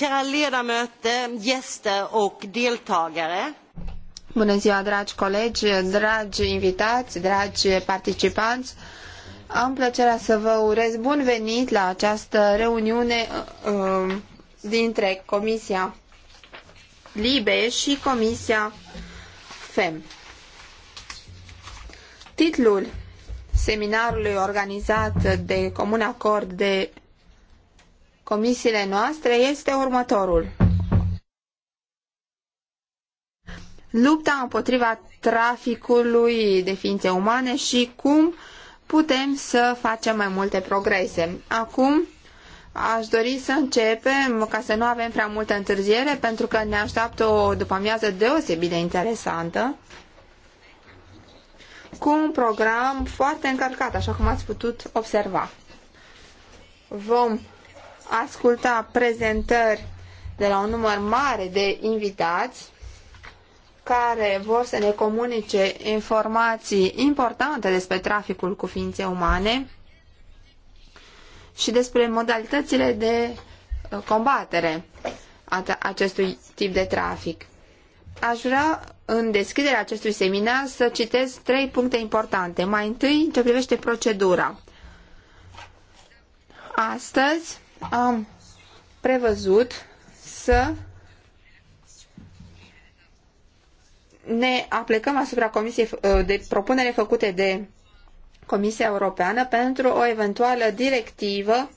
Kära ledamöter, gäster och deltagare. Bună ziua, dragi colegi, dragi invitați, dragi participanți. Am plăcerea să vă urez bun venit la această reuniune uh, um, dintre Comisia Libe și Comisia FEM. Titlul seminarului organizat de comun acord de comisiile noastre este următorul. Lupta împotriva traficului de ființe umane și cum putem să facem mai multe progrese. Acum aș dori să începem ca să nu avem prea multă întârziere pentru că ne așteaptă o după-amiază deosebit de interesantă cu un program foarte încărcat, așa cum ați putut observa. Vom asculta prezentări de la un număr mare de invitați care vor să ne comunice informații importante despre traficul cu ființe umane și despre modalitățile de uh, combatere a acestui tip de trafic. Aș vrea, în deschiderea acestui seminar, să citesc trei puncte importante. Mai întâi, ce privește procedura. Astăzi, am prevăzut să ne aplicăm asupra comisiei uh, de propunere făcute de Comisia Europeană pentru o eventuală directivă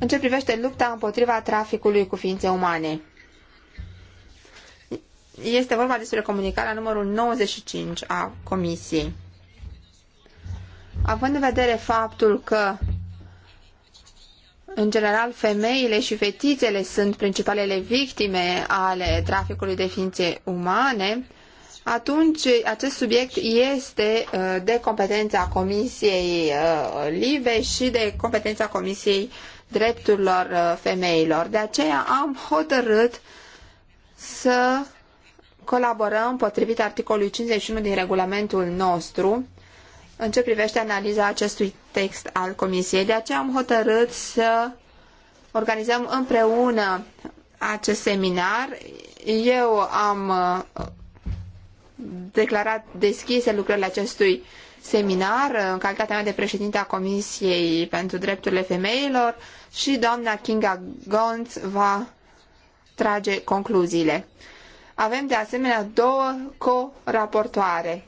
în ce privește lupta împotriva traficului cu ființe umane. Este vorba despre comunicarea numărul 95 a Comisiei. Având în vedere faptul că în general, femeile și fetițele sunt principalele victime ale traficului de ființe umane, atunci acest subiect este uh, de competența Comisiei uh, Libe și de competența Comisiei Drepturilor uh, Femeilor. De aceea am hotărât să colaborăm potrivit articolului 51 din regulamentul nostru în ce privește analiza acestui text al Comisiei. De aceea am hotărât să organizăm împreună acest seminar. Eu am uh, declarat deschise lucrările acestui seminar în calitatea mea de președinte a Comisiei pentru Drepturile Femeilor și doamna Kinga Gont va trage concluziile. Avem de asemenea două co-raportoare,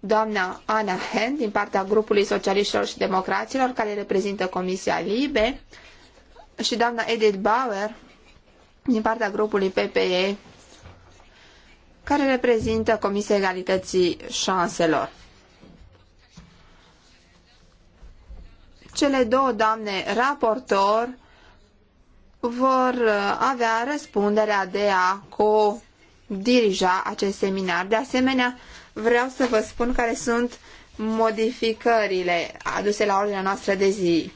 doamna Ana Hen din partea grupului socialiștilor și democraților care reprezintă Comisia Libe și doamna Edith Bauer din partea grupului PPE care reprezintă Comisia Egalității Șanselor. Cele două doamne raportor vor uh, avea răspunderea de a co-dirija acest seminar. De asemenea, vreau să vă spun care sunt modificările aduse la ordinea noastră de zi.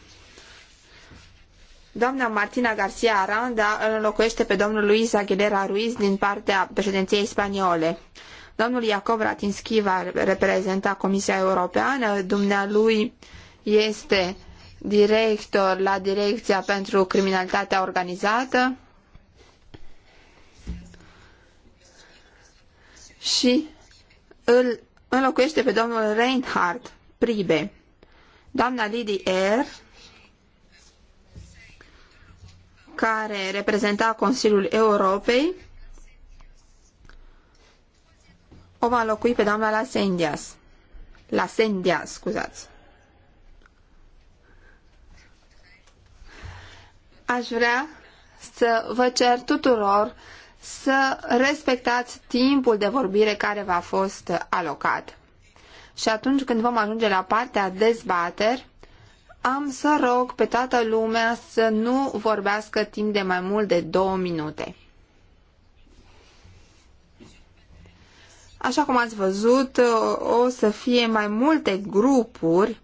Doamna Martina Garcia Aranda îl înlocuiește pe domnul Luis Aguilera Ruiz din partea președinției spaniole. Domnul Iacob Ratinski va reprezenta Comisia Europeană, dumnealui este director la Direcția pentru Criminalitatea Organizată și îl înlocuiește pe domnul Reinhard Pribe. Doamna Lady Er, care reprezenta Consiliul Europei, o va înlocui pe doamna Lasendias. Lasendias, scuzați. Aș vrea să vă cer tuturor să respectați timpul de vorbire care v-a fost alocat. Și atunci când vom ajunge la partea dezbateri, am să rog pe toată lumea să nu vorbească timp de mai mult de două minute. Așa cum ați văzut, o să fie mai multe grupuri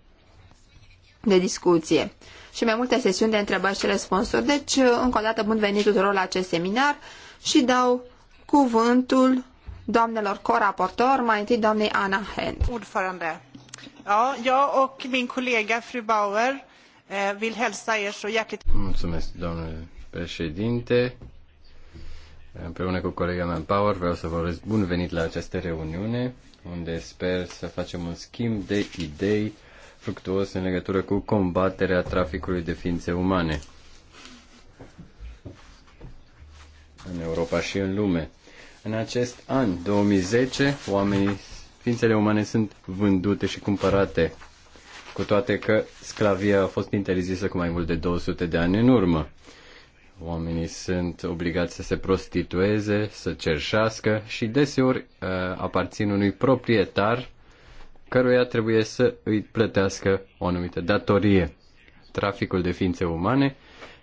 de discuție și mai multe sesiuni de întrebări și răspunsuri. Deci, încă o dată, bun venit tuturor la acest seminar și dau cuvântul doamnelor coraportor, mai întâi doamnei Ana Hen. Ordförande. Ja, jag och min kollega fru Bauer eh, vill hälsa er så hjärtligt... Mulțumesc, doamne președinte. Împreună cu colega mea Power vreau să vă urez bun venit la această reuniune, unde sper să facem un schimb de idei fructuos în legătură cu combaterea traficului de ființe umane. în Europa și în lume. În acest an, 2010, oamenii, ființele umane sunt vândute și cumpărate, cu toate că sclavia a fost interzisă cu mai mult de 200 de ani în urmă. Oamenii sunt obligați să se prostitueze, să cerșească și deseori uh, aparțin unui proprietar căruia trebuie să îi plătească o anumită datorie. Traficul de ființe umane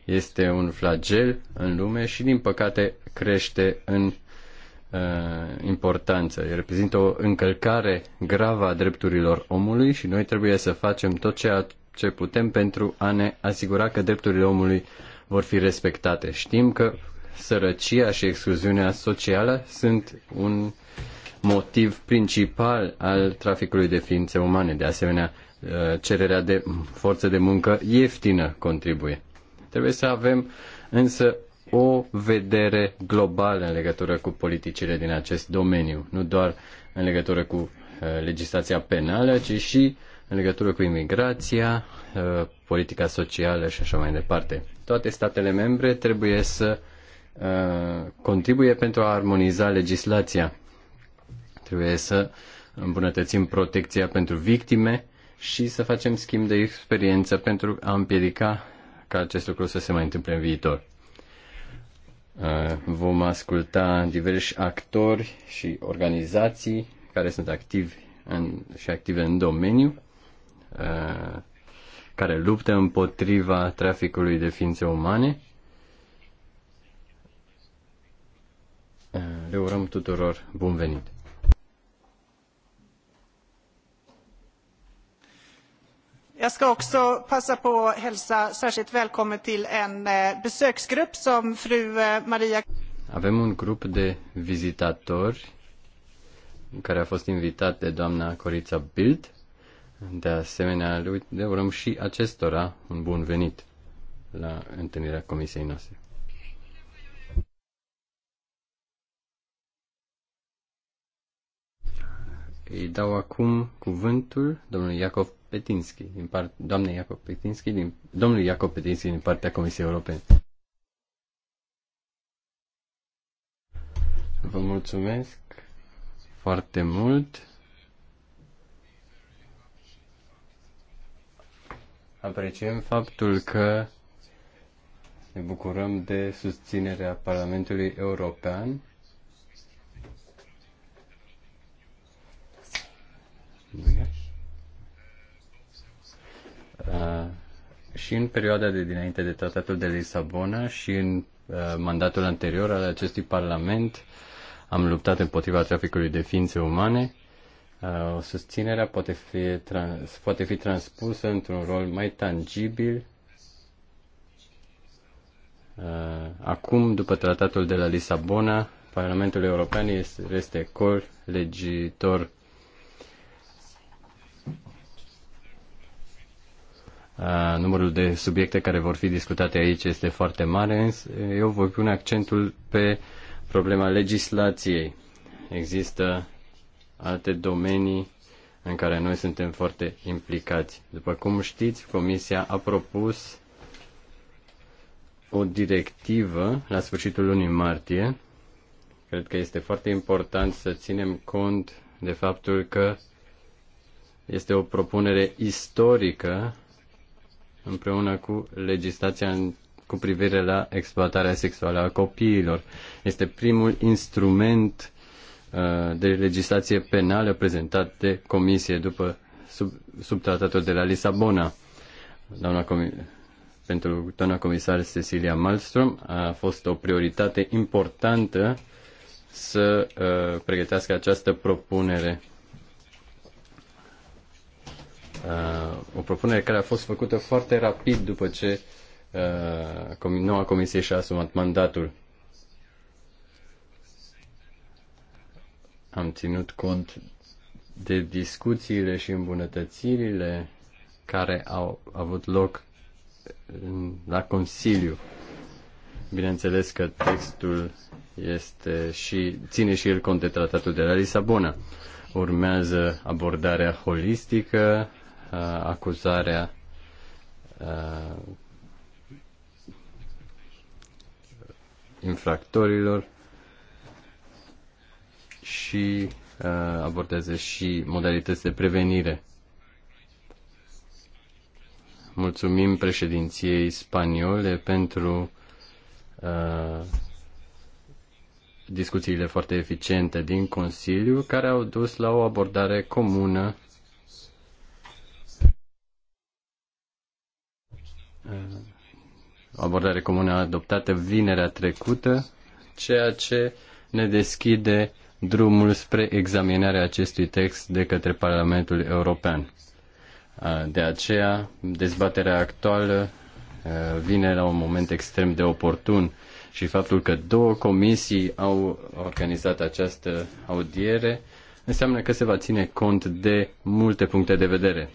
este un flagel în lume și, din păcate, crește în uh, importanță. reprezintă o încălcare gravă a drepturilor omului și noi trebuie să facem tot ceea ce putem pentru a ne asigura că drepturile omului vor fi respectate. Știm că sărăcia și excluziunea socială sunt un motiv principal al traficului de ființe umane. De asemenea, uh, cererea de forță de muncă ieftină contribuie. Trebuie să avem însă o vedere globală în legătură cu politicile din acest domeniu, nu doar în legătură cu uh, legislația penală, ci și în legătură cu imigrația, uh, politica socială și așa mai departe. Toate statele membre trebuie să uh, contribuie pentru a armoniza legislația. Trebuie să îmbunătățim protecția pentru victime și să facem schimb de experiență pentru a împiedica ca acest lucru să se mai întâmple în viitor. Uh, vom asculta diversi actori și organizații care sunt activi în, și active în domeniu, uh, care luptă împotriva traficului de ființe umane. Uh, le urăm tuturor bun venit! Jag ska också passa på att hälsa särskilt välkommen till en eh, besöksgrupp som fru eh, Maria... Avem un grup de vizitatori care a fost invitat de doamna Corița Bild. De asemenea, lui urăm și acestora un bun venit la întâlnirea comisiei noastre. Îi dau acum cuvântul domnului Iacov Petinski, din part, doamnei Iacov Petinski, din, domnului Iacov Petinski din partea Comisiei Europene. Vă mulțumesc foarte mult. Apreciem faptul că ne bucurăm de susținerea Parlamentului European și în perioada de dinainte de tratatul de Lisabona și în uh, mandatul anterior al acestui parlament am luptat împotriva traficului de ființe umane. Uh, susținerea poate fi, trans, poate fi transpusă într-un rol mai tangibil acum, după tratatul de la Lisabona, Parlamentul European este, este col legitor numărul de subiecte care vor fi discutate aici este foarte mare, însă eu voi pune accentul pe problema legislației. Există alte domenii în care noi suntem foarte implicați. După cum știți, Comisia a propus o directivă la sfârșitul lunii martie. Cred că este foarte important să ținem cont de faptul că este o propunere istorică împreună cu legislația în, cu privire la exploatarea sexuală a copiilor. Este primul instrument uh, de legislație penală prezentat de Comisie după sub, sub tratatul de la Lisabona. Doamna comi- pentru doamna comisar Cecilia Malmström a fost o prioritate importantă să uh, pregătească această propunere uh, o propunere care a fost făcută foarte rapid după ce uh, noua comisie și-a asumat mandatul. Am ținut cont de discuțiile și îmbunătățirile care au avut loc la Consiliu. Bineînțeles că textul este și ține și el cont de tratatul de la Lisabona. Urmează abordarea holistică Uh, acuzarea uh, infractorilor și uh, abordează și modalități de prevenire. Mulțumim președinției spaniole pentru uh, discuțiile foarte eficiente din Consiliu, care au dus la o abordare comună abordare comună adoptată vinerea trecută, ceea ce ne deschide drumul spre examinarea acestui text de către Parlamentul European. De aceea, dezbaterea actuală vine la un moment extrem de oportun și faptul că două comisii au organizat această audiere înseamnă că se va ține cont de multe puncte de vedere.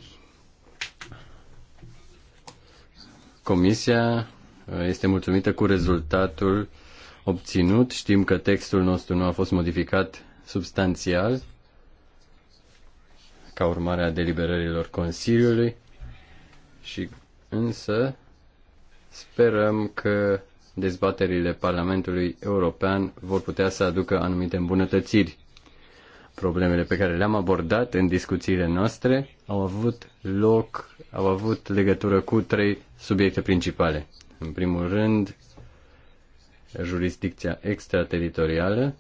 Comisia uh, este mulțumită cu rezultatul obținut. Știm că textul nostru nu a fost modificat substanțial ca urmare a deliberărilor Consiliului și însă sperăm că dezbaterile Parlamentului European vor putea să aducă anumite îmbunătățiri. Problemele pe care le-am abordat în discuțiile noastre au avut loc au avut legătură cu trei subiecte principale. În primul rând, jurisdicția extrateritorială.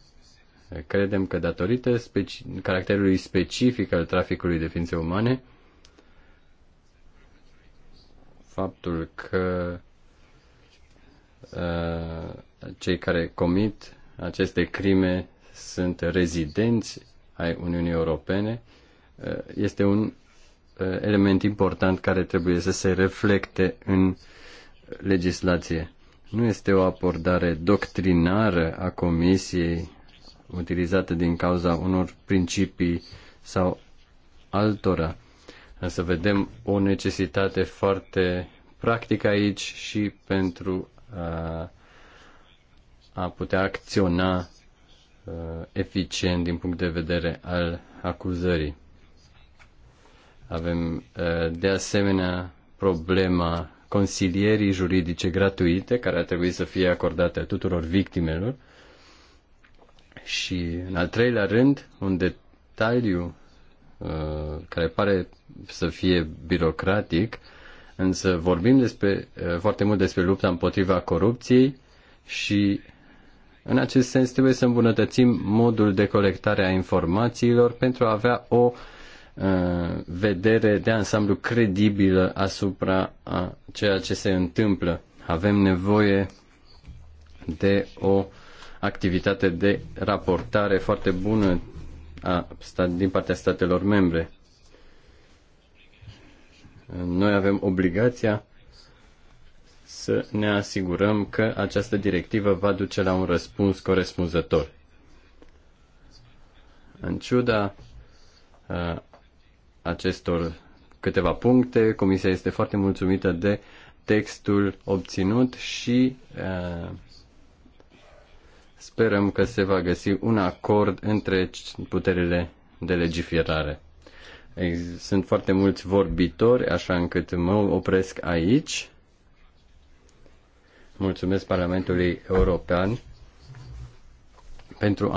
Credem că datorită speci- caracterului specific al traficului de ființe umane, faptul că uh, cei care comit aceste crime sunt rezidenți ai Uniunii Europene, uh, este un Uh, element important care trebuie să se reflecte în legislație. Nu este o abordare doctrinară a Comisiei utilizată din cauza unor principii sau altora. Să vedem o necesitate foarte practică aici și pentru a, a putea acționa a, uh, eficient din punct de vedere al acuzării. Avem uh, de asemenea problema consilierii juridice gratuite care ar trebui să fie acordate tuturor victimelor. Și în al treilea rând, un detaliu uh, care pare să fie birocratic, însă vorbim despre, uh, foarte mult despre lupta împotriva corupției și în acest sens trebuie să îmbunătățim modul de colectare a informațiilor pentru a avea o uh, Uh, vedere de ansamblu credibilă asupra a ceea ce se întâmplă. Avem nevoie de o activitate de raportare foarte bună a, din partea statelor membre. Noi avem obligația să ne asigurăm că această directivă va duce la un răspuns corespunzător. În ciuda uh, acestor câteva puncte. Comisia este foarte mulțumită de textul obținut și uh, sperăm că se va găsi un acord între puterile de legiferare. Sunt foarte mulți vorbitori, așa încât mă opresc aici. Mulțumesc Parlamentului European pentru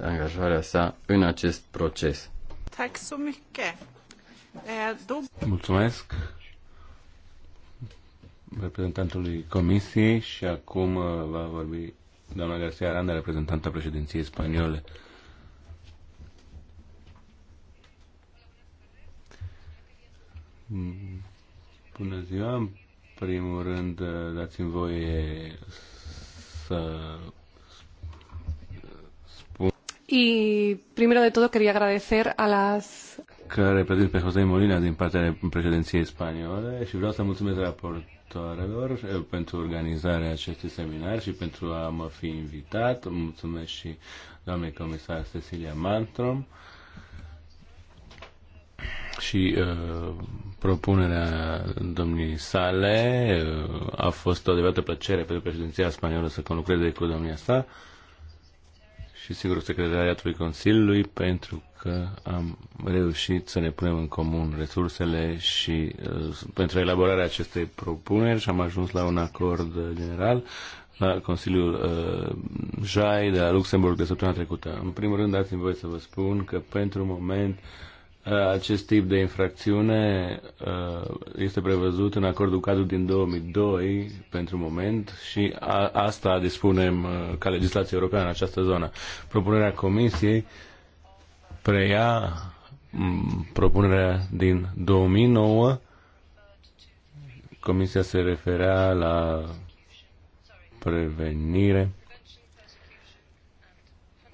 angajarea sa în acest proces. you so much. Mulțumesc reprezentantului Comisiei și acum uh, va vorbi doamna Garcia Aranda, reprezentanta președinției spaniole. Bună ziua! În primul rând, uh, dați-mi voie să spun. Y primero de todo quería agradecer a las că reprezint pe José Molina din partea președinției spaniole și vreau să mulțumesc raportoarelor eh, pentru organizarea acestui seminar și pentru a mă fi invitat. Mulțumesc și doamnei comisar Cecilia Mantrom și uh, propunerea domnii sale uh, a fost o adevărată plăcere pentru președinția spaniolă să conlucreze cu domnia sa și sigur secretariatului Consiliului pentru că am reușit să ne punem în comun resursele și uh, pentru elaborarea acestei propuneri și am ajuns la un acord general la Consiliul uh, JAI de la Luxemburg de săptămâna trecută. În primul rând, dați-mi voi să vă spun că pentru moment uh, acest tip de infracțiune uh, este prevăzut în acordul cadru din 2002 pentru moment și a, asta dispunem uh, ca legislație europeană în această zonă. Propunerea Comisiei uh, preia propunerea din 2009. Comisia se referea la prevenire,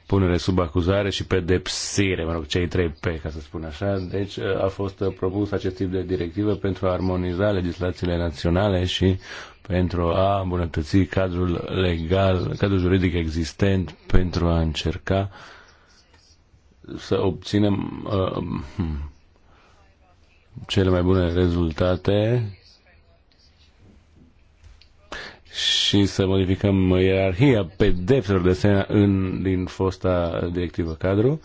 punere sub acuzare și pedepsire, mă rog, cei trei P, ca să spun așa. Deci ă, a fost ă, propus acest tip de directivă pentru a armoniza legislațiile naționale și pentru a îmbunătăți cadrul legal, cadrul juridic existent, pentru a încerca uh, să obținem uh, um, cele mai bune rezultate și să modificăm ierarhia pedepselor de asemenea în, din fosta directivă cadru,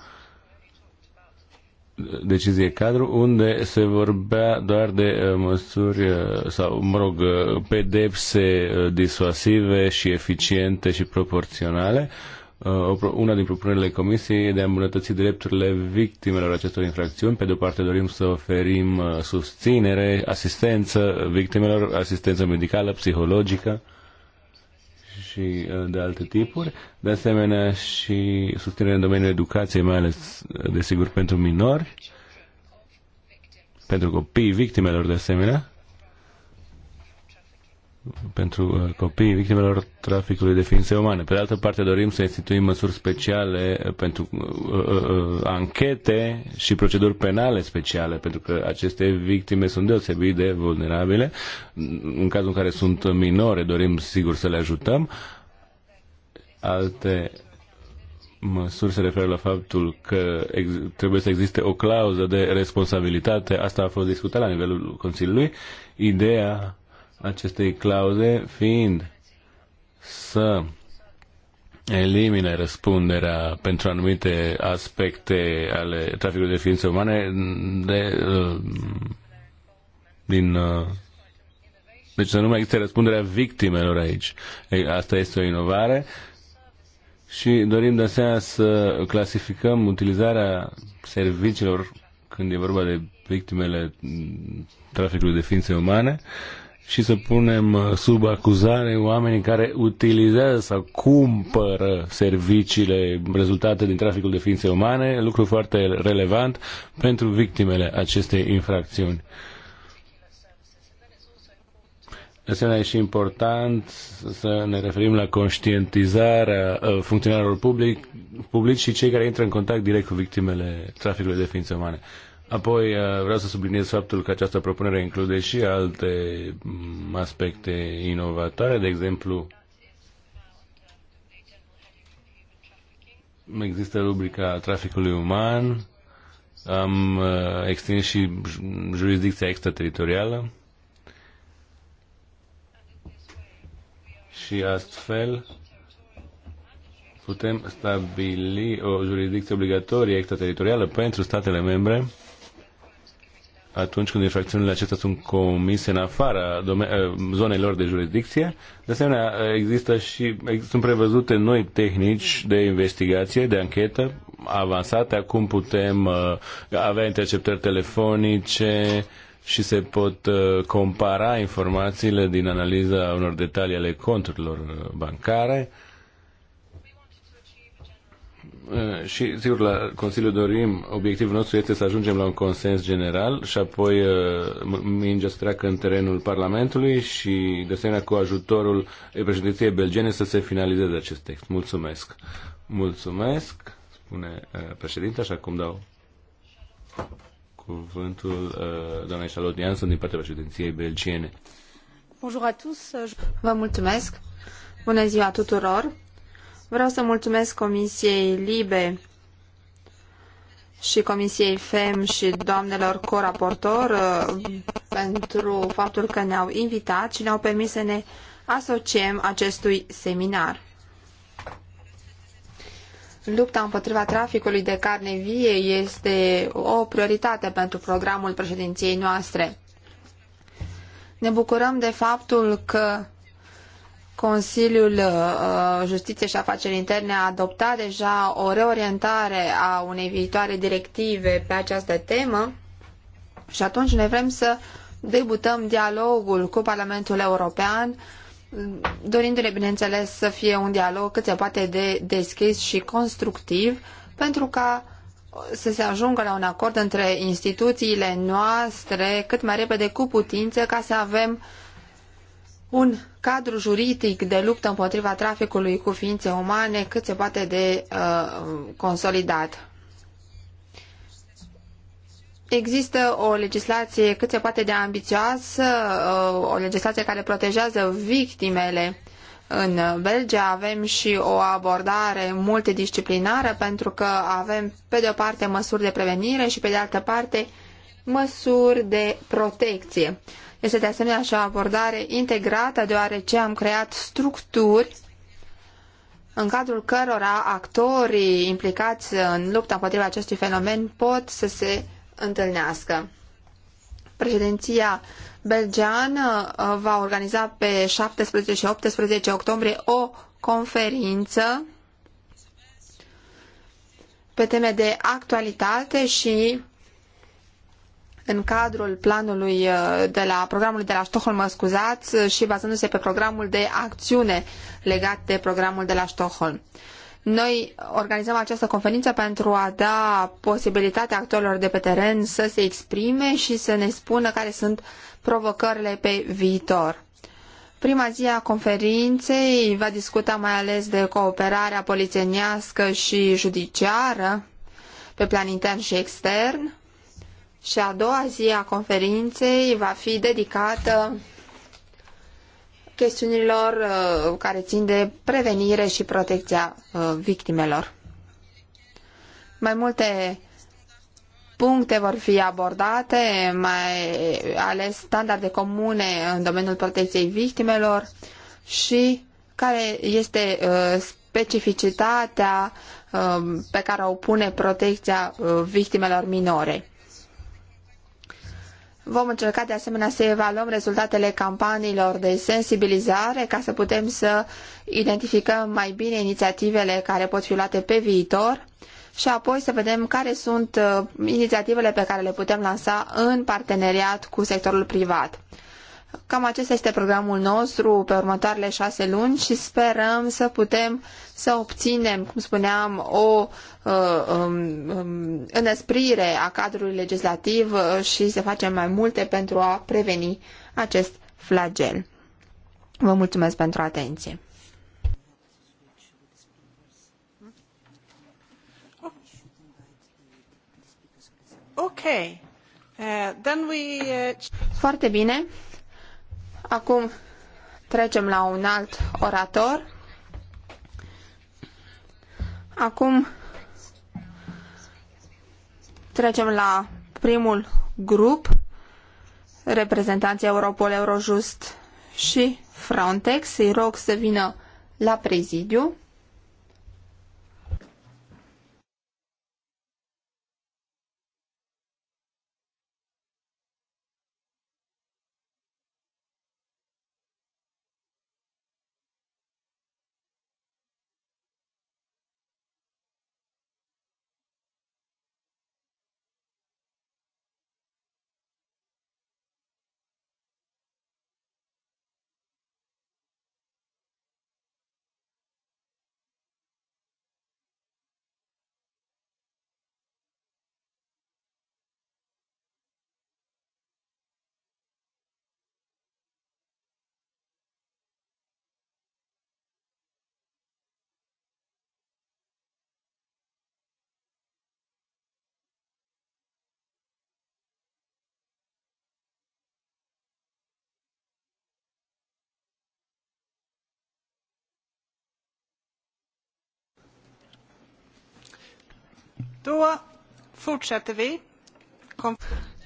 decizie cadru, unde se vorbea doar de uh, măsuri uh, sau, mă rog, uh, pedepse disuasive și eficiente și proporționale, uh, Uh, una din propunerile Comisiei e de a îmbunătăți drepturile victimelor acestor infracțiuni. Pe de o parte dorim să oferim uh, susținere, asistență victimelor, asistență medicală, psihologică și uh, de alte tipuri. De asemenea și susținere în domeniul educației, mai ales, desigur, pentru minori, pentru copii victimelor de asemenea pentru uh, copii victimelor traficului de ființe umane. Pe de altă parte, dorim să instituim măsuri speciale uh, pentru uh, uh, uh, anchete și proceduri penale speciale, pentru că aceste victime sunt deosebit de vulnerabile. În cazul în care sunt minore, dorim sigur să le ajutăm. Alte măsuri se referă la faptul că trebuie să existe o clauză de responsabilitate. Asta a fost discutat la nivelul Consiliului. Ideea acestei clauze fiind să elimine răspunderea pentru anumite aspecte ale traficului de ființe umane de, uh, din uh, deci să nu mai există răspunderea victimelor aici. Asta este o inovare și dorim de asemenea să clasificăm utilizarea serviciilor când e vorba de victimele traficului de ființe umane uh, și să punem uh, sub acuzare oamenii care utilizează sau cumpără serviciile rezultate din traficul de ființe umane, lucru foarte relevant pentru victimele acestei infracțiuni. De asemenea, e și important să ne referim la conștientizarea uh, funcționarilor public, publici și cei care intră în contact direct cu victimele traficului de ființe umane. Apoi uh, vreau să subliniez faptul că această propunere include și alte mm, aspecte inovatoare, de exemplu, există rubrica traficului uman, am uh, extins și jurisdicția extrateritorială și astfel putem stabili o jurisdicție obligatorie extrateritorială pentru statele membre atunci când infracțiunile acestea sunt comise în afara eh, zonei lor de jurisdicție. De asemenea, există și sunt prevăzute noi tehnici de investigație, de anchetă avansate. Acum putem uh, avea interceptări telefonice și se pot uh, compara informațiile din analiza unor detalii ale conturilor bancare. Uh, Eh, și, sigur, la Consiliu dorim, obiectivul nostru este să ajungem la un consens general și apoi eh, mingea să treacă în terenul Parlamentului și, de asemenea, cu ajutorul președinției belgene să se finalizeze acest text. Mulțumesc! Mulțumesc, spune eh, președinte, așa cum dau cuvântul doamnei Charlotte Janssen din partea președinției belgiene. Bonjour à tous. Vă mulțumesc! Bună ziua tuturor! Vreau să mulțumesc Comisiei Libe și Comisiei FEM și doamnelor coraportor uh, pentru faptul că ne-au invitat și ne-au permis să ne asociem acestui seminar. Lupta împotriva traficului de carne vie este o prioritate pentru programul președinției noastre. Ne bucurăm de faptul că Consiliul uh, uh, Justiției și Afaceri Interne a adoptat deja o reorientare a unei viitoare directive pe această temă și atunci ne vrem să debutăm dialogul cu Parlamentul European, dorindu-ne, bineînțeles, să fie un dialog cât se poate de deschis și constructiv, pentru ca să se ajungă la un acord între instituțiile noastre cât mai repede cu putință ca să avem un cadru juridic de luptă împotriva traficului cu ființe umane cât se poate de uh, consolidat. Există o legislație cât se poate de ambițioasă, uh, o legislație care protejează victimele. În Belgia avem și o abordare multidisciplinară pentru că avem pe de o parte măsuri de prevenire și pe de altă parte măsuri de protecție. Este de asemenea și o abordare integrată, deoarece am creat structuri în cadrul cărora actorii implicați în lupta împotriva acestui fenomen pot să se întâlnească. Președinția belgeană uh, va organiza pe 17 și 18 octombrie o conferință pe teme de actualitate și în cadrul planului uh, de la programului de la Stockholm, scuzați, uh, și bazându-se pe programul de acțiune legat de programul de la Stockholm. Noi organizăm această conferință pentru a da posibilitatea actorilor de pe teren să se exprime și să ne spună care sunt provocările pe viitor. Prima zi a conferinței va discuta mai ales de cooperarea polițienească și judiciară pe plan intern și extern și a doua zi a conferinței va fi dedicată chestiunilor uh, care țin de prevenire și protecția uh, victimelor. Mai multe puncte vor fi abordate, mai ales standarde comune în domeniul protecției victimelor și care este uh, specificitatea pe care o pune protecția victimelor minore. Vom încerca de asemenea să evaluăm rezultatele campaniilor de sensibilizare ca să putem să identificăm mai bine inițiativele care pot fi luate pe viitor și apoi să vedem care sunt uh, inițiativele pe care le putem lansa în parteneriat cu sectorul privat. Cam acesta este programul nostru pe următoarele șase luni și sperăm să putem să obținem, cum spuneam, o uh, um, um înăsprire a cadrului legislativ uh, și să facem mai multe pentru a preveni acest flagel. Vă mulțumesc pentru atenție. Okay. Uh, then we, uh... Foarte bine. Acum trecem la un alt orator. Acum trecem la primul grup, reprezentanții Europol, Eurojust și Frontex. Îi rog să vină la prezidiu.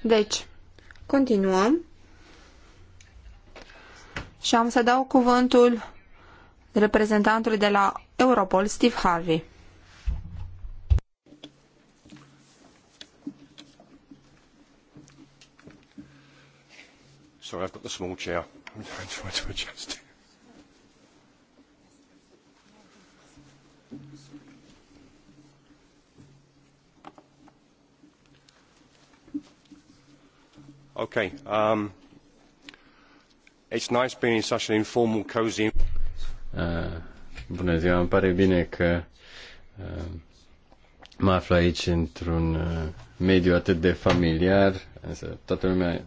Deci, continuăm. Și am să dau cuvântul reprezentantului de la Europol, Steve Harvey. Sorry, I've got the small chair. I'm trying to adjust it. Okay. Um, it's nice being in such an informal, cozy... Uh, bună ziua, îmi pare bine că uh, mă aflu aici într-un uh, mediu atât de familiar, însă toată lumea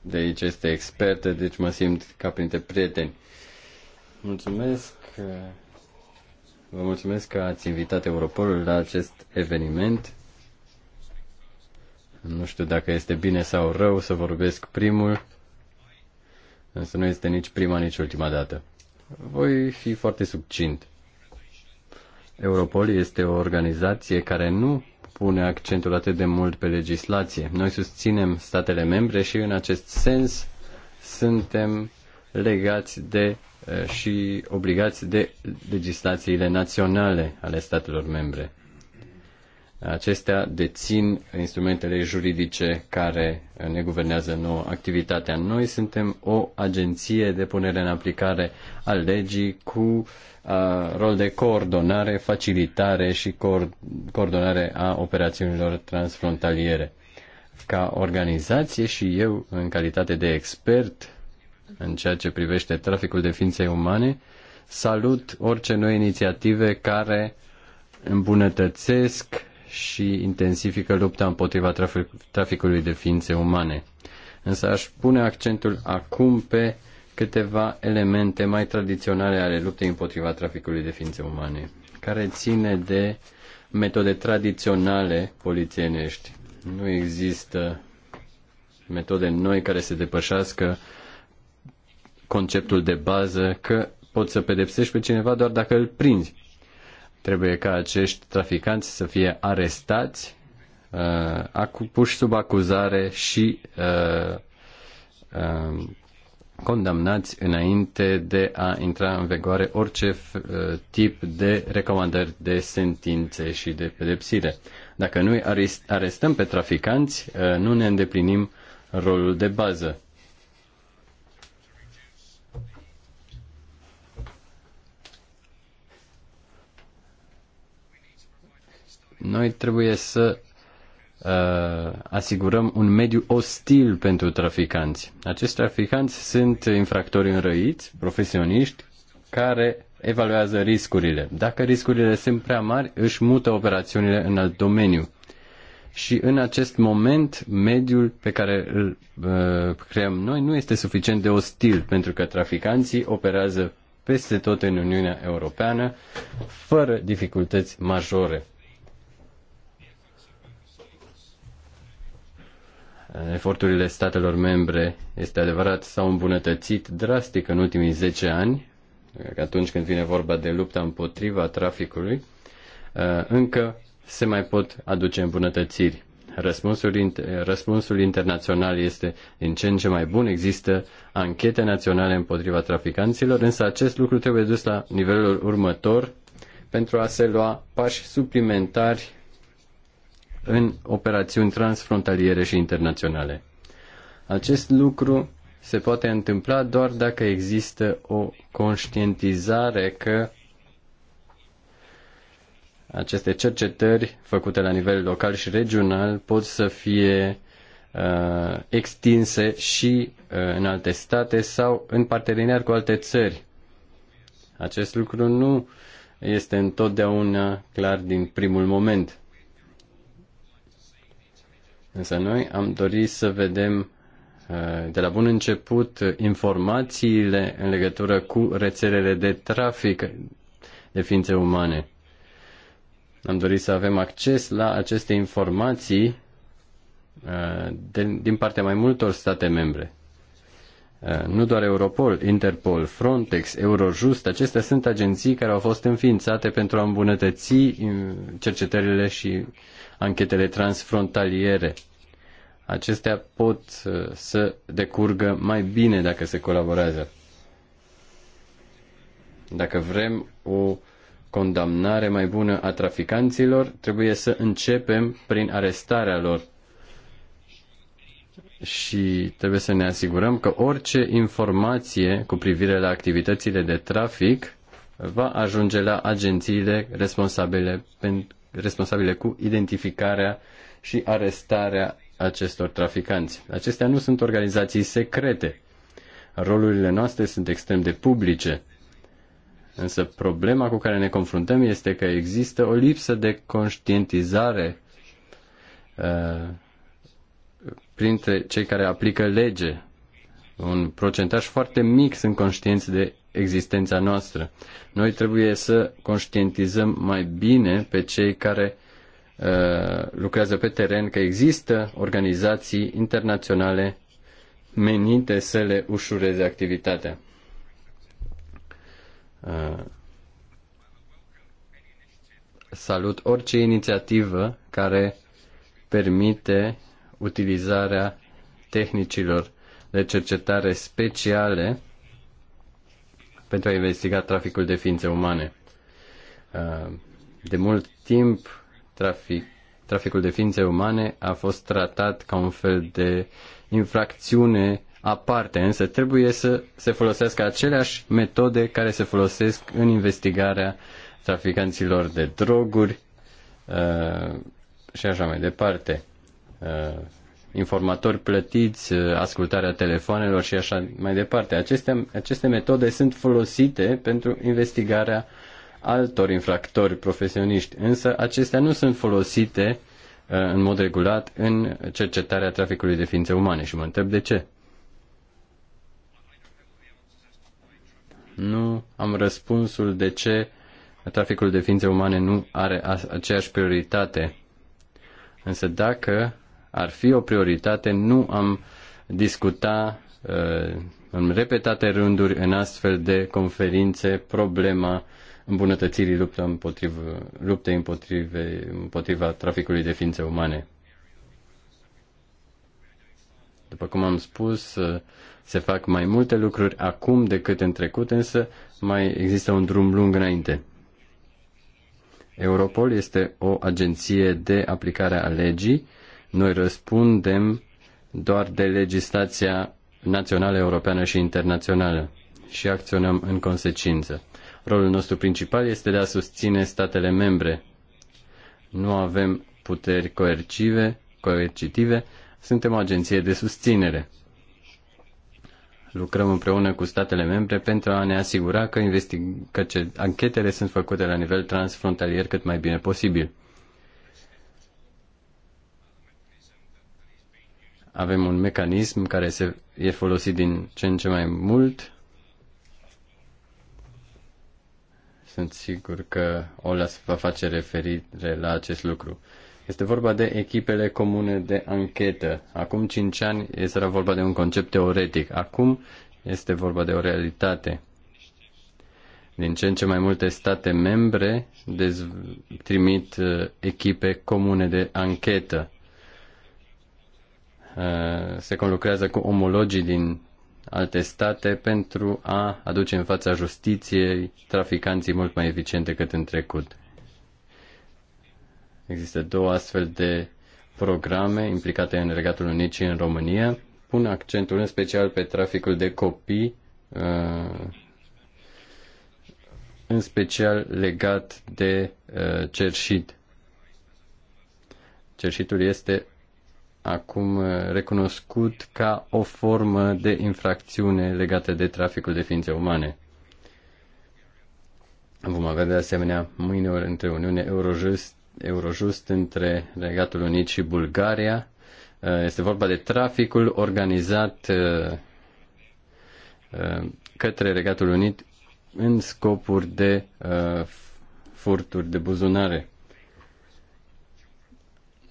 de aici este expertă, deci mă simt ca printre prieteni. Mulțumesc, uh, vă mulțumesc că ați invitat Europolul la acest eveniment nu știu dacă este bine sau rău să vorbesc primul, însă nu este nici prima, nici ultima dată. Voi fi foarte subcint. Europol este o organizație care nu pune accentul atât de mult pe legislație. Noi susținem statele membre și în acest sens suntem legați de eh, și obligați de legislațiile naționale ale statelor membre. Acestea dețin instrumentele juridice care ne guvernează nouă activitatea. Noi suntem o agenție de punere în aplicare a legii cu a, rol de coordonare, facilitare și coordonare a operațiunilor transfrontaliere. Ca organizație și eu, în calitate de expert în ceea ce privește traficul de ființe umane, salut orice noi inițiative care îmbunătățesc și intensifică lupta împotriva trafic, traficului de ființe umane. Însă aș pune accentul acum pe câteva elemente mai tradiționale ale luptei împotriva traficului de ființe umane, care ține de metode tradiționale polițienești. Nu există metode noi care să depășească conceptul de bază că poți să pedepsești pe cineva doar dacă îl prinzi. Trebuie ca acești traficanți să fie arestați, uh, puși sub acuzare și uh, uh, condamnați înainte de a intra în vigoare orice uh, tip de recomandări de sentințe și de pedepsire. Dacă noi arestăm pe traficanți, uh, nu ne îndeplinim rolul de bază. Noi trebuie să uh, asigurăm un mediu ostil pentru traficanți. Acești traficanți sunt infractori înrăiți, profesioniști, care evaluează riscurile. Dacă riscurile sunt prea mari, își mută operațiunile în alt domeniu. Și în acest moment, mediul pe care îl uh, creăm noi nu este suficient de ostil, pentru că traficanții operează peste tot în Uniunea Europeană, fără dificultăți majore. eforturile statelor membre, este adevărat, s-au îmbunătățit drastic în ultimii 10 ani, atunci când vine vorba de lupta împotriva traficului, uh, încă se mai pot aduce îmbunătățiri. Răspunsul, răspunsul internațional este din ce în ce mai bun. Există anchete naționale împotriva traficanților, însă acest lucru trebuie dus la nivelul următor pentru a se lua pași suplimentari în operațiuni transfrontaliere și internaționale. Acest lucru se poate întâmpla doar dacă există o conștientizare că aceste cercetări făcute la nivel local și regional pot să fie uh, extinse și uh, în alte state sau în parteneriat cu alte țări. Acest lucru nu este întotdeauna clar din primul moment. Însă noi am dorit să vedem uh, de la bun început informațiile în legătură cu rețelele de trafic de ființe umane. Am dorit să avem acces la aceste informații uh, din partea mai multor state membre. Uh, nu doar Europol, Interpol, Frontex, Eurojust, acestea sunt agenții care au fost înființate pentru a îmbunătăți cercetările și anchetele transfrontaliere. Acestea pot uh, să decurgă mai bine dacă se colaborează. Dacă vrem o condamnare mai bună a traficanților, trebuie să începem prin arestarea lor. Și trebuie să ne asigurăm că orice informație cu privire la activitățile de trafic va ajunge la agențiile responsabile responsabile cu identificarea și arestarea acestor traficanți. Acestea nu sunt organizații secrete. Rolurile noastre sunt extrem de publice. Însă problema cu care ne confruntăm este că există o lipsă de conștientizare uh, printre cei care aplică lege. Un procentaj foarte mic sunt conștienți de existența noastră. Noi trebuie să conștientizăm mai bine pe cei care uh, lucrează pe teren că există organizații internaționale menite să le ușureze activitatea. Uh, salut orice inițiativă care permite utilizarea tehnicilor de cercetare speciale pentru a investiga traficul de ființe umane. Uh, de mult timp, trafic, traficul de ființe umane a fost tratat ca un fel de infracțiune aparte, însă trebuie să se folosească aceleași metode care se folosesc în investigarea traficanților de droguri uh, și așa mai departe. Uh, informatori plătiți, uh, ascultarea telefonelor și așa mai departe. Aceste, aceste metode sunt folosite pentru investigarea altor infractori profesioniști, însă acestea nu sunt folosite uh, în mod regulat în cercetarea traficului de ființe umane și mă întreb de ce. Nu am răspunsul de ce traficul de ființe umane nu are aceeași prioritate. Însă dacă ar fi o prioritate, nu am discuta uh, în repetate rânduri în astfel de conferințe problema îmbunătățirii luptă împotriva, lupte împotriva, împotriva traficului de ființe umane. După cum am spus, uh, se fac mai multe lucruri acum decât în trecut, însă mai există un drum lung înainte. Europol este o agenție de aplicare a legii noi răspundem doar de legislația națională, europeană și internațională și acționăm în consecință. Rolul nostru principal este de a susține statele membre. Nu avem puteri coercive, coercitive, suntem o agenție de susținere. Lucrăm împreună cu statele membre pentru a ne asigura că, investig- că ce- anchetele sunt făcute la nivel transfrontalier cât mai bine posibil. Avem un mecanism care se, e folosit din ce în ce mai mult. Sunt sigur că Olas va face referire la acest lucru. Este vorba de echipele comune de anchetă. Acum 5 ani era vorba de un concept teoretic. Acum este vorba de o realitate. Din ce în ce mai multe state membre trimit uh, echipe comune de anchetă. Eh, se conlucrează cu omologii din alte state pentru a aduce în fața justiției traficanții mult mai eficient decât în trecut. Există două astfel de programe implicate în Regatul Unit și în România. Pun accentul în special pe traficul de copii, eh, în special legat de eh, cerșit. Cerșitul este acum eh, recunoscut ca o formă de infracțiune legată de traficul de ființe umane. Vom avea de asemenea mâine ori între Uniune Eurojust, Eurojust între Regatul Unit și Bulgaria. Eh, este vorba de traficul organizat eh, către Regatul Unit în scopuri de furturi de buzunare.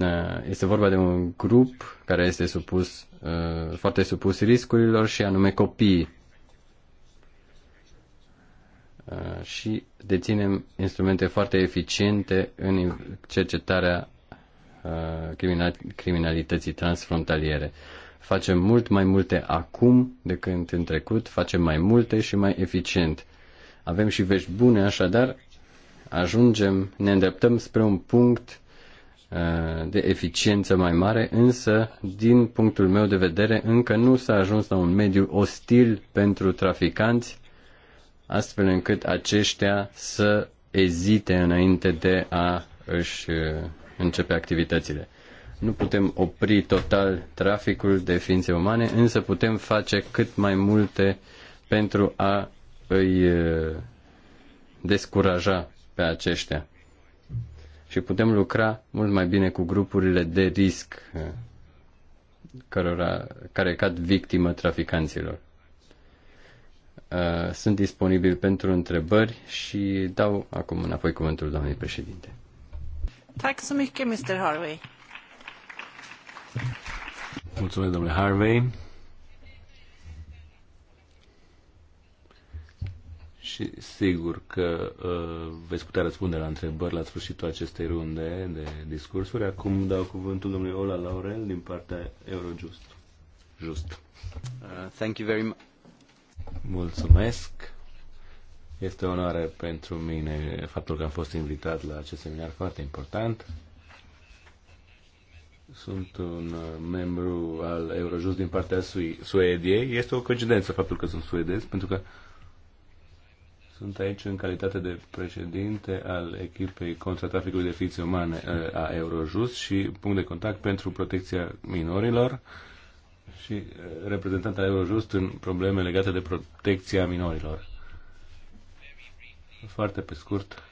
Eh, este vorba de un grup care este supus, eh, foarte supus riscurilor și anume copiii. Eh, și deținem instrumente foarte eficiente în cercetarea criminalității transfrontaliere. Facem mult mai multe acum decât în trecut, facem mai multe și mai eficient. Avem și vești bune, așadar ajungem, ne îndreptăm spre un punct Uh, de eficiență mai mare, însă, din punctul meu de vedere, încă nu s-a ajuns la un mediu ostil pentru traficanți, astfel încât aceștia să ezite înainte de a își uh, începe activitățile. Nu putem opri total traficul de ființe umane, însă putem face cât mai multe pentru a îi uh, descuraja pe aceștia și putem lucra mult mai bine cu grupurile de risc eh, cărora, care cad victimă traficanților. Eh, sunt disponibil pentru întrebări și dau acum înapoi cuvântul doamnei președinte. Tack så mycket, Mr. Harvey. Mulțumesc, domnule Harvey. și sigur că uh, veți putea răspunde la întrebări la sfârșitul acestei runde de discursuri. Acum dau cuvântul domnului Ola Laurel din partea Eurojust. Just. Uh, thank you very much. Mulțumesc. Este o onoare pentru mine faptul că am fost invitat la acest seminar foarte important. Sunt un uh, membru al Eurojust din partea Sui- Suediei. Este o coincidență faptul că sunt suedez, pentru că sunt aici în calitate de președinte al echipei contra traficului de ființe umane eh, a Eurojust și punct de contact pentru protecția minorilor și eh, reprezentant al Eurojust în probleme legate de protecția minorilor. Foarte pe scurt,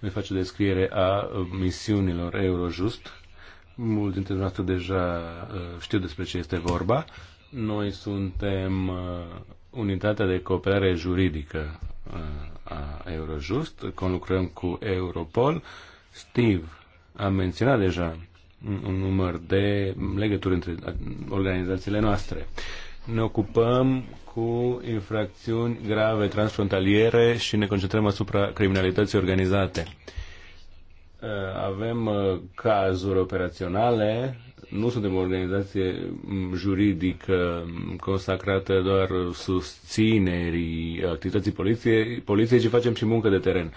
voi face descriere a eh, misiunilor Eurojust. Mulți dintre noastre deja știu despre ce este vorba. Noi suntem unitatea de cooperare juridică uh, a Eurojust, conlucrăm cu Europol. Steve a menționat deja un număr de legături între organizațiile noastre. Ne ocupăm cu infracțiuni grave transfrontaliere și ne concentrăm asupra criminalității organizate. Uh, avem uh, cazuri operaționale nu suntem o organizație juridică consacrată doar susținerii activității poliției, poliției ci facem și muncă de teren.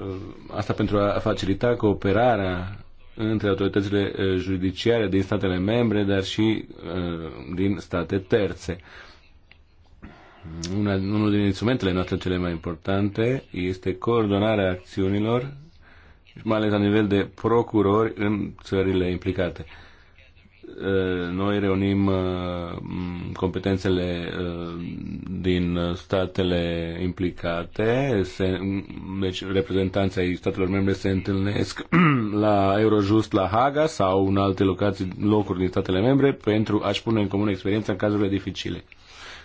Uh, asta pentru a facilita cooperarea între autoritățile uh, judiciare din statele membre, dar și uh, din state terțe. Una, unul din instrumentele noastre cele mai importante este coordonarea acțiunilor mai ales la nivel de procurori în țările implicate. Uh, noi reunim uh, competențele uh, din statele implicate, se, deci reprezentanții ai statelor membre se întâlnesc la Eurojust la Haga sau în alte locații, locuri din statele membre pentru a-și pune în comun experiența în cazurile dificile.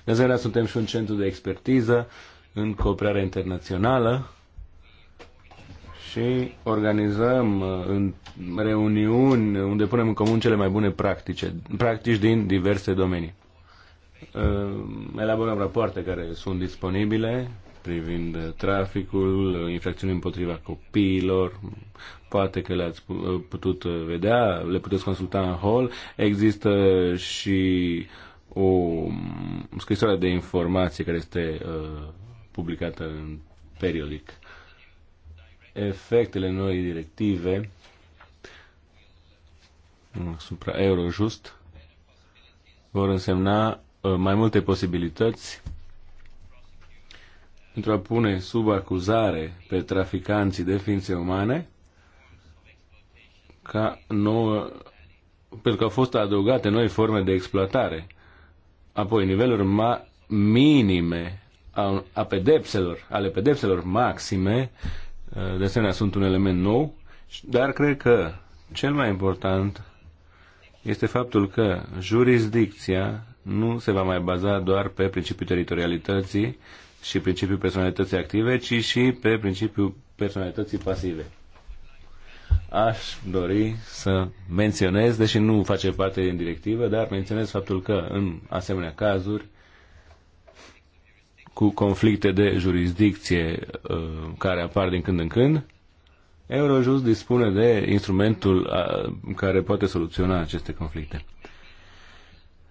De asemenea, suntem și un centru de expertiză în cooperare internațională și organizăm uh, în reuniuni unde punem în comun cele mai bune practice, practici din diverse domenii. Uh, elaborăm rapoarte care sunt disponibile privind uh, traficul, infracțiuni împotriva copiilor, poate că le-ați putut vedea, le puteți consulta în hall. Există și o um, scrisoare de informație care este publicată în periodic efectele noii directive asupra Eurojust vor însemna uh, mai multe posibilități pentru a pune sub acuzare pe traficanții de ființe umane ca nouă, pentru că au fost adăugate noi forme de exploatare. Apoi, niveluri ma- minime a, a pedepselor, ale pedepselor maxime Eh, de asemenea sunt un element nou, dar cred că cel mai important este faptul că jurisdicția nu se va mai baza doar pe principiul teritorialității și principiul personalității active, ci și pe principiul personalității pasive. Aș dori să menționez, deși nu face parte din directivă, dar menționez faptul că în asemenea cazuri cu conflicte de jurisdicție uh, care apar din când în când, Eurojust dispune de instrumentul uh, care poate soluționa aceste conflicte.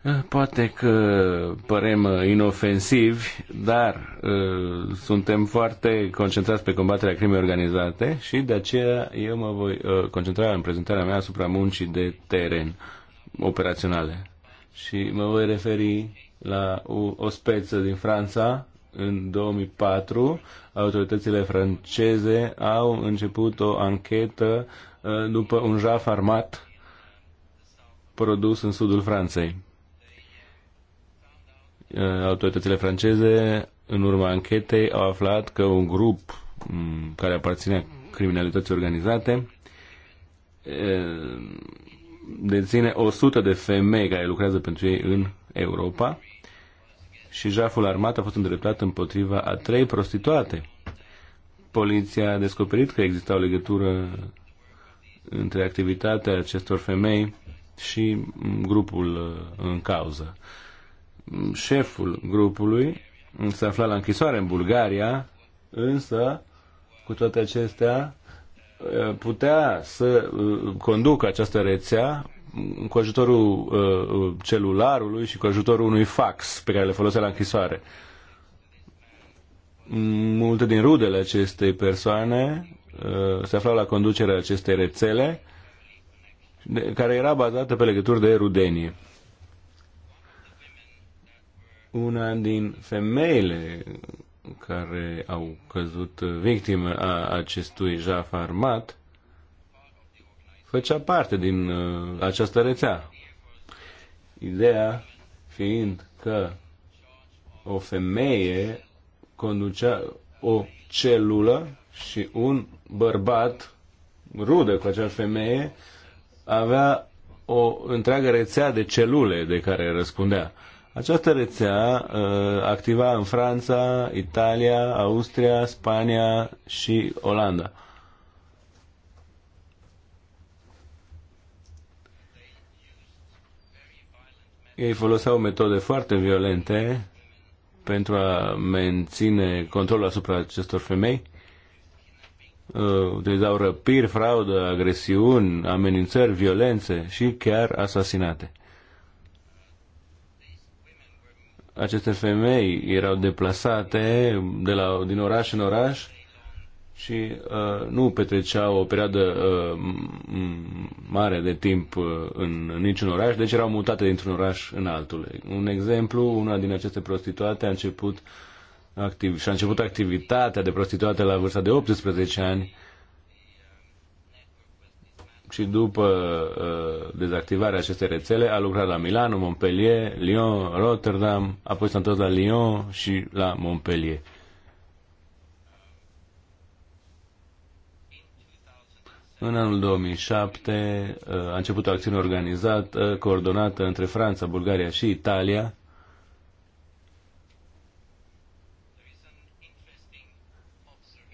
Uh, poate că părem inofensivi, dar uh, suntem foarte concentrați pe combaterea crimei organizate și de aceea eu mă voi uh, concentra în prezentarea mea asupra muncii de teren operaționale. Și mă voi referi la o, o speță din Franța în 2004, autoritățile franceze au început o anchetă uh, după un jaf armat produs în sudul Franței. Uh, autoritățile franceze, în urma anchetei, au aflat că un grup mm, care aparține criminalității organizate uh, deține 100 de femei care lucrează pentru ei în Europa și jaful armat a fost îndreptat împotriva a trei prostituate. Poliția a descoperit că exista o legătură între activitatea acestor femei și grupul uh, în cauză. Șeful grupului se afla la închisoare în Bulgaria, însă, cu toate acestea, uh, putea să uh, conducă această rețea cu ajutorul uh, uh, celularului și cu ajutorul unui fax pe care le folosea la închisoare. Multe din rudele acestei persoane uh, se aflau la conducerea acestei rețele de, care era bazată pe legături de rudenie. Una din femeile care au căzut victime a acestui jaf armat făcea parte din uh, această rețea. Ideea fiind că o femeie conducea o celulă și un bărbat rudă cu acea femeie avea o întreagă rețea de celule de care răspundea. Această rețea uh, activa în Franța, Italia, Austria, Spania și Olanda. Uh, Ei foloseau metode foarte violente pentru a menține controlul asupra acestor femei. Uh, utilizau răpiri, fraudă, agresiuni, amenințări, violențe și chiar asasinate. Aceste femei erau deplasate de la, din oraș în oraș și uh, nu petrecea o perioadă uh, mare de timp uh, în, în niciun oraș, deci erau mutate dintr-un oraș în altul. Un exemplu, una din aceste prostituate a început activ, și-a început activitatea de prostituate la vârsta de 18 ani și după uh, dezactivarea acestei rețele a lucrat la Milano, Montpellier, Lyon, Rotterdam, apoi s-a întors la Lyon și la Montpellier. În anul 2007 uh, a început o acțiune organizată, coordonată între Franța, Bulgaria și Italia,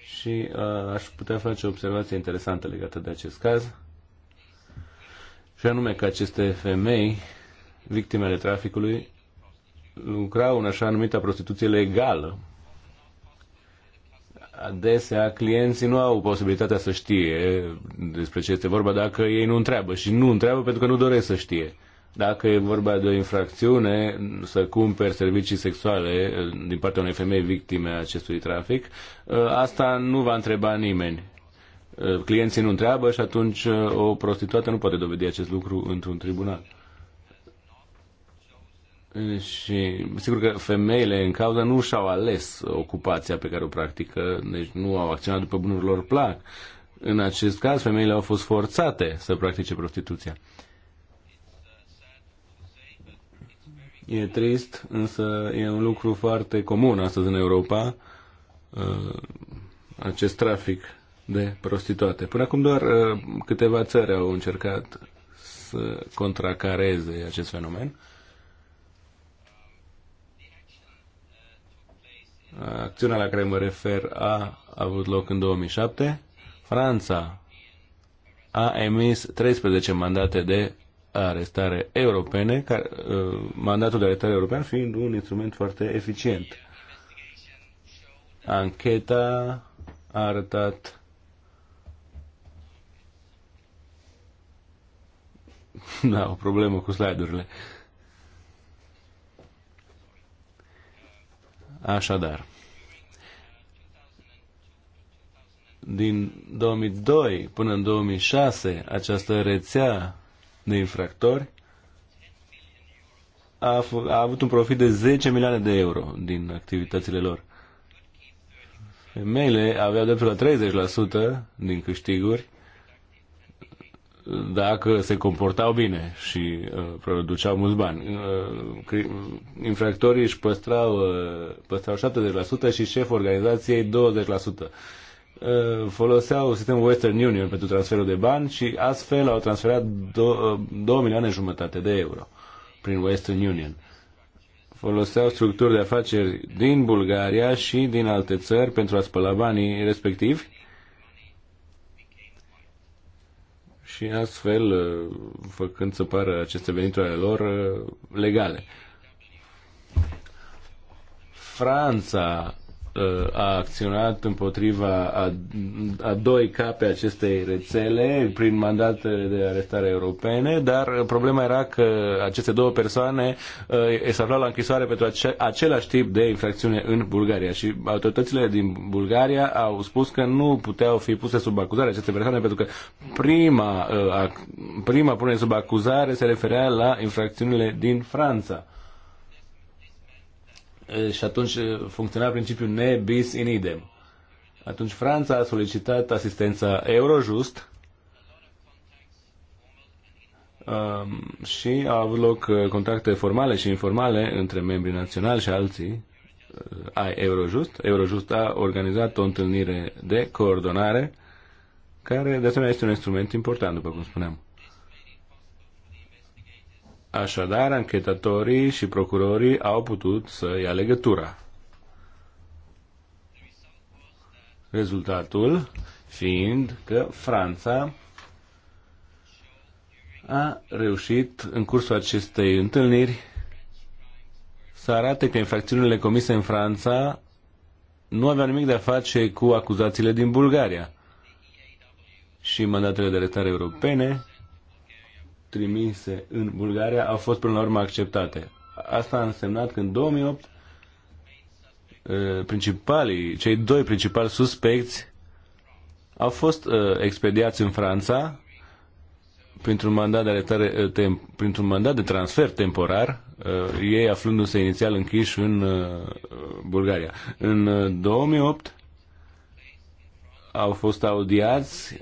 și uh, aș putea face o observație interesantă legată de acest caz, și anume că aceste femei, victimele traficului, lucrau în așa numită prostituție legală, adesea clienții nu au posibilitatea să știe despre ce este vorba dacă ei nu întreabă și nu întreabă pentru că nu doresc să știe. Dacă e vorba de o infracțiune, să cumperi servicii sexuale eh, din partea unei femei victime a acestui trafic, eh, asta nu va întreba nimeni. Eh, clienții nu întreabă și atunci o prostituată nu poate dovedi acest lucru într-un tribunal și sigur că femeile în cauză nu și-au ales ocupația pe care o practică, deci nu au acționat după bunul lor plac. În acest caz, femeile au fost forțate să practice prostituția. E trist, însă e un lucru foarte comun astăzi în Europa, uh, acest trafic de prostituate. Până acum doar uh, câteva țări au încercat să contracareze acest fenomen. acțiunea la care mă refer a avut loc în 2007. Franța a emis 13 mandate de arestare europene, care, uh, mandatul de arestare european fiind un instrument foarte eficient. Ancheta a arătat da, o problemă cu slide-urile. Uh, Așadar, din 2002 până în 2006, această rețea de infractori a, a avut un profit de 10 milioane de euro din activitățile lor. Femeile aveau dreptul la 30% din câștiguri, dacă se comportau bine și uh, produceau mulți bani. Uh, infractorii își păstrau, uh, păstrau 70% și șeful organizației 20%. Uh, foloseau sistemul Western Union pentru transferul de bani și astfel au transferat 2 uh, milioane jumătate de euro prin Western Union. Foloseau structuri de afaceri din Bulgaria și din alte țări pentru a spăla banii respectivi și astfel uh, făcând să pară aceste venituri ale lor uh, legale. Franța a acționat împotriva a, a doi cape acestei rețele prin mandatele de arestare europene, dar problema era că aceste două persoane uh, se aflau la închisoare pentru ace- același tip de infracțiune în Bulgaria și autoritățile din Bulgaria au spus că nu puteau fi puse sub acuzare aceste persoane pentru că prima, uh, prima punere sub acuzare se referea la infracțiunile din Franța. Eh, și atunci eh, funcționa principiul ne bis in idem. Atunci Franța a solicitat asistența Eurojust um, și au avut loc eh, contacte formale și informale între membrii naționali și alții ai Eurojust. Eurojust a organizat o întâlnire de coordonare care, de asemenea, este un instrument important, după cum spuneam. Așadar, anchetatorii și procurorii au putut să ia legătura. Rezultatul fiind că Franța a reușit în cursul acestei întâlniri să arate că infracțiunile comise în Franța nu aveau nimic de a face cu acuzațiile din Bulgaria. Și mandatele de arestare europene trimise în Bulgaria au fost până la urmă acceptate. Asta a însemnat că în 2008 uh, principalii, cei doi principali suspecți au fost uh, expediați în Franța printr-un mandat de uh, tem, printr-un mandat de transfer temporar, ei aflându-se inițial închiși în Bulgaria. În 2008 au fost audiați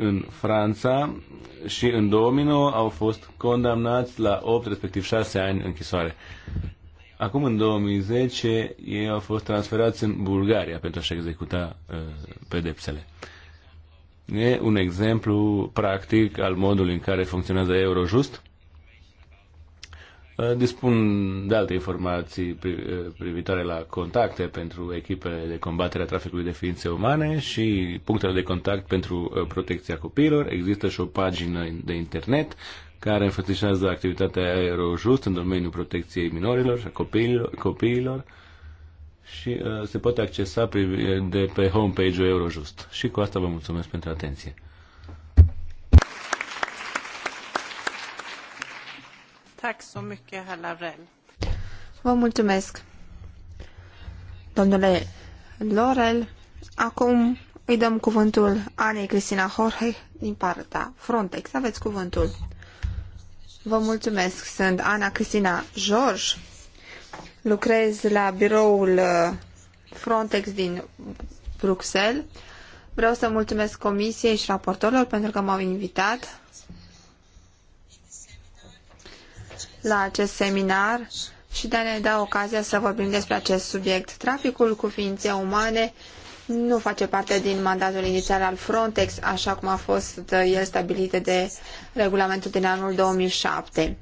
în Franța și în 2009 au fost condamnați la 8, respectiv 6 ani închisoare. Acum, în 2010, ei au fost transferați în Bulgaria pentru a-și executa uh, pedepsele. E un exemplu practic al modului în care funcționează Eurojust Uh, dispun de alte informații uh, privitoare la contacte pentru echipele de combatere a traficului de ființe umane și punctele de contact pentru uh, protecția copiilor. Există și o pagină de internet care înfățișează activitatea Eurojust în domeniul protecției minorilor și a copiilor, copiilor și uh, se poate accesa de pe homepage-ul Eurojust. Și cu asta vă mulțumesc pentru atenție. Vă mulțumesc, domnule Lorel. Acum îi dăm cuvântul Anei Cristina Jorge din partea Frontex. Aveți cuvântul. Vă mulțumesc. Sunt Ana Cristina George. Lucrez la biroul uh, Frontex din Bruxelles. Vreau să mulțumesc comisiei și raportorilor pentru că m-au invitat la acest seminar și de a ne da ocazia să vorbim despre acest subiect. Traficul cu ființe umane nu face parte din mandatul inițial al Frontex, așa cum a fost el stabilit de regulamentul din anul 2007.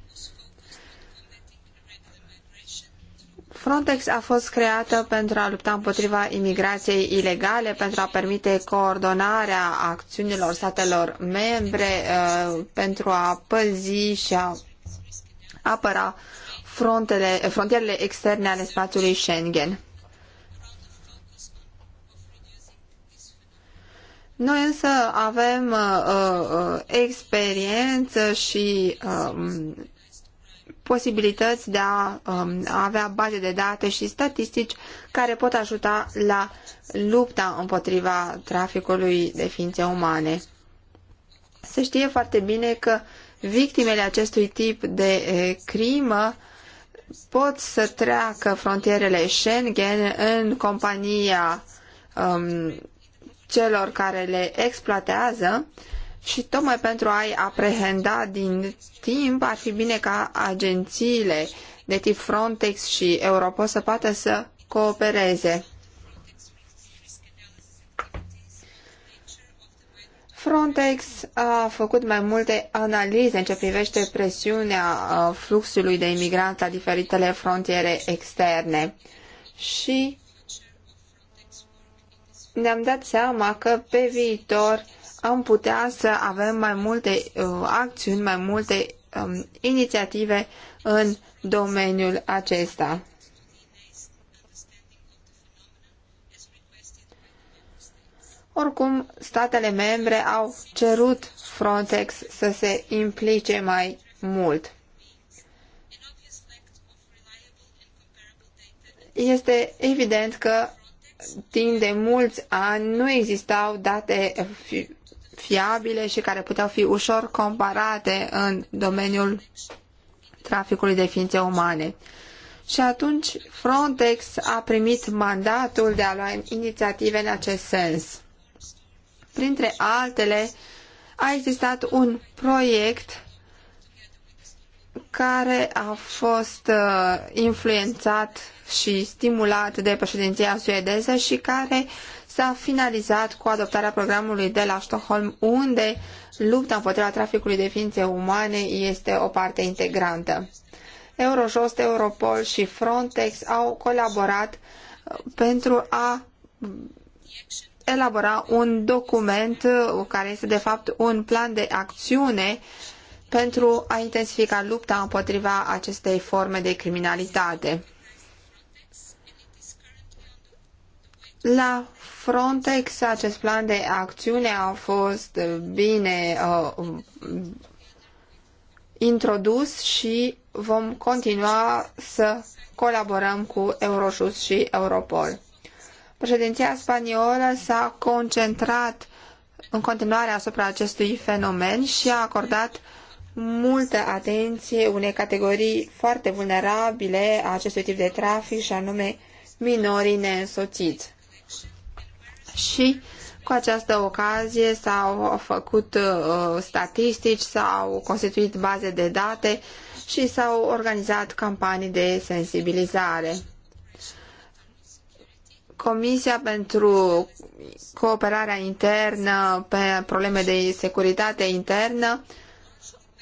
Frontex a fost creată pentru a lupta împotriva imigrației ilegale, pentru a permite coordonarea acțiunilor statelor membre, uh, pentru a păzi și a apăra frontele, frontierele externe ale spațiului Schengen. Noi însă avem uh, uh experiență și um, posibilități de um, a avea baze de date și statistici care pot ajuta la lupta împotriva traficului de ființe umane. Se știe foarte bine că uh, victimele acestui tip de crimă pot să treacă frontierele Schengen în compania um, celor care le exploatează și tocmai pentru a-i aprehenda din timp ar fi bine ca agențiile de tip Frontex și Europol să poată să coopereze. Frontex a făcut mai multe analize în ce privește presiunea uh, fluxului de imigranți la diferitele frontiere externe și ne-am dat seama că pe viitor am putea să avem mai multe uh, acțiuni, mai multe um, inițiative în domeniul acesta. Oricum, statele membre au cerut Frontex să se implice mai mult. Este evident că timp de mulți ani nu existau date fi fiabile și care puteau fi ușor comparate în domeniul traficului de ființe umane. Și atunci Frontex a primit mandatul de a lua inițiative în acest sens printre altele, a existat un proiect care a fost uh, influențat și stimulat de președinția suedeză și care s-a finalizat cu adoptarea programului de la Stockholm, unde lupta împotriva traficului de ființe umane este o parte integrantă. Eurojust, Europol și Frontex au colaborat uh, pentru a elabora un document uh, care este de fapt un plan de acțiune pentru a intensifica lupta împotriva acestei forme de criminalitate. La Frontex acest plan de acțiune a fost uh, bine uh, introdus și vom continua să colaborăm cu Eurojust și Europol. Președinția spaniolă s-a concentrat în continuare asupra acestui fenomen și a acordat multă atenție unei categorii foarte vulnerabile a acestui tip de trafic și anume minorii neînsoțiți. Și cu această ocazie s-au făcut uh, statistici, s-au constituit baze de date și s-au organizat campanii de sensibilizare. Comisia pentru Cooperarea Internă pe probleme de securitate internă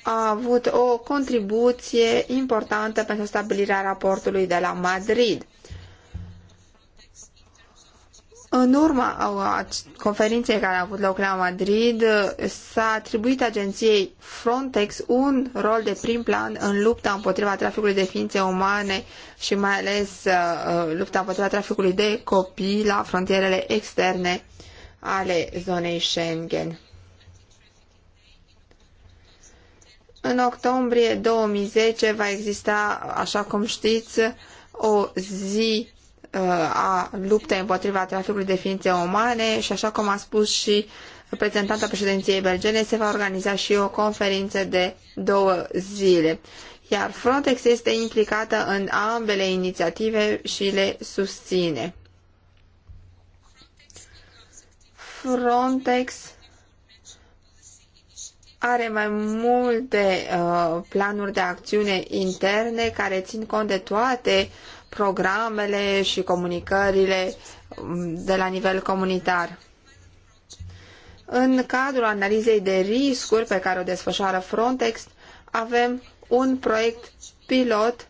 a avut o contribuție importantă pentru stabilirea raportului de la Madrid. În urma conferinței care a avut loc la Madrid, s-a atribuit agenției Frontex un rol de prim plan în lupta împotriva traficului de ființe umane și mai ales uh, uh, lupta împotriva traficului de copii la frontierele externe ale zonei Schengen. În octombrie 2010 va exista, așa cum știți, o zi a luptei împotriva traficului de ființe umane și așa cum a spus și reprezentanta președinției belgene, se va organiza și o conferință de două zile. Iar Frontex este implicată în ambele inițiative și le susține. Frontex are mai multe uh, planuri de acțiune interne care țin cont de toate uh, programele și comunicările mm, de la nivel comunitar. În cadrul analizei de riscuri pe care o desfășoară Frontex, avem un proiect pilot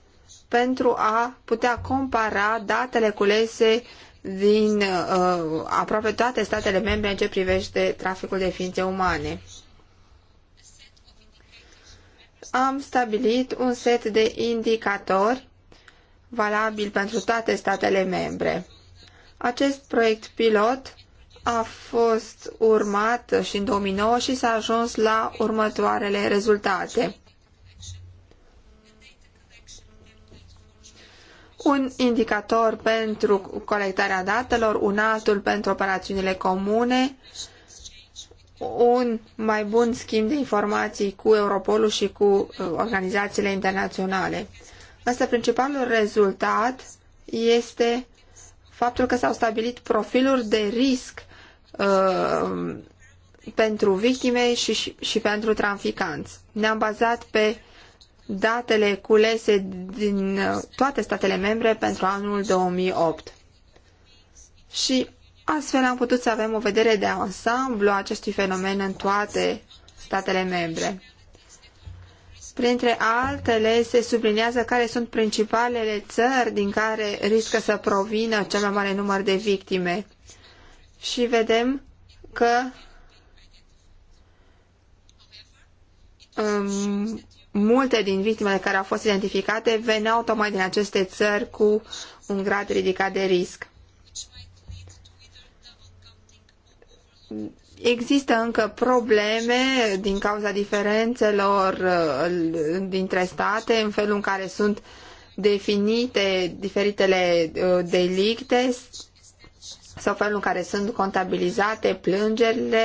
pentru a putea compara datele culese din uh, aproape toate statele membre în ce privește traficul de ființe umane. Am stabilit un set de indicatori valabil pentru toate statele membre. Acest proiect pilot a fost urmat și în 2009 și s-a ajuns la următoarele rezultate. un indicator pentru colectarea datelor, un altul pentru operațiunile comune, un mai bun schimb de informații cu Europolul și cu uh, organizațiile internaționale. Însă principalul rezultat este faptul că s-au stabilit profiluri de risc uh, pentru victime și, și, și pentru traficanți. Ne-am bazat pe datele culese din uh, toate statele membre pentru anul 2008. Și astfel am putut să avem o vedere de ansamblu a acestui fenomen în toate statele membre. Printre altele, se subliniază care sunt principalele țări din care riscă să provină cel mai mare număr de victime. Și vedem că um, multe din victimele care au fost identificate veneau tocmai din aceste țări cu un grad ridicat de risc Există încă probleme din cauza diferențelor uh, dintre state în felul în care sunt definite diferitele uh, delicte sau felul în care sunt contabilizate plângerile,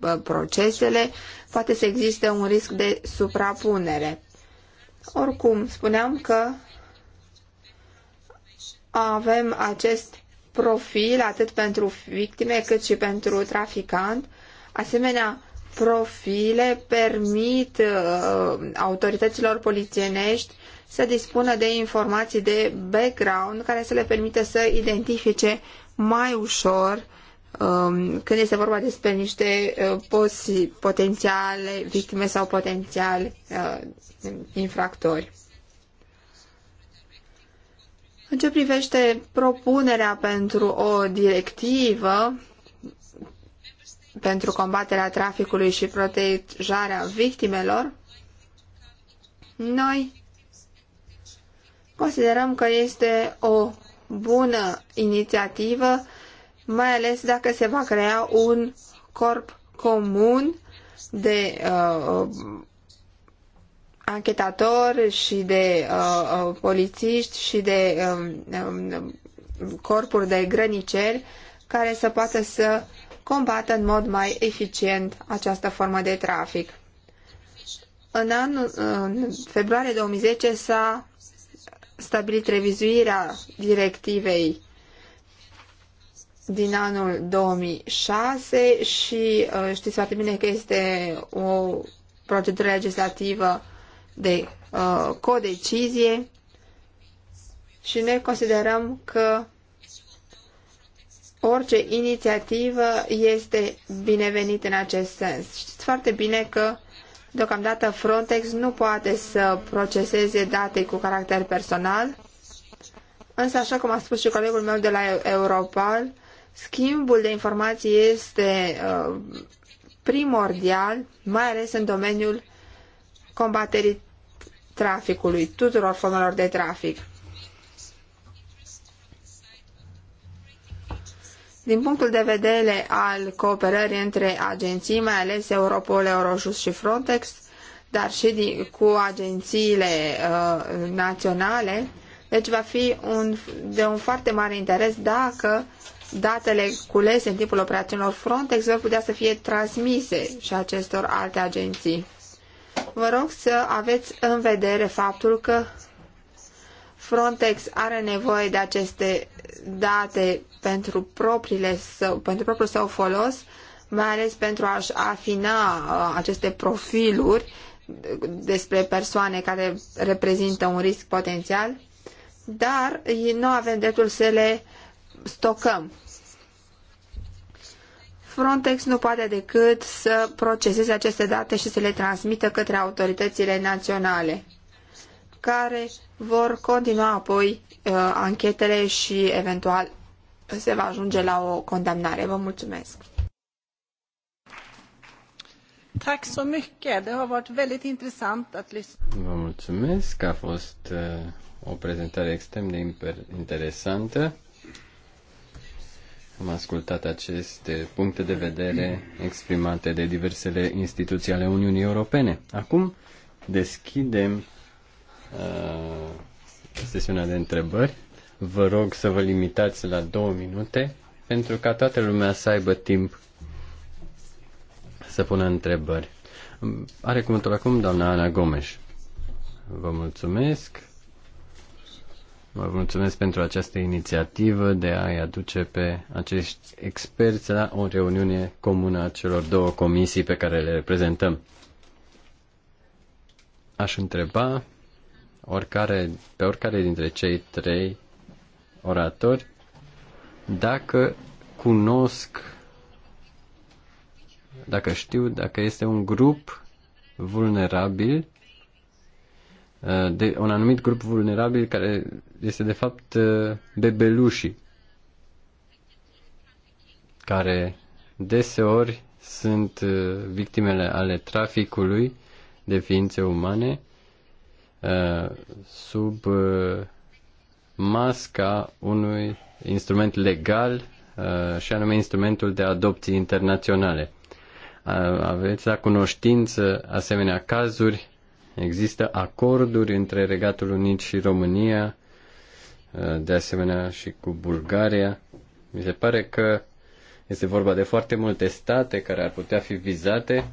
uh, procesele, poate să existe un risc de suprapunere. Oricum, spuneam că avem acest profil atât pentru victime cât și pentru traficant. Asemenea, profile permit uh, autorităților polițienești să dispună de informații de background care să le permită să identifice mai ușor um, când este vorba despre niște uh, posi, potențiale victime sau potențiali uh, infractori. În ce privește propunerea pentru o directivă pentru combaterea traficului și protejarea victimelor, noi considerăm că este o bună inițiativă, mai ales dacă se va crea un corp comun de uh, anchetatori și de uh, uh polițiști și de um, um, corpuri de grăniceri care să poată să combată în mod mai eficient această formă de trafic. În, anul, în februarie 2010 s-a stabilit revizuirea directivei din anul 2006 și uh, știți foarte bine că este o procedură legislativă de uh, codecizie și noi considerăm că orice inițiativă este binevenită în acest sens. Știți foarte bine că deocamdată Frontex nu poate să proceseze date cu caracter personal, însă așa cum a spus și colegul meu de la Europol, schimbul de informații este uh, primordial, mai ales în domeniul combaterii traficului, tuturor formelor de trafic. Din punctul de vedere al cooperării între agenții, mai ales Europol, Eurojust și Frontex, dar și cu agențiile uh, naționale, deci va fi un, de un foarte mare interes dacă datele culese în timpul operațiunilor Frontex vor putea să fie transmise și acestor alte agenții. Vă rog să aveți în vedere faptul că Frontex are nevoie de aceste date pentru, propriile său, pentru propriul său folos, mai ales pentru a-și afina uh, aceste profiluri despre persoane care reprezintă un risc potențial, dar nu avem dreptul să le stocăm Frontex nu poate decât să proceseze aceste date și să le transmită către autoritățile naționale, care vor continua apoi uh, anchetele și eventual se va ajunge la o condamnare. Vă mulțumesc! Tack så mycket. Det har varit väldigt intressant att lyssna. Vă mulțumesc. A fost uh, o prezentare extrem de interesantă. Am ascultat aceste puncte de vedere exprimate de diversele instituții ale Uniunii Europene. Acum deschidem uh, sesiunea de întrebări. Vă rog să vă limitați la două minute pentru ca toată lumea să aibă timp să pună întrebări. Are cuvântul acum doamna Ana Gomes. Vă mulțumesc, Vă mulțumesc pentru această inițiativă de a-i aduce pe acești experți la o reuniune comună a celor două comisii pe care le reprezentăm. Aș întreba oricare, pe oricare dintre cei trei oratori dacă cunosc, dacă știu, dacă este un grup vulnerabil Uh, de un anumit grup vulnerabil care este de fapt uh, bebelușii care deseori sunt uh, victimele ale traficului de ființe umane sub masca unui instrument legal și anume instrumentul de adopții internaționale. Aveți la cunoștință asemenea cazuri Există acorduri între Regatul Unit și România, uh, de asemenea și cu Bulgaria. Mi se pare că este vorba de foarte multe state care ar putea fi vizate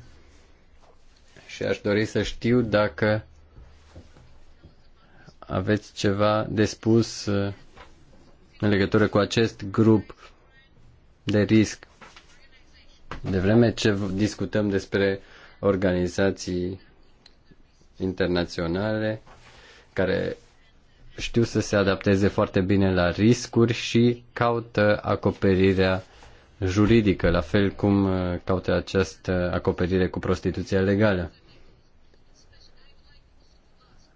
și aș dori să știu dacă aveți ceva de spus uh, în legătură cu acest grup de risc. De vreme ce discutăm despre organizații internaționale care știu să se adapteze foarte bine la riscuri și caută acoperirea juridică, la fel cum uh, caută această acoperire cu prostituția legală.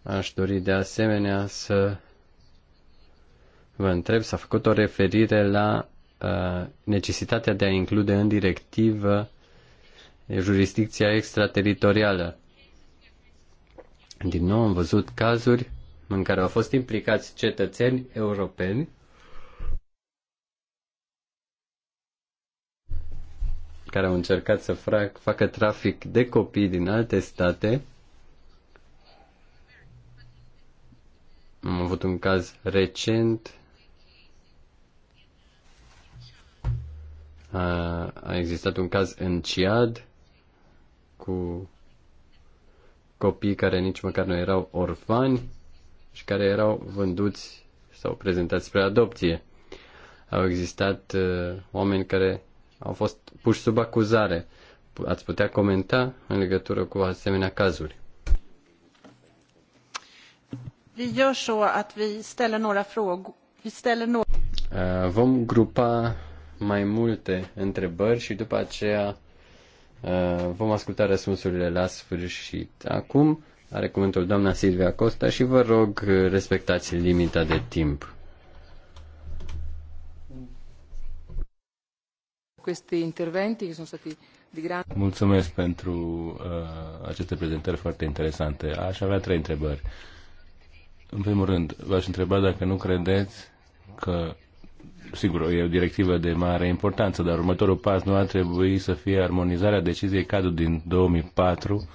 Aș dori de asemenea să vă întreb, s-a făcut o referire la uh, necesitatea de a include în directivă jurisdicția extrateritorială. Din nou am văzut cazuri în care au fost implicați cetățeni europeni care au încercat să frac, facă trafic de copii din alte state. Am avut un caz recent. A, a existat un caz în Ciad cu copii care nici măcar nu erau orfani și care erau vânduți sau prezentați spre adopție. Au existat uh, oameni care au fost puși sub acuzare. Ați putea comenta în legătură cu asemenea cazuri? Vi gör så att vi ställer några frågor. Vi ställer några... Uh, vom grupa mai multe întrebări și după aceea Uh, vom asculta răspunsurile la sfârșit. Acum are cuvântul doamna Silvia Costa și vă rog uh, respectați limita de timp. Mulțumesc pentru uh, aceste prezentări foarte interesante. Aș avea trei întrebări. În primul rând, v-aș întreba dacă nu credeți că sigur, e o directivă de mare importanță, dar următorul pas nu ar trebui să fie armonizarea deciziei cadru din 2004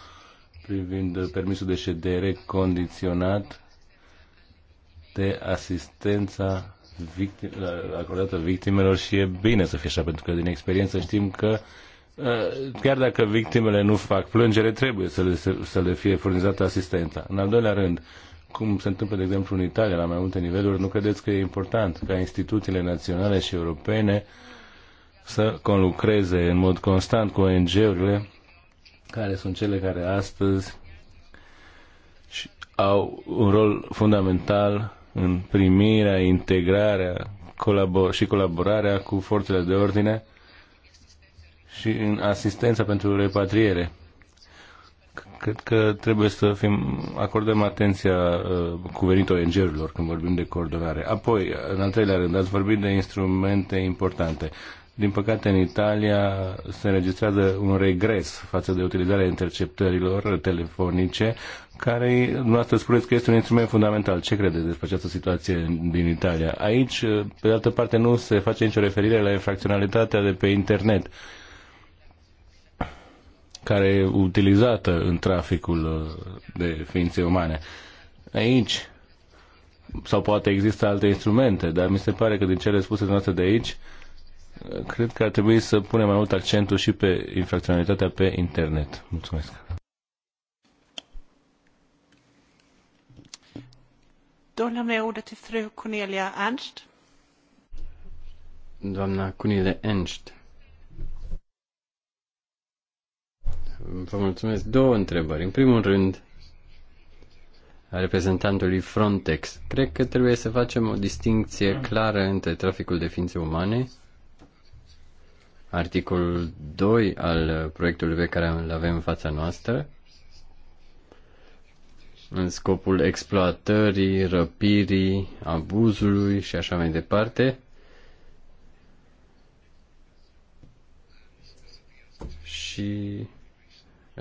privind permisul de ședere condiționat de asistența victim, acordată victimelor și e bine să fie așa, pentru că din experiență știm că uh, chiar dacă victimele nu fac plângere, trebuie să le, să le fie furnizată asistența. În al doilea rând, cum se întâmplă, de exemplu, în Italia, la mai multe niveluri, nu credeți că e important ca instituțiile naționale și europene să conlucreze în mod constant cu ONG-urile, care sunt cele care astăzi au un rol fundamental în primirea, integrarea colabor- și colaborarea cu forțele de ordine și în asistența pentru repatriere. Cred că trebuie să fim, acordăm atenția uh, cuvenit ONG-urilor când vorbim de coordonare. Apoi, în al treilea rând, ați vorbit de instrumente importante. Din păcate, în Italia se înregistrează un regres față de utilizarea interceptărilor telefonice, care, dumneavoastră spuneți că este un instrument fundamental. Ce credeți despre această situație din Italia? Aici, uh, pe de altă parte, nu se face nicio referire la infracționalitatea de pe internet. Uh, care e utilizată în traficul uh, de ființe umane. Aici, sau poate există alte instrumente, dar mi se pare că din cele spuse noastre de aici, uh, cred că ar trebui să punem mai mult accentul și pe infracționalitatea pe internet. Mulțumesc. Doamna lämnar jag fru Cornelia Ernst. Doamna Cornelia Ernst. Vă mulțumesc. Două întrebări. În primul rând, a reprezentantului Frontex. Cred că trebuie să facem o distinție clară între traficul de ființe umane, articolul 2 al proiectului pe care îl avem în fața noastră, în scopul exploatării, răpirii, abuzului și așa mai departe. Și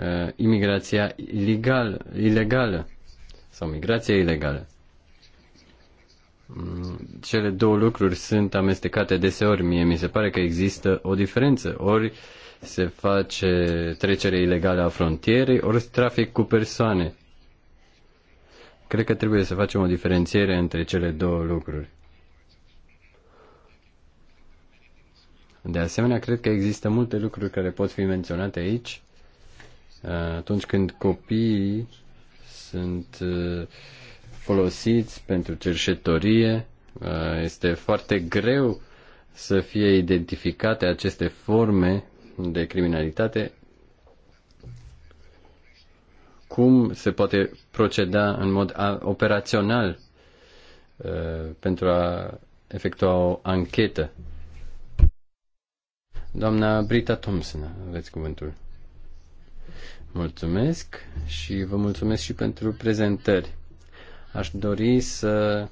uh, imigrația ilegal, ilegală sau migrația ilegală. Mm, cele două lucruri sunt amestecate deseori. Mie mi se pare că există o diferență. Ori se face trecere ilegală a frontierei, ori trafic cu persoane. Cred că trebuie să facem o diferențiere între cele două lucruri. De asemenea, cred că există multe lucruri care pot fi menționate aici Uh, atunci când copiii sunt uh, folosiți pentru cerșetorie, uh, este foarte greu să fie identificate aceste forme de criminalitate. Cum se poate proceda în mod operațional pentru a efectua o anchetă? Doamna Brita Thompson, aveți cuvântul. Mulțumesc și vă mulțumesc și pentru prezentări. Aș dori să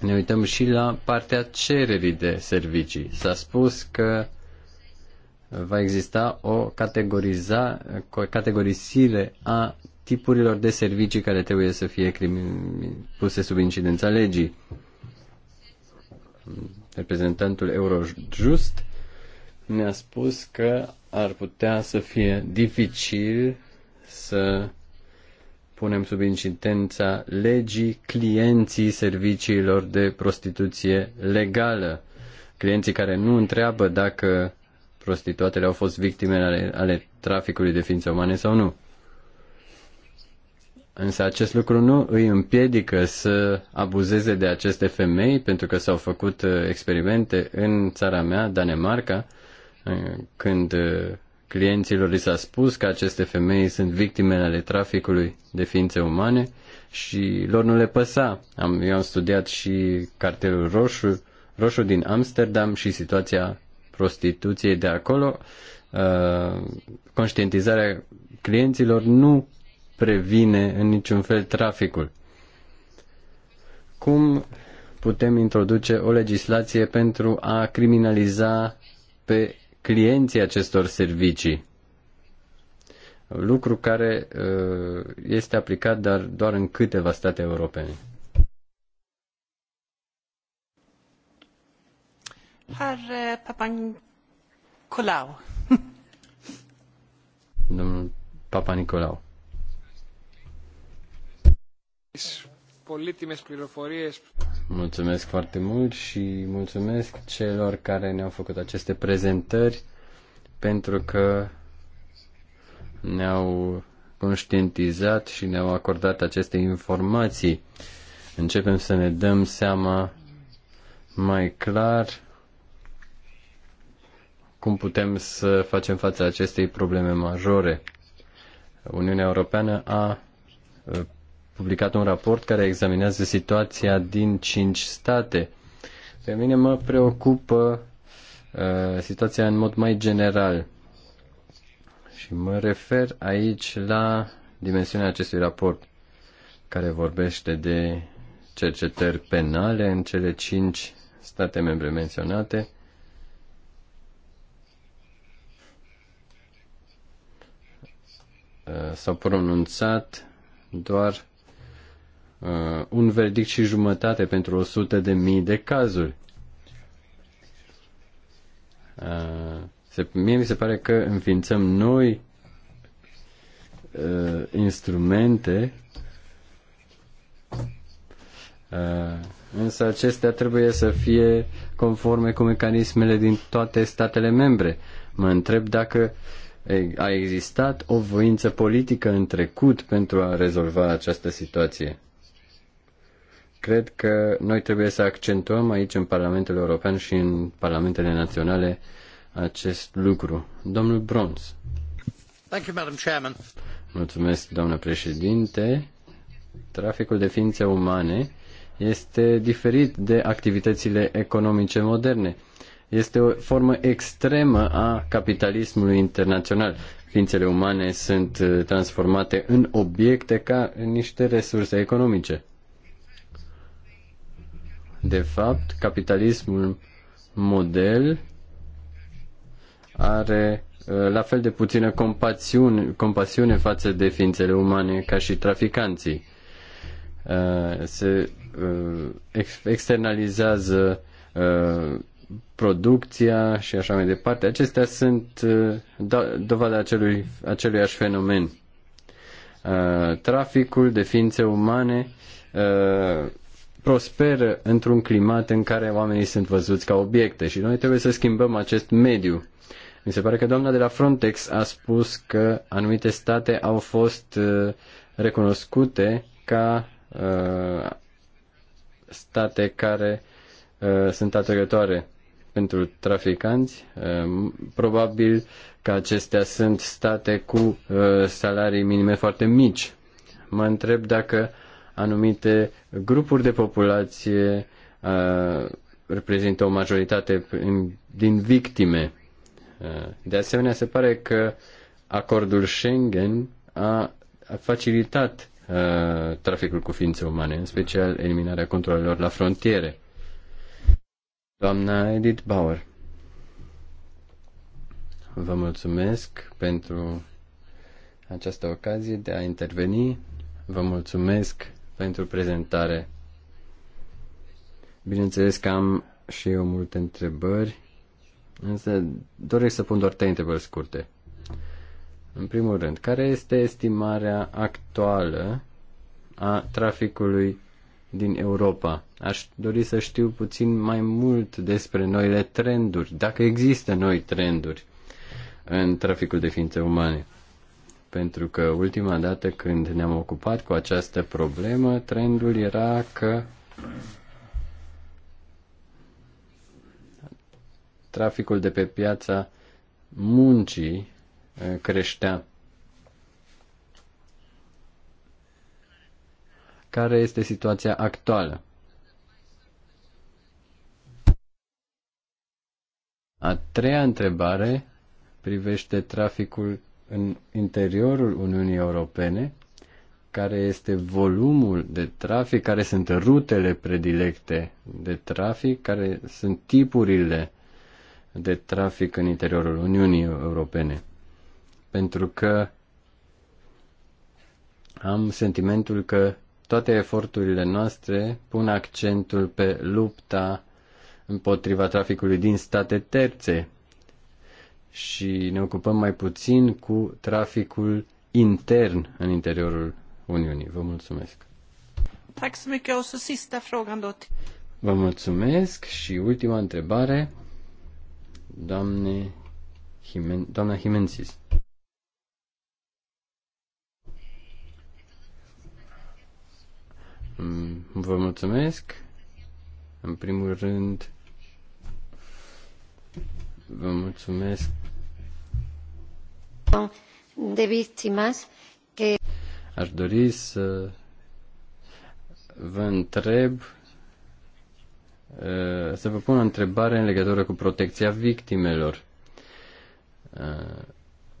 ne uităm și la partea cererii de servicii. S-a spus că va exista o categoriza, categorisire a tipurilor de servicii care trebuie să fie puse sub incidența legii. Reprezentantul Eurojust ne-a spus că ar putea să fie dificil să punem sub incidența legii clienții serviciilor de prostituție legală. Clienții care nu întreabă dacă prostituatele au fost victime ale, ale traficului de ființe umane sau nu. Însă acest lucru nu îi împiedică să abuzeze de aceste femei, pentru că s-au făcut uh, experimente în țara mea, Danemarca, când uh, clienților li s-a spus că aceste femei sunt victime ale traficului de ființe umane și lor nu le păsa. Am, eu am studiat și cartelul roșu, roșu din Amsterdam și situația prostituției de acolo. Uh, conștientizarea clienților nu previne în niciun fel traficul. Cum putem introduce o legislație pentru a criminaliza pe clienții acestor servicii. Lucru care uh, este aplicat dar doar în câteva state europene. Herr uh, Papanikolaou. Domnul Nicolau. Πολύτιμες πληροφορίες Mulțumesc foarte mult și mulțumesc celor care ne-au făcut aceste prezentări pentru că ne-au conștientizat și ne-au acordat aceste informații. Începem să ne dăm seama mai clar cum putem să facem față acestei probleme majore. Uniunea Europeană a publicat un raport care examinează situația din cinci state. Pe mine mă preocupă uh, situația în mod mai general. Și mă refer aici la dimensiunea acestui raport care vorbește de cercetări penale în cele cinci state membre menționate. Uh, s-au pronunțat doar uh, un verdict și jumătate pentru 100 de mii de cazuri. Uh, se, mie mi se pare că înființăm noi uh, instrumente, uh, însă acestea trebuie să fie conforme cu mecanismele din toate statele membre. Mă întreb dacă a existat o voință politică în trecut pentru a rezolva această situație. Cred că noi trebuie să accentuăm aici în Parlamentul European și în Parlamentele Naționale acest lucru. Domnul Bronz. Thank you, Madam Chairman. Mulțumesc, doamnă președinte. Traficul de ființe umane este diferit de activitățile economice moderne. Este o formă extremă a capitalismului internațional. Ființele umane sunt uh, transformate în obiecte ca niște resurse economice. De fapt, capitalismul model are uh, la fel de puțină compasiune, compasiune față de ființele umane ca și traficanții. Uh, se uh, externalizează producția și așa mai departe. Acestea sunt dovada acelui, aceluiași fenomen. Traficul de ființe umane prosperă într-un climat în care oamenii sunt văzuți ca obiecte și noi trebuie să schimbăm acest mediu. Mi se pare că doamna de la Frontex a spus că anumite state au fost uh, recunoscute ca uh, state care uh, sunt atrăgătoare pentru traficanți. Uh, probabil că acestea sunt state cu uh, salarii minime foarte mici. Mă întreb dacă uh, anumite grupuri de populație uh, reprezintă o majoritate din victime. Uh, de asemenea, se pare că acordul Schengen a, a facilitat uh, traficul cu ființe umane, în special eliminarea controlelor la frontiere. Doamna Edith Bauer, vă mulțumesc pentru această ocazie de a interveni. Vă mulțumesc pentru prezentare. Bineînțeles că am și eu multe întrebări, însă doresc să pun doar trei întrebări scurte. În primul rând, care este estimarea actuală a traficului din Europa? Aș dori să știu puțin mai mult despre noile trenduri, dacă există noi trenduri în traficul de ființe umane pentru că ultima dată când ne-am ocupat cu această problemă, trendul era că traficul de pe piața muncii uh, creștea. Care este situația actuală? A treia întrebare privește traficul în interiorul Uniunii Europene, care este volumul de trafic, care sunt rutele predilecte de trafic, care sunt tipurile de trafic în interiorul Uniunii Europene. Pentru că am sentimentul că toate eforturile noastre pun accentul pe lupta împotriva traficului din state terțe, și ne ocupăm mai puțin cu traficul intern în interiorul Uniunii. Vă mulțumesc. Vă mulțumesc și ultima întrebare, doamne Himen, doamna Himensis. Mm, vă mulțumesc. În primul rând, vă mulțumesc de víctimas que... Aș dori să vă întreb eh, să vă pun o întrebare în legătură cu protecția victimelor. Eh,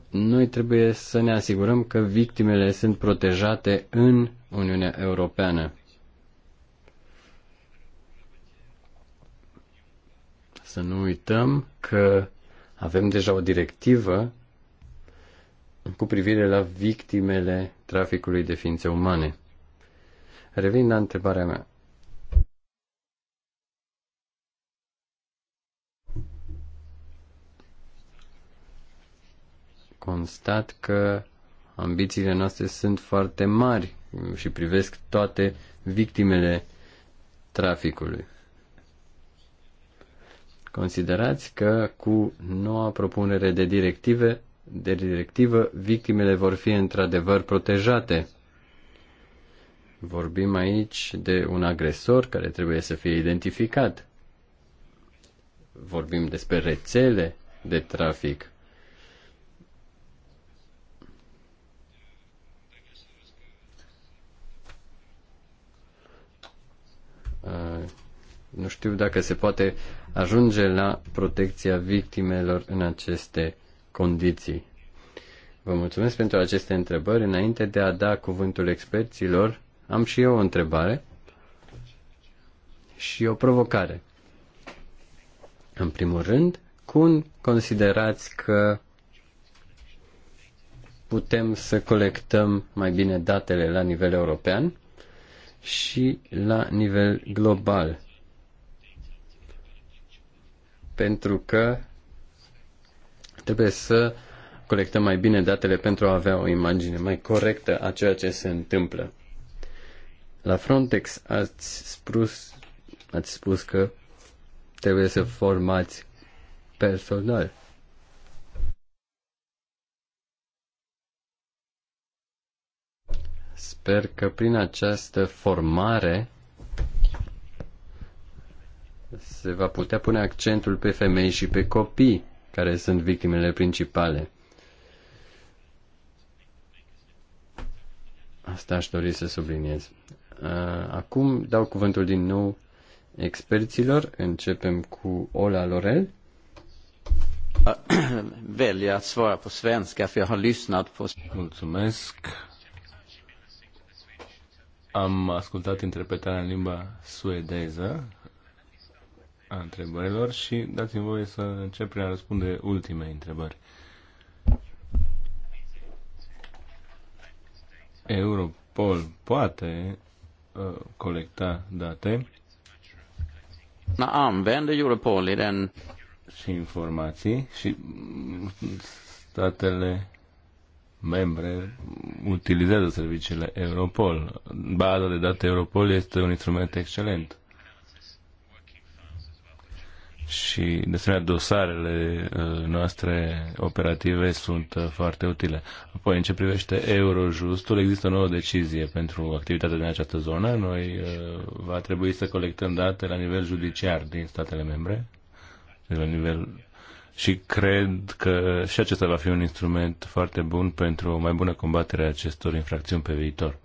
noi trebuie să ne asigurăm că victimele sunt protejate în Uniunea Europeană. Să nu uităm că avem deja o directivă cu privire la victimele traficului de ființe umane. Revin la întrebarea mea. Constat că ambițiile noastre sunt foarte mari și privesc toate victimele traficului. Considerați că cu noua propunere de directive de directivă, victimele vor fi într-adevăr protejate. Vorbim aici de un agresor care trebuie să fie identificat. Vorbim despre rețele de trafic. Uh, nu știu dacă se poate ajunge la protecția victimelor în aceste condiții. Vă mulțumesc pentru aceste întrebări. Înainte de a da cuvântul experților, am și eu o întrebare și o provocare. În primul rând, cum considerați că putem să colectăm mai bine datele la nivel european și la nivel global? Pentru că Trebuie să colectăm mai bine datele pentru a avea o imagine mai corectă a ceea ce se întâmplă. La Frontex ați spus, ați spus că trebuie să formați personal. Sper că prin această formare se va putea pune accentul pe femei și pe copii care sunt victimele principale. Asta aș dori să subliniez. Acum dau cuvântul din nou experților. Începem cu Ola Lorel. Välja att svara på svenska för jag har lyssnat på... Mulțumesc. Am ascultat interpretarea în limba suedeză a întrebărilor și dați-mi voie să încep prin a răspunde ultimei întrebări. Europol poate uh, colecta date använder Europol i den și informații și statele membre utilizează serviciile Europol. Baza de date Europol este un instrument excelent și de dosarele uh, noastre operative sunt uh, foarte utile. Apoi, în ce privește Eurojustul, există o nouă decizie pentru activitatea din această zonă. Noi uh, va trebui să colectăm date la nivel judiciar din statele membre, deci la nivel și cred că și acesta va fi un instrument foarte bun pentru o mai bună combatere a acestor infracțiuni pe viitor.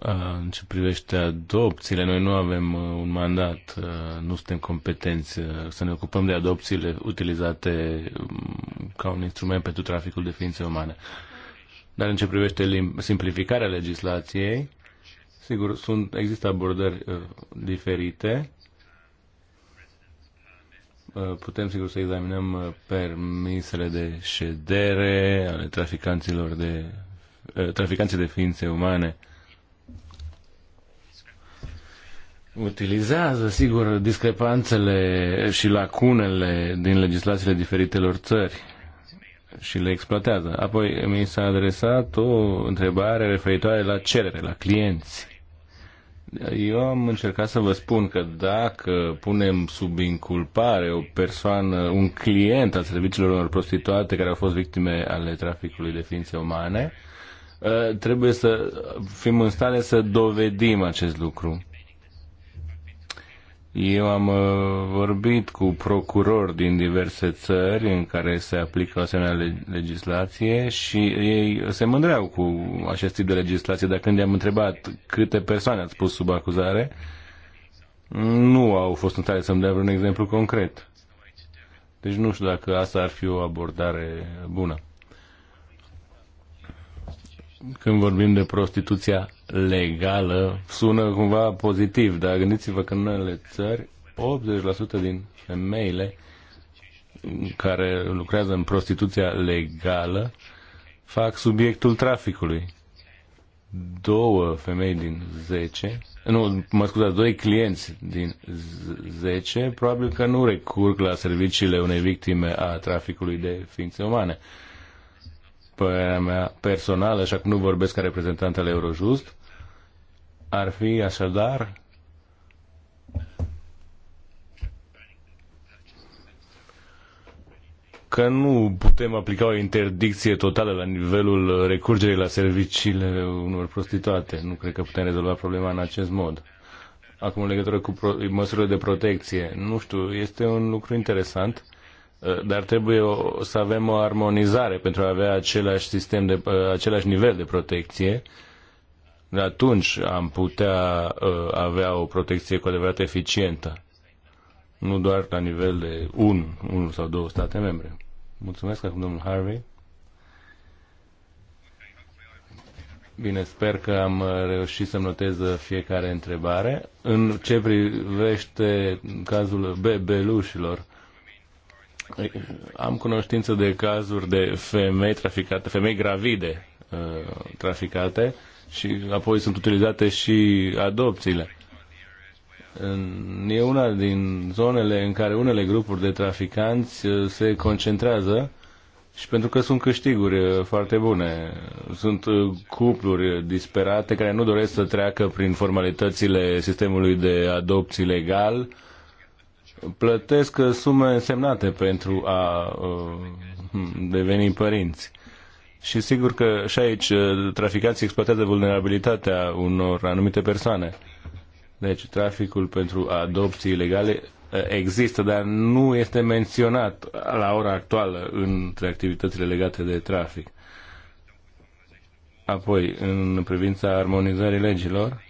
În ce privește adopțiile, noi nu avem uh, un mandat, uh, nu suntem competenți uh, să ne ocupăm de adopțiile utilizate um, ca un instrument pentru traficul de ființe umane. Dar în ce privește simplificarea legislației, sigur, sunt, există abordări diferite. Putem, sigur, să examinăm permisele de ședere ale traficanților de traficanții de ființe umane utilizează, sigur, discrepanțele și lacunele din legislațiile diferitelor țări și le exploatează. Apoi mi s-a adresat o întrebare referitoare la cerere, la clienți. Eu am încercat să vă spun că dacă punem sub inculpare o persoană, un client al serviciilor unor prostituate care au fost victime ale traficului de ființe umane, ă, trebuie să fim în stare să dovedim acest lucru. Eu am uh, vorbit cu procurori din diverse țări în care se aplică o asemenea legislație și ei se mândreau cu acest tip de legislație, dar când i-am întrebat câte persoane ați pus sub acuzare, nu au fost în stare să-mi dea vreun exemplu concret. Deci nu știu dacă asta ar fi o abordare bună când vorbim de prostituția legală, sună cumva pozitiv, dar gândiți-vă că în unele țări 80% din femeile care lucrează în prostituția legală fac subiectul traficului. Două femei din 10, nu, mă scuzați, doi clienți din 10 probabil că nu recurg la serviciile unei victime a traficului de ființe umane părerea mea personală, așa cum nu vorbesc ca reprezentant al Eurojust, ar fi așadar că nu putem aplica o interdicție totală la nivelul recurgerii la serviciile unor prostituate. Nu cred că putem rezolva problema în acest mod. Acum, în legătură cu măsurile de protecție, nu știu, este un lucru interesant Eh, dar trebuie o, să avem o armonizare pentru a avea același sistem de eh, același nivel de protecție. Atunci am putea eh, avea o protecție cu adevărat eficientă, nu doar la nivel de un, unul sau două state membre. Mulțumesc acum domnul Harvey. Bine, sper că am reușit să-mi notez fiecare întrebare. În ce privește cazul bebelușilor, Păi, am cunoștință de cazuri de femei traficate, femei gravide uh, traficate și apoi sunt utilizate și adopțiile. E una din zonele în care unele grupuri de traficanți uh, se concentrează și pentru că sunt câștiguri uh, foarte bune. Sunt cupluri disperate care nu doresc să treacă prin formalitățile sistemului de adopții legal plătesc sume însemnate pentru a uh, deveni părinți. Și sigur că și aici uh, traficanții exploatează vulnerabilitatea unor anumite persoane. Deci traficul pentru adopții ilegale uh, există, dar nu este menționat la ora actuală între activitățile legate de trafic. Apoi, în privința armonizării legilor,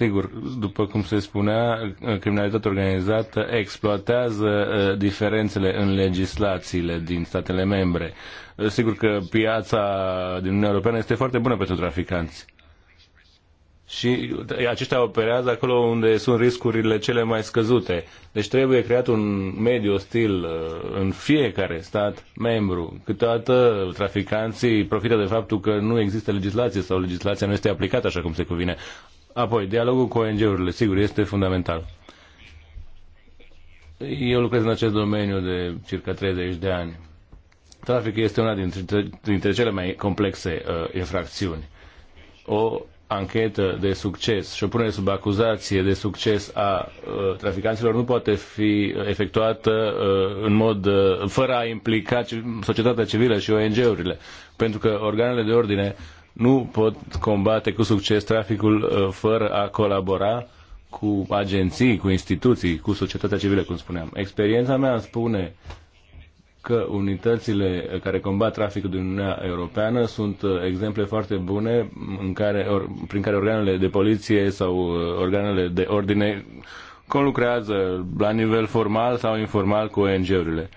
Sigur, după cum se spunea, criminalitatea organizată exploatează uh, diferențele în legislațiile din statele membre. Uh, sigur că piața din Uniunea Europeană este foarte bună pentru traficanți. Și aceștia operează acolo unde sunt riscurile cele mai scăzute. Deci trebuie creat un mediu ostil uh, în fiecare stat membru. Câteodată traficanții profită de faptul că nu există legislație sau legislația nu este aplicată așa cum se cuvine. Apoi, dialogul cu ONG-urile, sigur, este fundamental. Eu lucrez în acest domeniu de circa 30 de ani. Traficul este una dintre, dintre cele mai complexe uh, infracțiuni. O anchetă de succes și o punere sub acuzație de succes a uh, traficanților nu poate fi efectuată uh, în mod uh, fără a implica societatea civilă și ONG-urile, pentru că organele de ordine uh, nu pot combate cu succes traficul uh, fără a colabora cu agenții, cu instituții, cu societatea civilă, cum spuneam. Experiența mea spune că unitățile care combat traficul din Uniunea Europeană sunt uh, exemple foarte bune în care, or, prin care organele de poliție sau uh, organele de ordine conlucrează la nivel formal sau informal cu ONG-urile.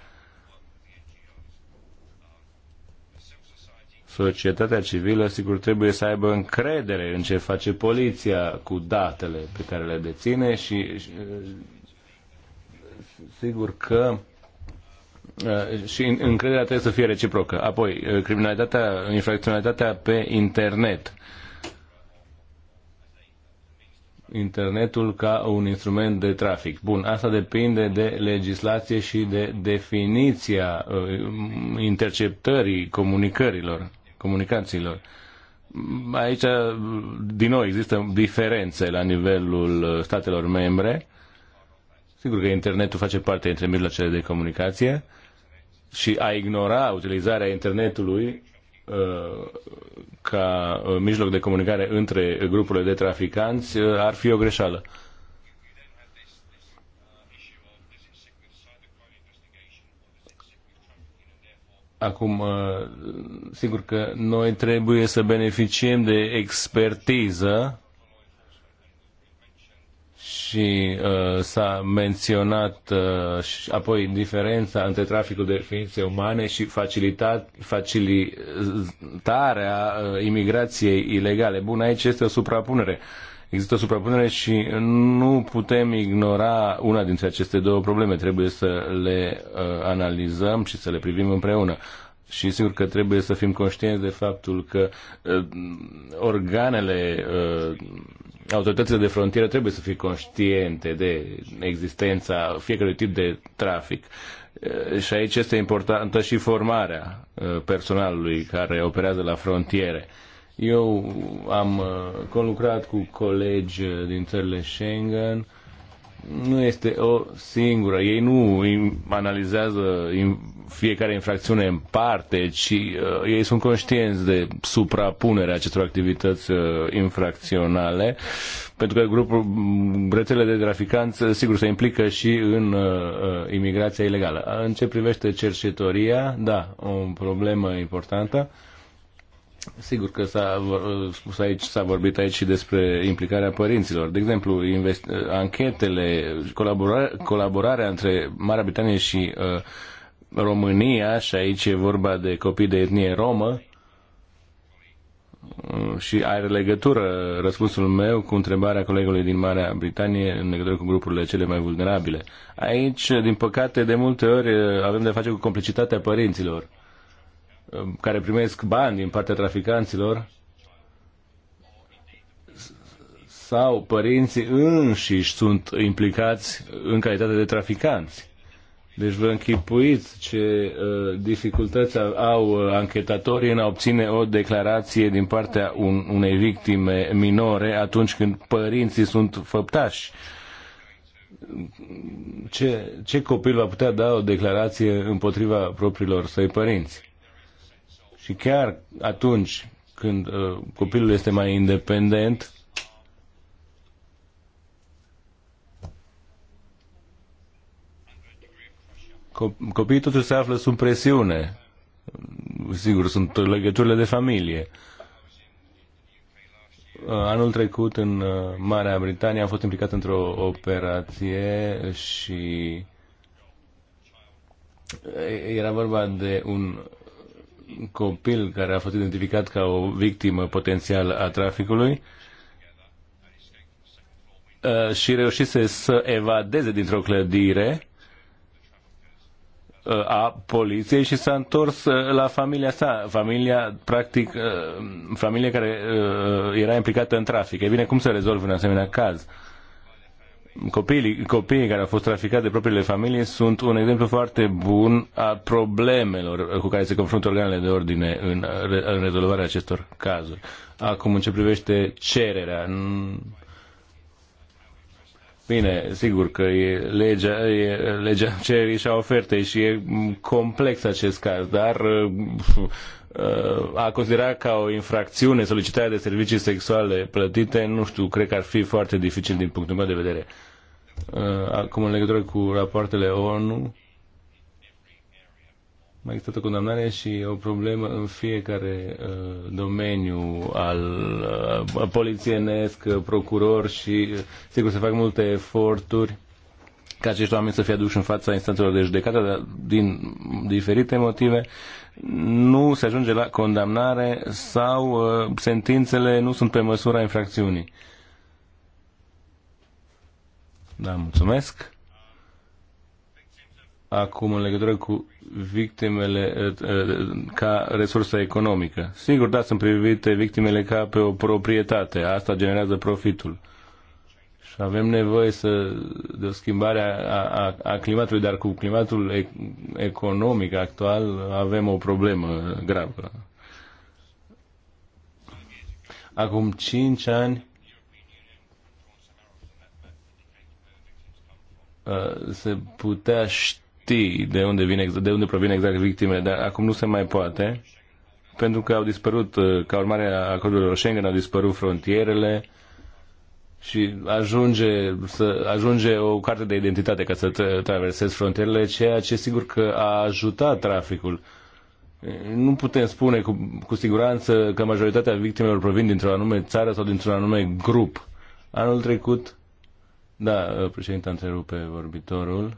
societatea civilă, sigur, trebuie să aibă încredere în ce face poliția cu datele pe care le deține și, și uh, sigur că uh, și încrederea trebuie să fie reciprocă. Apoi, uh, criminalitatea, infracționalitatea pe internet. Internetul ca un instrument de trafic. Bun, asta depinde de legislație și de definiția interceptării comunicărilor comunicanților. Aici, din nou, există diferențe la nivelul statelor membre. Sigur că internetul face parte dintre mijloacele de comunicație și a ignora utilizarea internetului uh, ca uh, mijloc de comunicare între grupurile de traficanți uh, ar fi o greșeală. Acum, uh, sigur că noi trebuie să beneficiem de expertiză și uh, s-a menționat uh, și apoi diferența între traficul de ființe umane și facilitarea uh, imigrației ilegale. Bun, aici este o suprapunere. Uh, există o suprapunere și nu putem ignora una dintre aceste două probleme. Trebuie să le uh, analizăm și să le privim împreună. Și sigur că trebuie să fim conștienți de faptul că uh, organele, uh, autoritățile de frontieră trebuie să fie conștiente de existența fiecărui tip de trafic. Uh, și aici este importantă și formarea uh, personalului care operează la frontiere. Uh, eu am uh, conlucrat cu colegi uh, din țările Schengen. Nu este o singură. Ei nu analizează fiecare infracțiune în parte, ci uh, ei sunt conștienți de suprapunerea acestor activități uh, infracționale, pentru că grupul, mm, rețelele de traficanți, uh, sigur, se implică și în uh, imigrația ilegală. În ce privește cercetoria, da, o problemă importantă. Uh, Sigur că s-a spus aici, s-a vorbit aici și despre implicarea părinților. De exemplu, anchetele, colaborarea, colaborarea între Marea Britanie și uh, România, și aici e vorba de copii de etnie romă, uh, și are legătură răspunsul meu cu întrebarea colegului din Marea Britanie în legătură cu grupurile cele mai vulnerabile. Aici, din păcate, de multe ori uh, avem de face cu complicitatea părinților Um, care primesc bani din partea traficanților sau părinții înșiși sunt implicați în calitate de traficanți. Deci vă închipuiți ce uh, dificultăți au uh, anchetatorii în a obține o declarație din partea un, unei victime minore atunci când părinții sunt făptași. Ce, ce copil va putea da o declarație împotriva propriilor săi părinți? Și chiar atunci când uh, copilul este mai independent, copiii totuși se află sub presiune. Sigur, sunt legăturile de familie. Uh, anul trecut în uh, Marea Britanie am fost implicat într-o operație și uh, era vorba de un copil care a fost identificat ca o victimă potențială a traficului uh, și reușise să evadeze dintr-o clădire uh, a poliției și s-a întors uh, la familia sa, familia, practic, familia care era implicată în trafic. E bine, cum se rezolvă un asemenea caz? Uh, copiii, copiii care au fost traficați de propriile familii sunt un exemplu foarte bun a problemelor cu care se confruntă organele de ordine în, în rezolvarea acestor cazuri. Acum, în ce privește cererea, Bine, sigur că e legea, e legea cererii și a ofertei și e complex acest caz, dar Uh, a considera ca o infracțiune solicitarea de servicii sexuale plătite, nu știu, cred că ar fi foarte dificil din punctul meu de vedere. Uh, acum, în legătură cu rapoartele ONU, mai există o condamnare și o problemă în fiecare uh, domeniu al polițienesc, procuror și sigur se fac multe eforturi ca acești oameni să fie aduși în fața instanțelor de judecată, dar din diferite motive nu se ajunge la condamnare sau uh, sentințele nu sunt pe măsura infracțiunii. Da, mulțumesc. Acum, în legătură cu victimele uh, uh, ca resursă economică. Sigur, da, sunt privite victimele ca pe o proprietate. Asta generează profitul. Și avem nevoie să, de o schimbare a, a, a climatului, dar cu climatul economic actual avem o problemă gravă. Acum 5 ani se putea ști de unde, vine, de unde provine exact victimele, dar acum nu se mai poate, pentru că au dispărut, ca urmare a acordurilor Schengen, au dispărut frontierele, și ajunge, să, ajunge o carte de identitate ca să traversezi frontierele, ceea ce sigur că a ajutat traficul. Nu putem spune cu, cu siguranță că majoritatea victimelor provin dintr-o anume țară sau dintr-un anume grup. Anul trecut, da, președinte, întrerupe vorbitorul.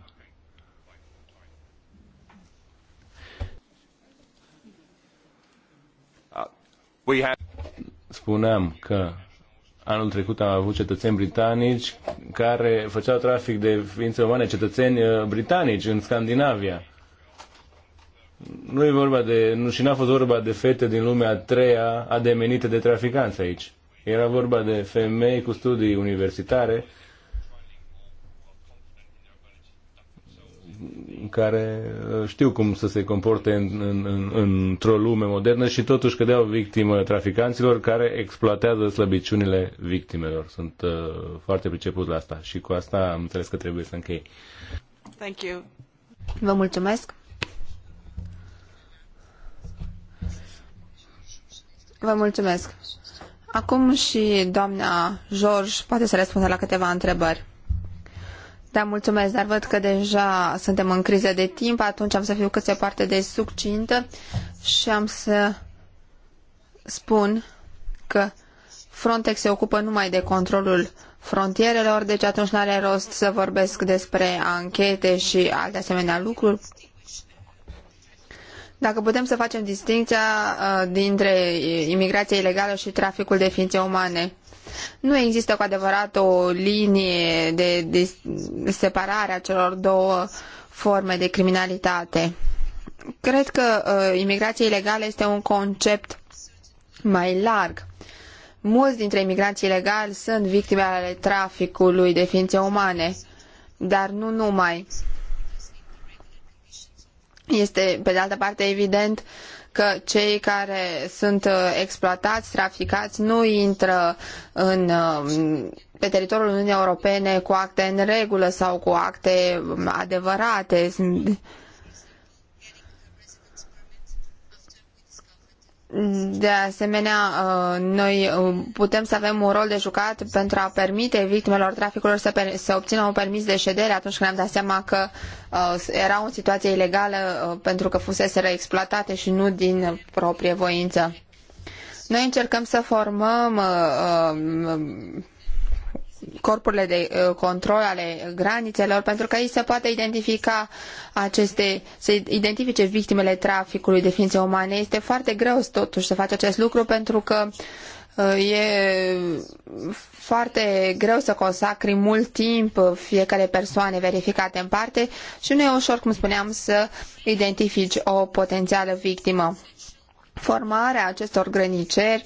Uh, Spuneam că Anul trecut am avut cetățeni britanici care făceau trafic de ființe umane, cetățeni uh, britanici în Scandinavia. Nu e vorba de, nu, și n-a fost vorba de fete din lumea a treia ademenite de traficanți aici. Era vorba de femei cu studii universitare care uh, știu cum să se comporte în, în, în, într-o lume modernă și totuși cădeau victimă traficanților care exploatează slăbiciunile victimelor. Sunt uh, foarte priceput la asta și cu asta am înțeles că trebuie să închei. Thank you. Vă mulțumesc. Vă mulțumesc. Acum și doamna George poate să răspundă la câteva întrebări. Da, mulțumesc, dar văd că deja suntem în criză de timp, atunci am să fiu cât se poate de succintă și am să spun că Frontex se ocupă numai de controlul frontierelor, deci atunci nu are rost să vorbesc despre anchete și alte asemenea lucruri. Dacă putem să facem distinția uh, dintre imigrația ilegală și traficul de ființe umane. Nu există cu adevărat o linie de, de separare a celor două forme de criminalitate. Cred că uh, imigrația ilegală este un concept mai larg. Mulți dintre imigranții ilegali sunt victime ale traficului de ființe umane, dar nu numai. Este, pe de altă parte, evident că cei care sunt uh, exploatați, traficați, nu intră în, uh, pe teritoriul Uniunii Europene cu acte în regulă sau cu acte um, adevărate. Sunt, De asemenea, uh, noi uh, putem să avem un rol de jucat pentru a permite victimelor traficului să, per- să obțină un permis de ședere atunci când am dat seama că uh, erau în situație ilegală pentru că fuseseră exploatate și nu din proprie voință. Noi încercăm să formăm corpurile de uh, control ale granițelor pentru că ei se poate identifica aceste, să identifice victimele traficului de ființe umane. Este foarte greu totuși să faci acest lucru pentru că uh, e foarte greu să consacri mult timp fiecare persoane verificate în parte și nu e ușor, cum spuneam, să identifici o potențială victimă. Formarea acestor grăniceri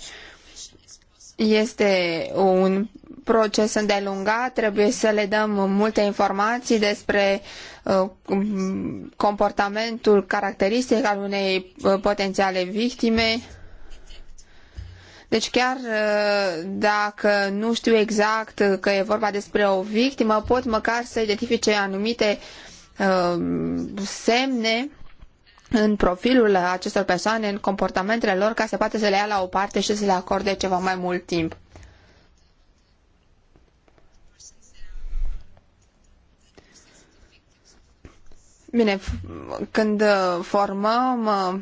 este un proces îndelungat, trebuie să le dăm multe informații despre uh, comportamentul caracteristic al unei uh, potențiale victime. Deci chiar uh, dacă nu știu exact că e vorba despre o victimă, pot măcar să identifice anumite semne în profilul acestor persoane, în comportamentele lor, ca să poată să le ia la o parte și să le acorde ceva mai mult timp. Bine, când uh, formăm uh,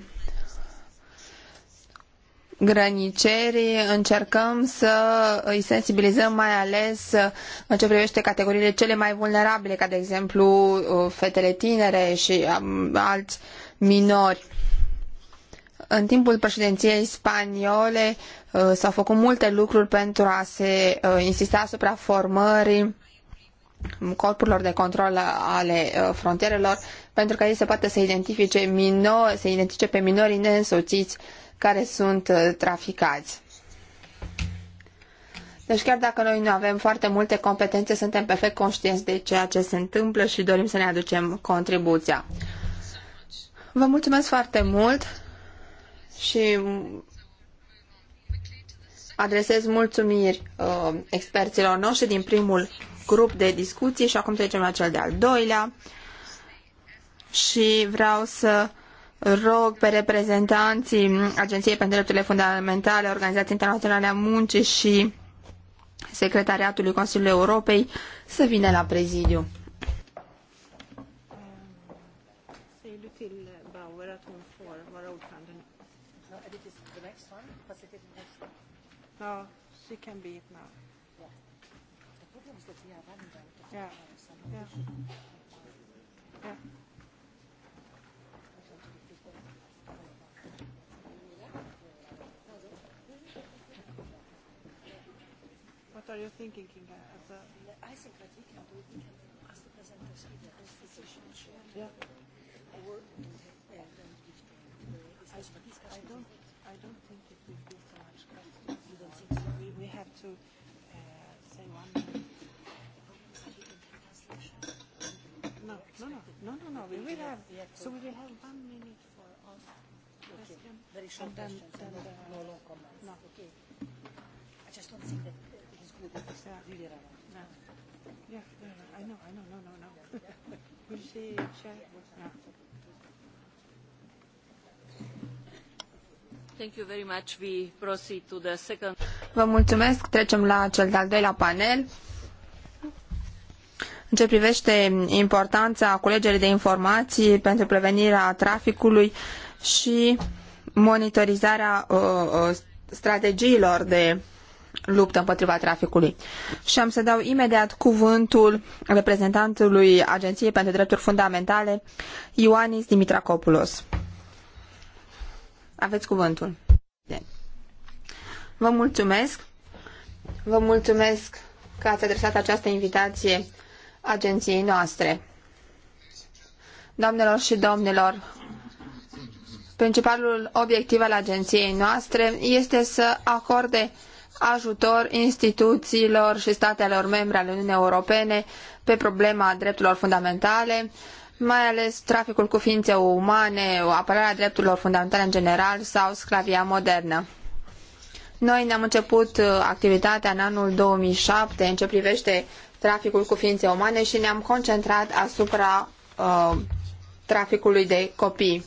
grănicerii, încercăm să îi sensibilizăm mai ales uh, în ce privește categoriile cele mai vulnerabile, ca de exemplu fetele tinere și um, alți minori. În timpul președinției spaniole s-au făcut multe lucruri pentru a se insista asupra formării corpurilor de control ale uh, frontierelor pentru ca ei să poată să identifice, minori, să identifice pe minorii neînsoțiți care sunt uh, traficați. Deci chiar dacă noi nu avem foarte multe competențe, suntem perfect conștienți de ceea ce se întâmplă și dorim să ne aducem contribuția. Vă mulțumesc foarte mult și adresez mulțumiri uh, experților noștri din primul grup de discuții și acum trecem la cel de-al doilea și vreau să rog pe reprezentanții Agenției pentru Drepturile Fundamentale, Organizației Internaționale a Muncii și Secretariatului Consiliului Europei să vină la prezidiu. No, she can be it now. Yeah. The problem is that we are running out yeah. yeah. Yeah. What are you thinking, Kinga? I think that we can do it. We can ask the presenters here, the institution chair. Yeah. we have, so we will have one minute for us. Okay. Very short and then, questions then and then no, no long comments. No. Okay. I just don't think that it is good that it's yeah. really relevant. No. Yeah, yeah, yeah, I know, I know, no, no, no. will she share? Yeah. Thank you very much. We proceed to the second. Vă mulțumesc. Trecem la cel de-al doilea panel. În ce privește importanța culegerii de informații pentru prevenirea traficului și monitorizarea uh, uh, strategiilor de luptă împotriva traficului. Și am să dau imediat cuvântul reprezentantului Agenției pentru Drepturi Fundamentale, Ioanis Dimitracopoulos. Aveți cuvântul. Vă mulțumesc. Vă mulțumesc că ați adresat această invitație agenției noastre. Doamnelor și domnilor, principalul obiectiv al agenției noastre este să acorde ajutor instituțiilor și statelor membre ale Uniunii Europene pe problema drepturilor fundamentale, mai ales traficul cu ființe umane, apărarea drepturilor fundamentale în general sau sclavia modernă. Noi ne-am început uh, activitatea în anul 2007 în ce privește traficul cu ființe umane și ne-am concentrat asupra uh, traficului de copii.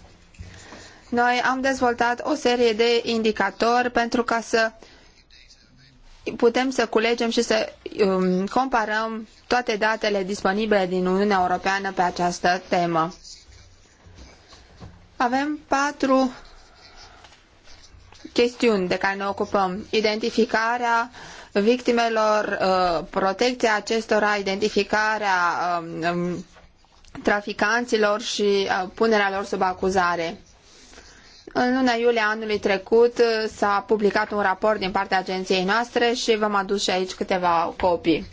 Noi am dezvoltat o serie de indicatori pentru ca să putem să culegem și să um, comparăm toate datele disponibile din Uniunea Europeană pe această temă. Avem patru chestiuni de care ne ocupăm. Identificarea uh, victimelor, uh, protecția acestora, identificarea um, um, traficanților și uh, punerea lor sub acuzare. În luna iulie anului trecut uh, s-a publicat un raport din partea agenției noastre și v-am adus și aici câteva copii.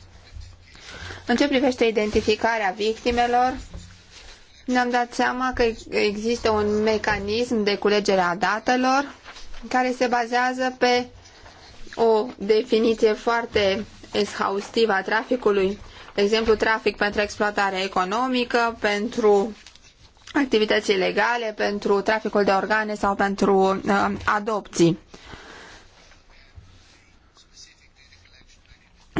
În ce privește identificarea victimelor, ne-am dat seama că există un mecanism de culegere a datelor care se bazează pe o definiție foarte exhaustivă a traficului, de exemplu trafic pentru exploatare economică, pentru activități ilegale, pentru traficul de organe sau pentru uh, adopții.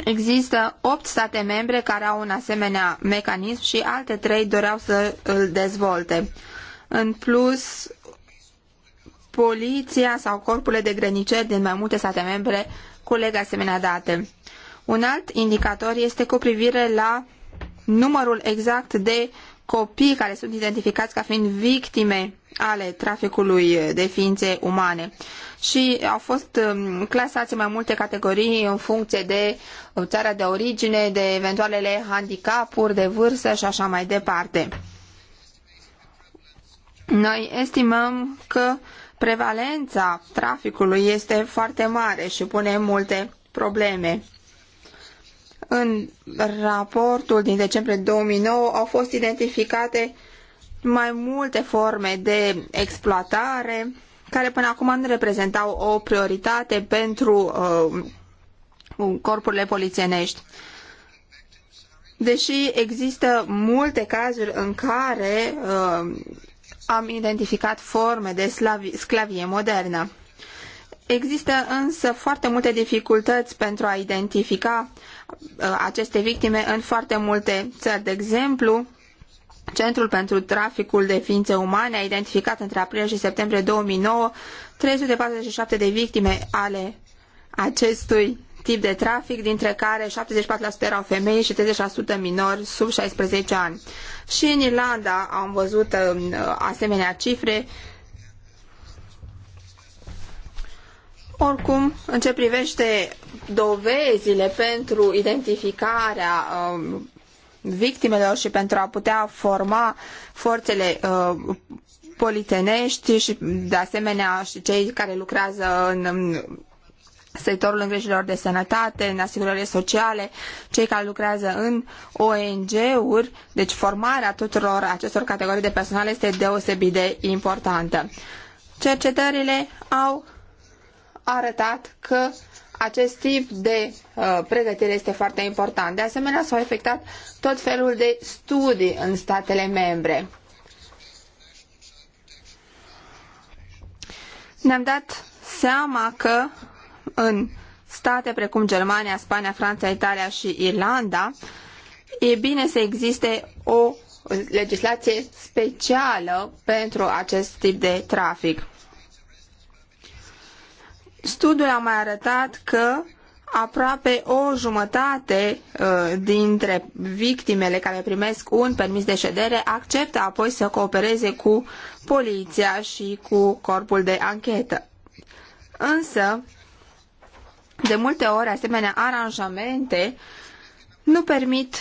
Există opt state membre care au un asemenea mecanism și alte trei doreau să îl dezvolte. În plus, poliția sau corpurile de grăniceri din mai multe state membre culeg asemenea date. Un alt indicator este cu privire la numărul exact de copii care sunt identificați ca fiind victime ale traficului de ființe umane. Și au fost um, clasați în mai multe categorii în funcție de uh, țara de origine, de eventualele handicapuri, de vârstă și așa mai departe. Noi estimăm că prevalența traficului este foarte mare și pune multe probleme. În raportul din decembrie 2009 au fost identificate mai multe forme de exploatare care până acum nu reprezentau o prioritate pentru uh, corpurile polițienești. Deși există multe cazuri în care uh, am identificat forme de sclavie modernă. Există însă foarte multe dificultăți pentru a identifica uh, aceste victime în foarte multe țări. De exemplu, Centrul pentru Traficul de Ființe Umane a identificat între aprilie și septembrie 2009 347 de victime ale acestui tip de trafic, dintre care 74% erau femei și 30% minori sub 16 ani. Și în Irlanda am văzut um, asemenea cifre. Oricum, în ce privește dovezile pentru identificarea um, victimelor și pentru a putea forma forțele uh, polițenești și de asemenea și cei care lucrează în um, sectorul îngrijirilor de sănătate, în asigurările sociale, cei care lucrează în ONG-uri, deci formarea tuturor acestor categorii de personal este deosebit de importantă. Cercetările au arătat că acest tip de uh, pregătire este foarte important. De asemenea, s-au efectuat tot felul de studii în statele membre. Ne-am dat seama că în state precum Germania, Spania, Franța, Italia și Irlanda, e bine să existe o legislație specială pentru acest tip de trafic. Studiul a mai arătat că aproape o jumătate uh, dintre victimele care primesc un permis de ședere acceptă apoi să coopereze cu poliția și cu corpul de anchetă. Însă, de multe ori, asemenea aranjamente nu permit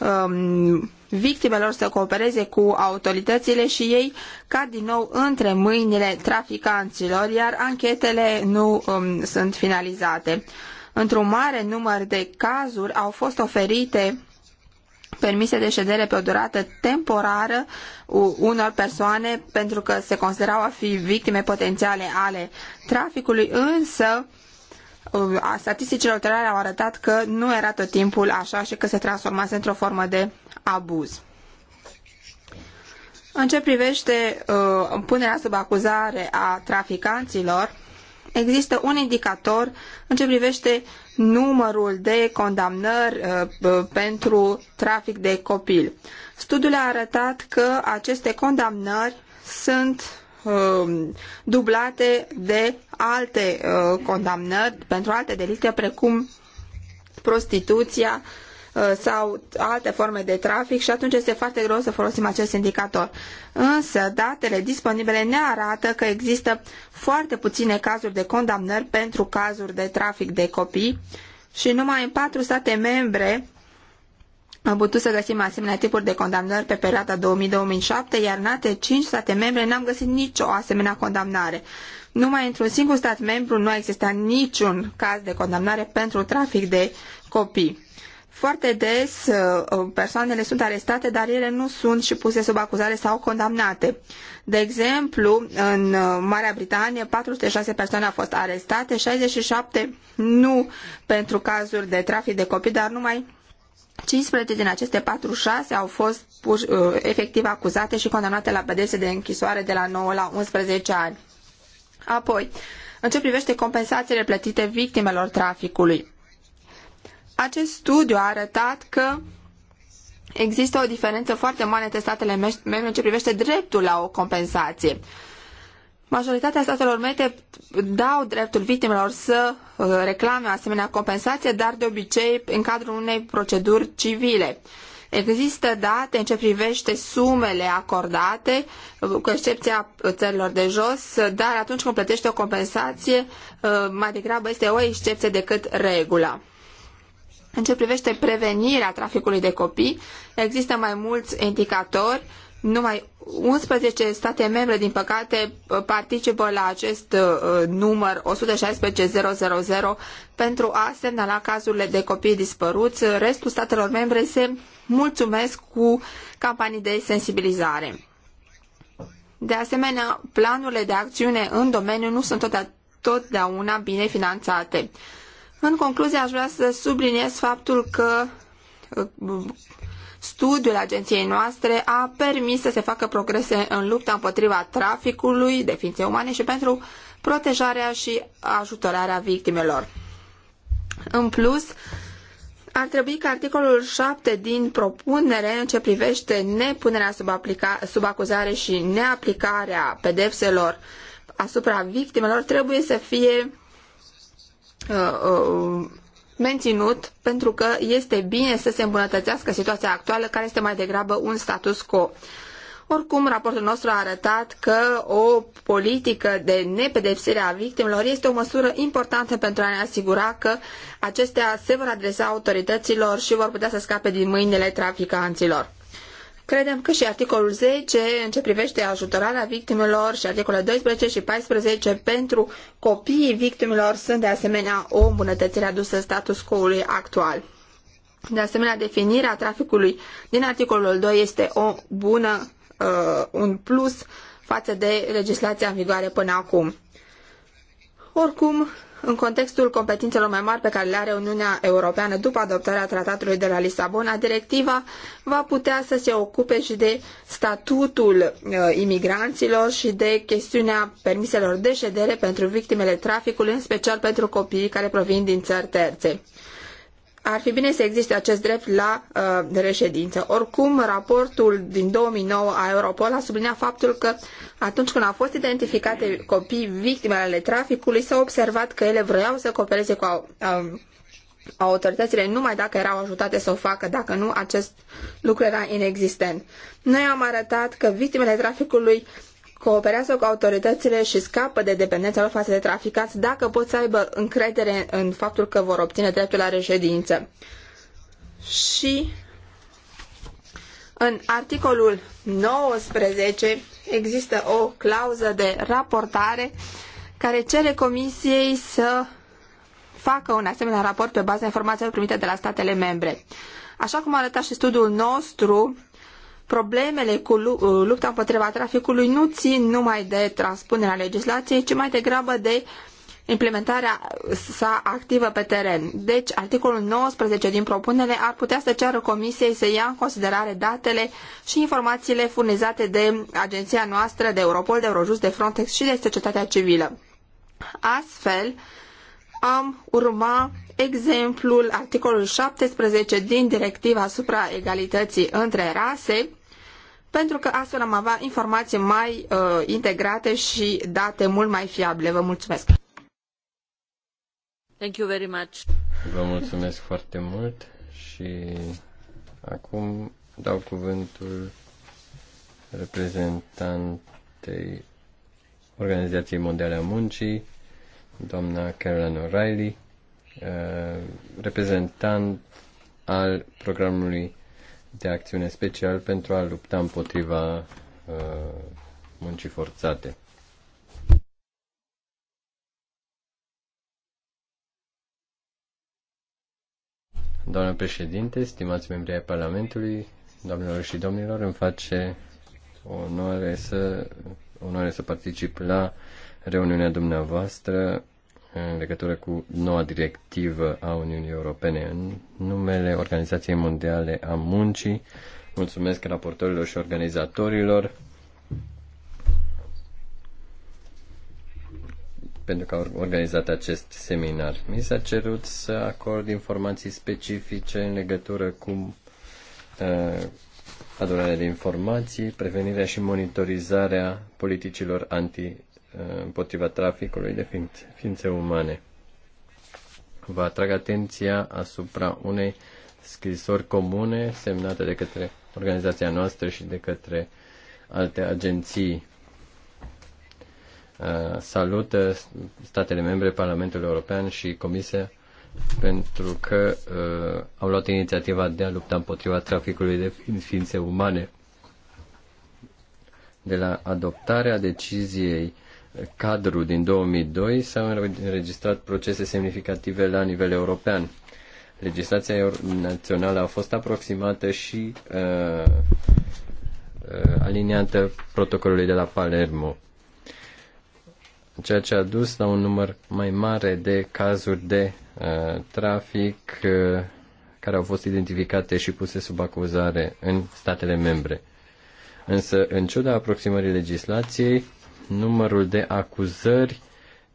um, victimelor să coopereze cu autoritățile și ei cad din nou între mâinile traficanților, iar anchetele nu um, sunt finalizate. Într-un mare număr de cazuri au fost oferite permise de ședere pe o durată temporară unor persoane pentru că se considerau a fi victime potențiale ale traficului, însă Uh, statisticile ulterioare au arătat că nu era tot timpul așa și că se transformase într-o formă de abuz. În ce privește uh, punerea sub acuzare a traficanților, există un indicator în ce privește numărul de condamnări uh, pentru trafic de copil. Studiul a arătat că aceste condamnări sunt Um, dublate de alte uh, condamnări pentru alte delicte precum prostituția uh, sau alte forme de trafic și atunci este foarte greu să folosim acest indicator. Însă datele disponibile ne arată că există foarte puține cazuri de condamnări pentru cazuri de trafic de copii și numai în patru state membre am putut să găsim asemenea tipuri de condamnări pe perioada 2000-2007, iar în alte 5 state membre n-am găsit nicio asemenea condamnare. Numai într-un singur stat membru nu a existat niciun caz de condamnare pentru trafic de copii. Foarte des uh, uh, persoanele sunt arestate, dar ele nu sunt și puse sub acuzare sau condamnate. De exemplu, în uh, Marea Britanie, 406 persoane au fost arestate, 67 nu pentru cazuri de trafic de copii, dar numai 15 din aceste 46 au fost puși, uh, efectiv acuzate și condamnate la pedepse de închisoare de la 9 la 11 ani. Apoi, în ce privește compensațiile plătite victimelor traficului. Acest studiu a arătat că există o diferență foarte mare între statele membre în ce privește dreptul la o compensație. Majoritatea statelor mete dau dreptul victimelor să uh, reclame asemenea compensație, dar de obicei în cadrul unei proceduri civile. Există date în ce privește sumele acordate, uh, cu excepția țărilor de jos, dar atunci când plătește o compensație, uh, mai degrabă este o excepție decât regula. În ce privește prevenirea traficului de copii, există mai mulți indicatori numai 11 state membre, din păcate, participă la acest uh, număr 116000 pentru a semnala cazurile de copii dispăruți. Restul statelor membre se mulțumesc cu campanii de sensibilizare. De asemenea, planurile de acțiune în domeniu nu sunt totdeauna bine finanțate. În concluzie, aș vrea să subliniez faptul că uh, Studiul agenției noastre a permis să se facă progrese în lupta împotriva traficului de ființe umane și pentru protejarea și ajutorarea victimelor. În plus, ar trebui ca articolul 7 din propunere în ce privește nepunerea sub, aplica, sub acuzare și neaplicarea pedepselor asupra victimelor trebuie să fie uh, uh, menținut pentru că este bine să se îmbunătățească situația actuală, care este mai degrabă un status quo. Oricum, raportul nostru a arătat că o politică de nepedepsire a victimelor este o măsură importantă pentru a ne asigura că acestea se vor adresa autorităților și vor putea să scape din mâinile traficanților. Credem că și articolul 10 în ce privește ajutorarea victimelor și articolele 12 și 14 pentru copiii victimelor sunt de asemenea o îmbunătățire adusă status quo-ului actual. De asemenea, definirea traficului din articolul 2 este o bună, uh, un plus față de legislația în vigoare până acum. Oricum, în contextul competențelor mai mari pe care le are Uniunea Europeană după adoptarea Tratatului de la Lisabona, directiva va putea să se ocupe și de statutul uh, imigranților și de chestiunea permiselor de ședere pentru victimele traficului, în special pentru copiii care provin din țări terțe ar fi bine să existe acest drept la uh, reședință. Oricum, raportul din 2009 a Europol a subliniat faptul că atunci când au fost identificate copii victime ale traficului, s-a observat că ele vreau să coopereze cu uh, autoritățile numai dacă erau ajutate să o facă, dacă nu, acest lucru era inexistent. Noi am arătat că victimele traficului cooperează cu autoritățile și scapă de dependența lor față de traficanți dacă pot să aibă încredere în faptul că vor obține dreptul la reședință. Și în articolul 19 există o clauză de raportare care cere comisiei să facă un asemenea raport pe baza informațiilor primite de la statele membre. Așa cum arăta și studiul nostru, problemele cu uh, lupta împotriva traficului nu țin numai de transpunerea legislației, ci mai degrabă de implementarea sa activă pe teren. Deci, articolul 19 din propunere ar putea să ceară Comisiei să ia în considerare datele și informațiile furnizate de agenția noastră, de Europol, de Eurojust, de Frontex și de societatea civilă. Astfel, am urma exemplul articolului 17 din directiva asupra egalității între rase, pentru că astfel am avea informații mai uh, integrate și date mult mai fiabile. Vă mulțumesc! Thank you very much. Vă mulțumesc foarte mult și acum dau cuvântul reprezentantei Organizației Mondiale a Muncii, doamna Carolyn O'Reilly, uh, reprezentant al programului de acțiune special pentru a lupta împotriva uh, muncii forțate. Doamna președinte, stimați membri ai Parlamentului, doamnelor și domnilor, îmi face onoare să, onoare să particip la reuniunea dumneavoastră în legătură cu noua directivă a Uniunii Europene în numele Organizației Mondiale a Muncii. Mulțumesc raportorilor și organizatorilor pentru că au organizat acest seminar. Mi s-a cerut să acord informații specifice în legătură cu uh, adunarea de informații, prevenirea și monitorizarea politicilor anti împotriva traficului de ființe, umane. Vă atrag atenția asupra unei scrisori comune semnate de către organizația noastră și de către alte agenții. Salută statele membre, Parlamentul European și Comisia pentru că uh, au luat inițiativa de a lupta împotriva traficului de ființe umane. De la adoptarea deciziei cadru din 2002 s-au înregistrat procese semnificative la nivel european. Legislația națională a fost aproximată și uh, uh, aliniată protocolului de la Palermo, ceea ce a dus la un număr mai mare de cazuri de uh, trafic uh, care au fost identificate și puse sub acuzare în statele membre. Însă, în ciuda aproximării legislației, numărul de acuzări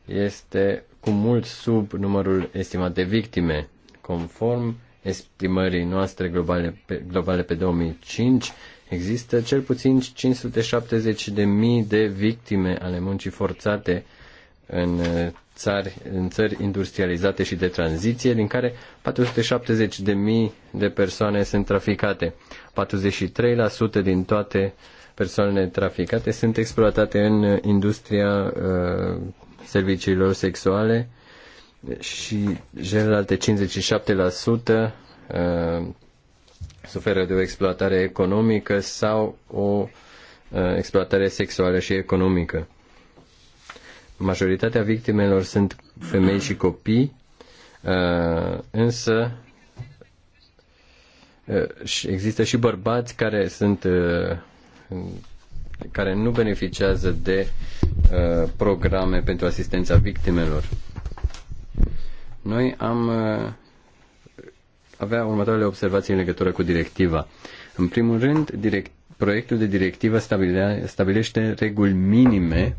este cu mult sub numărul estimat de victime. Conform estimării noastre globale pe, globale pe 2005, există cel puțin 570.000 de, de victime ale muncii forțate în uh, țări, în țări industrializate și de tranziție, din care 470.000 de persoane sunt traficate. 43% din toate uh, persoanele traficate sunt exploatate în uh, industria uh, serviciilor sexuale și celelalte 57% uh, suferă de o exploatare economică sau o uh, exploatare sexuală și economică. Majoritatea victimelor sunt femei și copii, uh, însă uh, există și bărbați care sunt uh, care nu beneficiază de uh, programe pentru asistența victimelor. Noi am uh, avea următoarele observații în legătură cu directiva. În primul rând, direct, proiectul de directivă stabilește reguli minime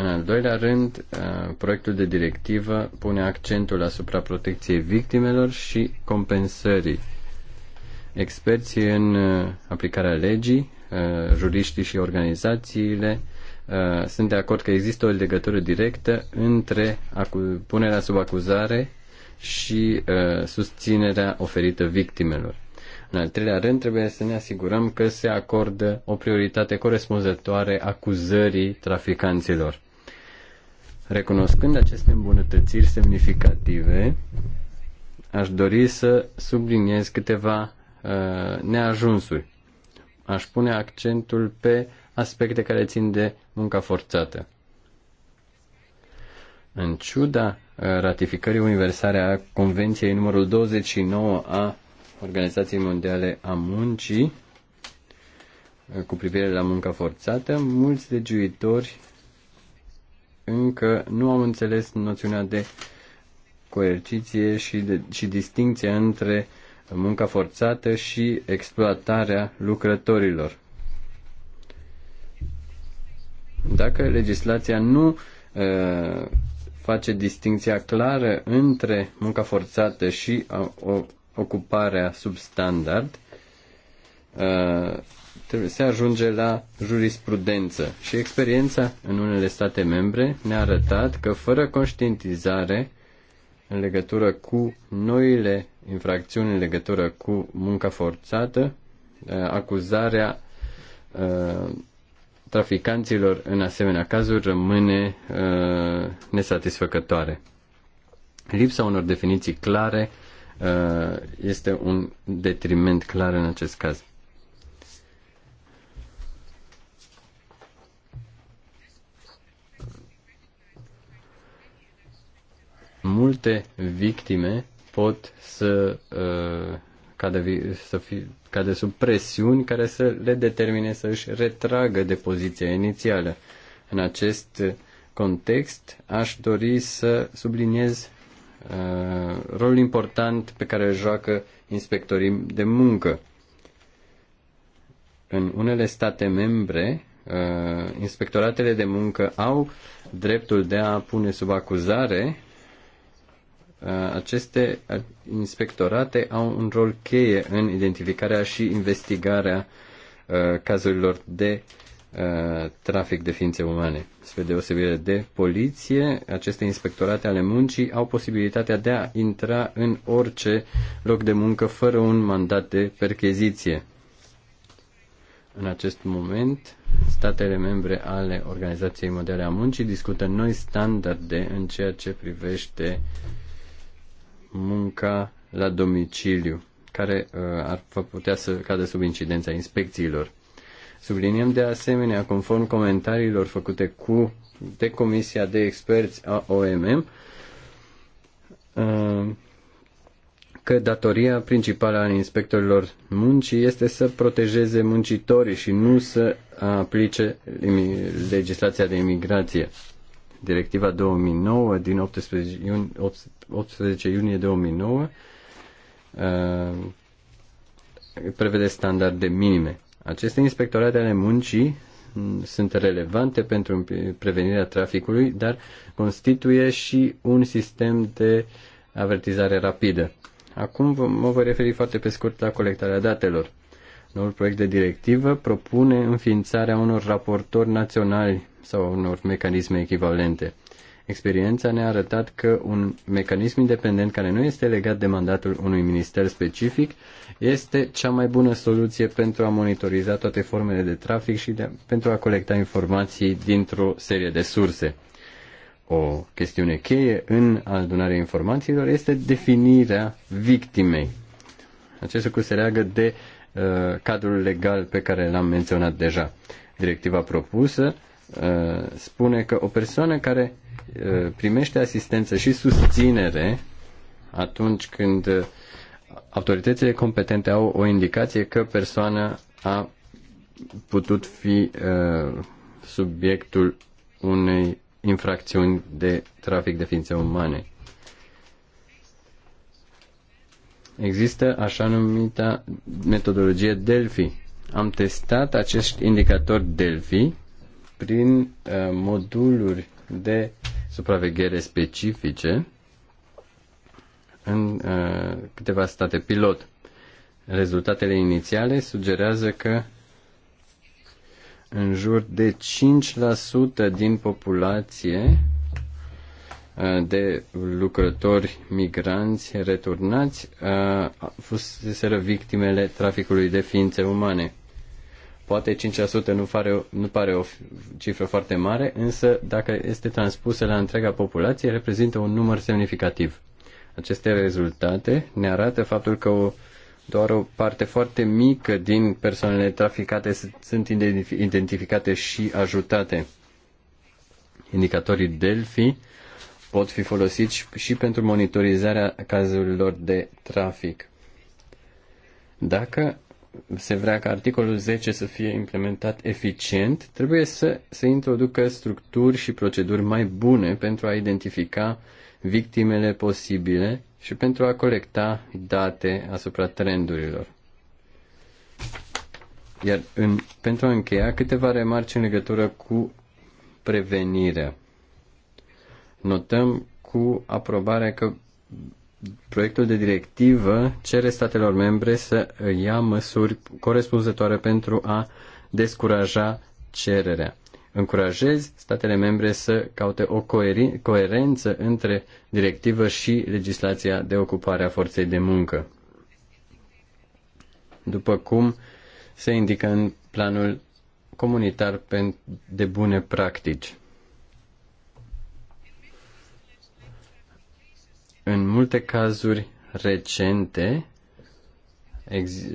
În al doilea rând, uh, proiectul de directivă pune accentul asupra protecției victimelor și compensării. Experții în uh, aplicarea legii, uh, juriștii și organizațiile sunt de acord că există o legătură directă între punerea sub acuzare și susținerea oferită victimelor. În al treilea rând, trebuie să ne asigurăm că se acordă o prioritate corespunzătoare acuzării traficanților. Recunoscând aceste îmbunătățiri semnificative, aș dori să subliniez câteva uh, neajunsuri. Aș pune accentul pe aspecte care țin de munca forțată. În ciuda uh, ratificării universale a Convenției numărul 29 a Organizației Mondiale a Muncii uh, cu privire la munca forțată, mulți legiuitori încă nu am înțeles noțiunea de coerciție și, de, și distinția între munca forțată și exploatarea lucrătorilor. Dacă legislația nu uh, face distinția clară între munca forțată și uh, o, ocuparea substandard, uh, se ajunge la jurisprudență. Și experiența în unele state membre ne-a arătat că fără conștientizare în legătură cu noile infracțiuni în legătură cu munca forțată, eh, acuzarea eh, traficanților în asemenea cazuri rămâne eh, nesatisfăcătoare. Lipsa unor definiții clare este un detriment clar în acest caz. multe victime pot să uh, cadă, să fi, cadă sub presiuni care să le determine să își retragă de poziția inițială. În acest context, aș dori să subliniez uh, rolul important pe care îl joacă inspectorii de muncă. În unele state membre, uh, inspectoratele de muncă au dreptul de a pune sub acuzare aceste inspectorate au un rol cheie în identificarea și investigarea cazurilor de trafic de ființe umane. Spre deosebire de poliție, aceste inspectorate ale muncii au posibilitatea de a intra în orice loc de muncă fără un mandat de percheziție. În acest moment, statele membre ale Organizației Mondiale a Muncii discută noi standarde în ceea ce privește uh, munca la domiciliu, care uh, ar putea să cadă sub incidența inspecțiilor. Subliniem de asemenea, conform comentariilor făcute cu de Comisia de Experți a OMM, uh, că datoria principală a inspectorilor muncii este să protejeze muncitorii și nu să aplice legislația de imigrație. Directiva 2009 din 18 iunie, 18 iunie 2009 uh, prevede standarde minime. Aceste inspectorate ale muncii sunt relevante pentru prevenirea traficului, dar constituie și un sistem de avertizare rapidă. Acum mă voi referi foarte pe scurt la colectarea datelor. Noul proiect de directivă propune înființarea unor raportori naționali sau unor mecanisme echivalente. Experiența ne-a arătat că un mecanism independent care nu este legat de mandatul unui minister specific este cea mai bună soluție pentru a monitoriza toate formele de trafic și de, pentru a colecta informații dintr-o serie de surse. O chestiune cheie în adunarea informațiilor este definirea victimei. Acest lucru se leagă de uh, cadrul legal pe care l-am menționat deja. Directiva propusă uh, spune că o persoană care Uh, primește asistență și susținere atunci când autoritățile competente au o indicație că persoana a putut fi uh, subiectul unei infracțiuni de trafic de ființe umane. Există așa numita metodologie Delphi. Am testat acest indicator Delphi prin uh, moduluri de uh, supraveghere specifice în uh, câteva state pilot. Rezultatele inițiale sugerează că în jur de 5% din populație uh, de lucrători migranți returnați uh, fuseseră victimele traficului de ființe umane. Poate 5% nu, pare, nu pare o cifră foarte mare, însă dacă este transpusă la întreaga populație, reprezintă un număr semnificativ. Aceste rezultate ne arată faptul că o, doar o parte foarte mică din persoanele traficate sunt identificate și ajutate. Indicatorii Delphi pot fi folosiți și pentru monitorizarea cazurilor de trafic. Dacă se vrea ca articolul 10 să fie implementat eficient, trebuie să se introducă structuri și proceduri mai bune pentru a identifica victimele posibile și pentru a colecta date asupra trendurilor. Iar în, pentru a încheia, câteva remarci în legătură cu prevenirea. Notăm cu aprobarea că proiectul de directivă cere statelor membre să ia măsuri corespunzătoare pentru a descuraja cererea. Încurajez statele membre să caute o coerență între directivă și legislația de ocupare a forței de muncă. După cum se indică în planul comunitar de bune practici. În multe cazuri recente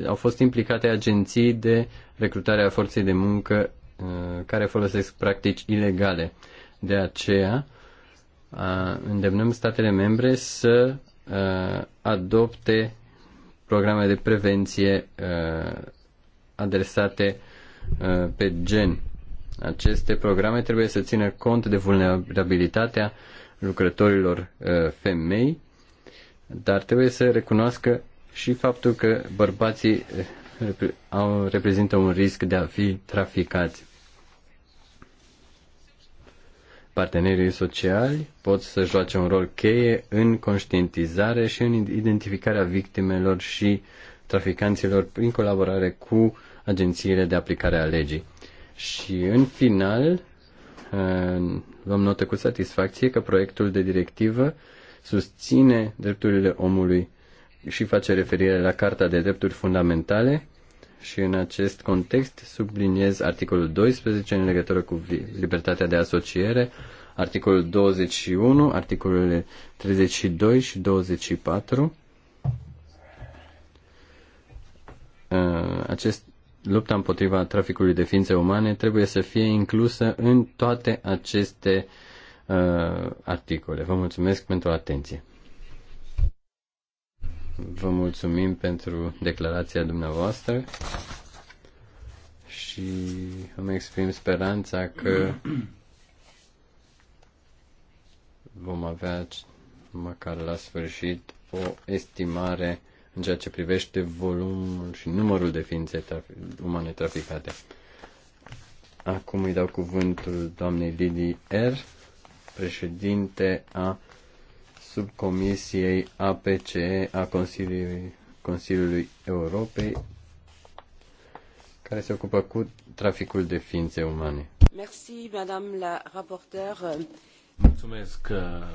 au fost implicate agenții de recrutare a forței de muncă uh, care folosesc practici ilegale. De aceea, îndemnăm statele membre să adopte programe de prevenție adresate pe gen. Aceste programe trebuie să țină cont de vulnerabilitatea lucrătorilor uh, femei, dar trebuie să recunoască și faptul că bărbații uh, au, reprezintă un risc de a fi traficați. Partenerii sociali pot să joace un rol cheie în conștientizare și în identificarea victimelor și traficanților prin colaborare cu agențiile de aplicare a legii. Și în final, Luăm notă cu satisfacție că proiectul de directivă susține drepturile omului și face referire la Carta de Drepturi Fundamentale și în acest context subliniez articolul 12 în legătură cu libertatea de asociere, articolul 21, articolele 32 și 24. Uh, acest lupta împotriva traficului de ființe umane trebuie să fie inclusă în toate aceste uh, articole. Vă mulțumesc pentru atenție. Vă mulțumim pentru declarația dumneavoastră și îmi exprim speranța că vom avea măcar la sfârșit o estimare în ceea ce privește volumul și numărul de ființe traf- umane traficate. Acum îi dau cuvântul doamnei Lili R., președinte a subcomisiei APCE a Consiliului, Consiliului Europei, care se ocupă cu traficul de ființe umane. Merci, madame la rapporteur. Mulțumesc, uh,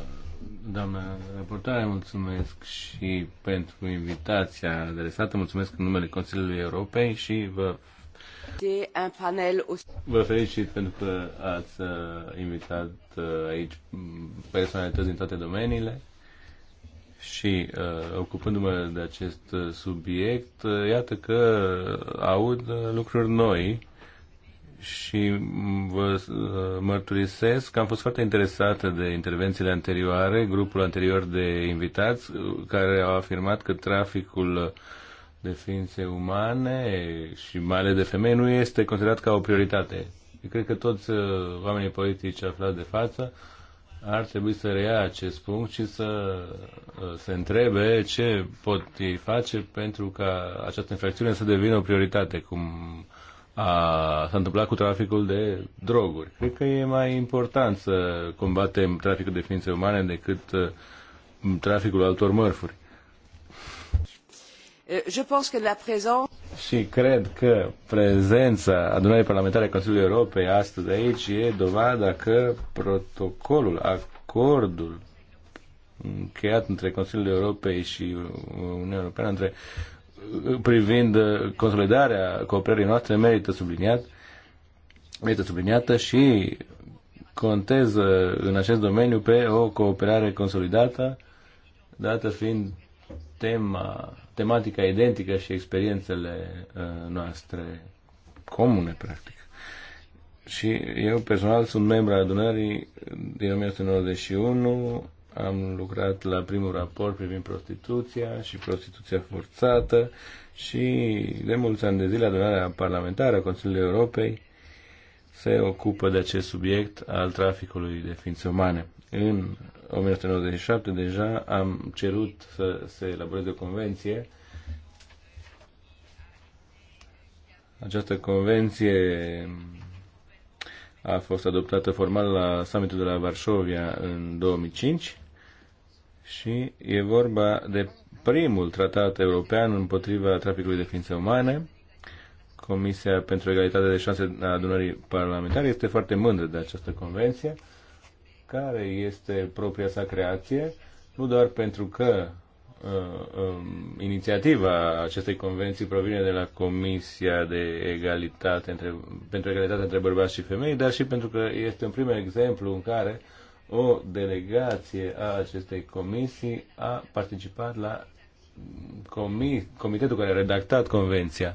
Doamna raportoare, mulțumesc și pentru invitația adresată, mulțumesc în numele Consiliului Europei și vă Vă felicit pentru că ați uh, invitat uh, aici personalități din toate domeniile și uh, ocupându-mă de acest uh, subiect, iată că aud lucruri noi și vă uh, mărturisesc că am fost foarte interesată de intervențiile anterioare, grupul anterior de invitați, uh, care au afirmat că traficul de ființe umane și mai ales de femei nu este considerat ca o prioritate. Eu cred că toți uh, oamenii politici aflați de față ar trebui să reia acest punct și să se întrebe ce pot ei face pentru ca această infracțiune să devină o prioritate, cum a, s-a întâmplat cu traficul de droguri. Cred că e mai important să combatem traficul de ființe umane decât uh, traficul altor mărfuri. Je pense que la présence... Și cred că prezența adunării parlamentare a Consiliului Europei astăzi aici e dovada că protocolul, acordul încheiat între Consiliul Europei și Uniunea Europeană, între privind uh, consolidarea cooperării noastre merită subliniat, merită subliniată și contez în acest domeniu pe o cooperare consolidată, dată fiind tema, tematica identică și experiențele uh, noastre comune, practic. Și eu personal sunt membru al adunării din 1991 am lucrat la primul raport privind prostituția și prostituția forțată și de mulți ani de zile adunarea parlamentară a Consiliului Europei se ocupă de acest subiect al traficului de ființe umane. În 1997 deja am cerut să se elaboreze o convenție Această convenție a fost adoptată formal la summitul de la Varșovia în 2005 și e vorba de primul tratat european împotriva traficului de ființe umane. Comisia pentru Egalitate de Șanse a Adunării Parlamentare este foarte mândră de această convenție, care este propria sa creație, nu doar pentru că uh, um, inițiativa acestei convenții provine de la Comisia de Egalitate între, pentru Egalitate între Bărbați și Femei, dar și pentru că este un prim exemplu în care uh, o delegație a acestei comisii a participat la comi comitetul care a redactat convenția.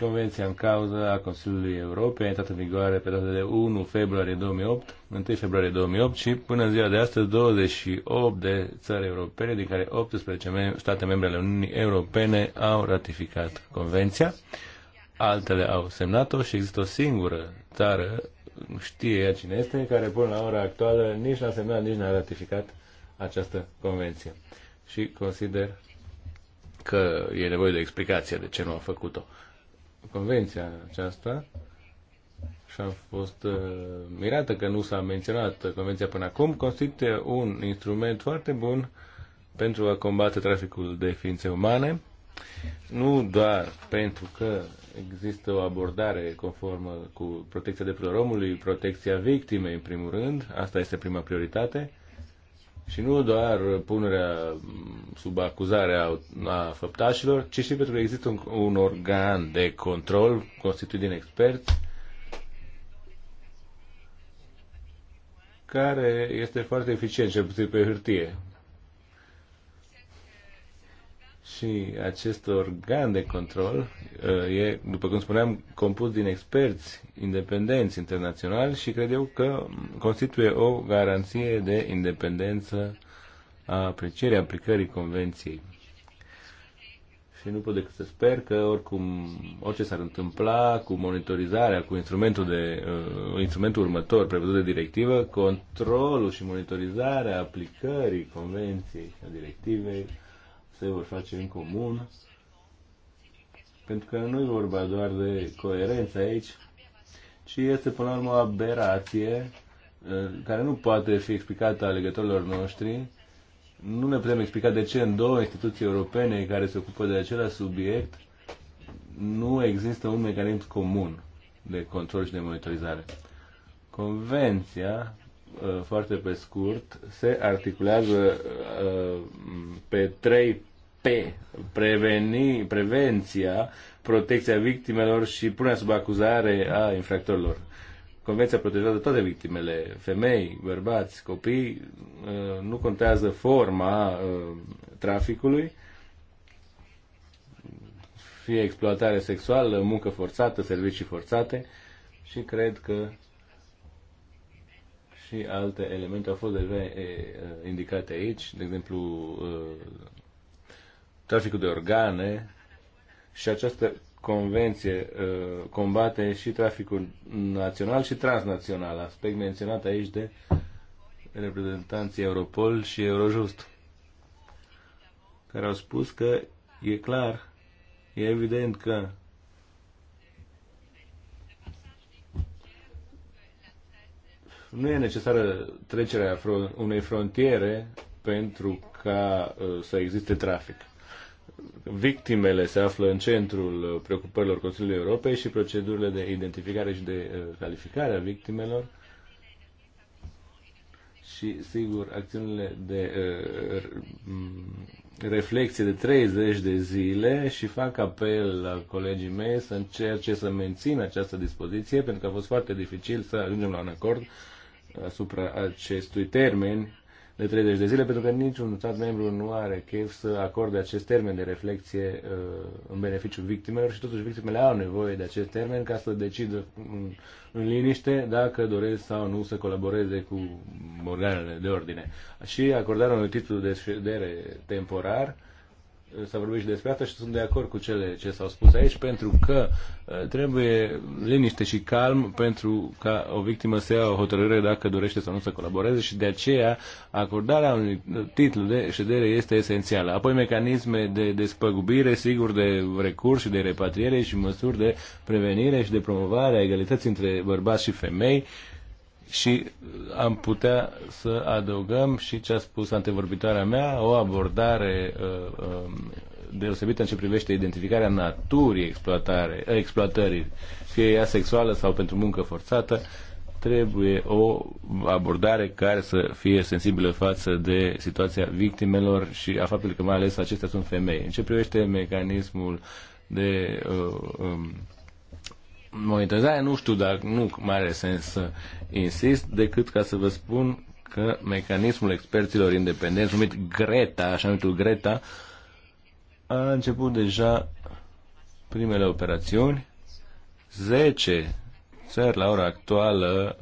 Convenția în cauză a Consiliului Europei a intrat în vigoare pe data de 1 februarie 2008, 1 februarie 2008 și până în ziua de astăzi 28 de țări europene, din care 18 state membre ale Uniunii Europene au ratificat Convenția altele au semnat-o și există o singură țară, știe ea cine este, care până la ora actuală nici n-a semnat, nici n-a ratificat această convenție. Și consider că e nevoie de explicație de ce nu a făcut-o. Convenția aceasta și am fost uh, mirată că nu s-a menționat convenția până acum, constituie un instrument foarte bun pentru a combate traficul de ființe umane, nu doar pentru că există o abordare conformă cu protecția drepturilor omului, protecția victimei, în primul rând, asta este prima prioritate, și nu doar punerea sub acuzare a, a făptașilor, ci și pentru că există un, un organ de control constituit din experți care este foarte eficient, cel puțin pe hârtie. Și acest organ de control uh, e, după cum spuneam, compus din experți independenți internaționali și cred eu că constituie o garanție de independență a aprecierii aplicării convenției. Și nu pot decât să sper că oricum, orice s-ar întâmpla cu monitorizarea, cu instrumentul, de, uh, instrumentul următor prevăzut de directivă, controlul și monitorizarea aplicării convenției a directivei se vor face în comun, pentru că nu e vorba doar de coerență aici, ci este până la urmă o aberație uh, care nu poate fi explicată alegătorilor noștri. Nu ne putem explica de ce în două instituții europene care se ocupă de același subiect nu există un mecanism comun de control și de monitorizare. Convenția, uh, foarte pe scurt, se articulează uh, pe trei P, preveni, prevenția, protecția victimelor și punerea sub acuzare a infractorilor. Convenția protejează toate victimele, femei, bărbați, copii, uh, nu contează forma uh, traficului, fie exploatare sexuală, muncă forțată, servicii forțate și cred că și alte elemente au fost deja eh, indicate aici, de exemplu uh, traficul de organe și această convenție uh, combate și traficul național și transnațional, aspect menționat aici de reprezentanții Europol și Eurojust, care au spus că e clar, e evident că nu e necesară trecerea unei frontiere pentru ca uh, să existe trafic victimele se află în centrul preocupărilor Consiliului Europei și procedurile de identificare și de uh, calificare a victimelor și, sigur, acțiunile de uh, reflexie de 30 de zile și fac apel la colegii mei să încerce să mențină această dispoziție pentru că a fost foarte dificil să ajungem la un acord asupra acestui termen de 30 de zile, pentru că niciun stat membru nu are chef să acorde acest termen de reflexie uh, în beneficiul victimelor și totuși victimele au nevoie de acest termen ca să decidă în liniște dacă doresc sau nu să colaboreze cu organele de ordine. Și acordarea unui titlu de ședere temporar s-a vorbit și despre asta și sunt de acord cu cele ce s-au spus aici, pentru că uh, trebuie liniște și calm pentru ca o victimă să ia o hotărâre dacă dorește sau nu să colaboreze și de aceea acordarea unui titlu de ședere este esențială. Apoi mecanisme de despăgubire, sigur, de recurs și de repatriere și măsuri de prevenire și de promovare a egalității între bărbați și femei, și am putea să adăugăm și ce a spus antevorbitoarea mea, o abordare uh, um, deosebită în ce privește identificarea naturii exploatare, uh, exploatării, fie ea sexuală sau pentru muncă forțată, trebuie o abordare care să fie sensibilă față de situația victimelor și a faptului că mai ales acestea sunt femei. În ce privește mecanismul de uh, um, monitorizarea nu știu, dar nu mai are sens să insist, decât ca să vă spun că mecanismul experților independenți, numit Greta, așa numitul Greta, a început deja primele operațiuni. 10 țări la ora actuală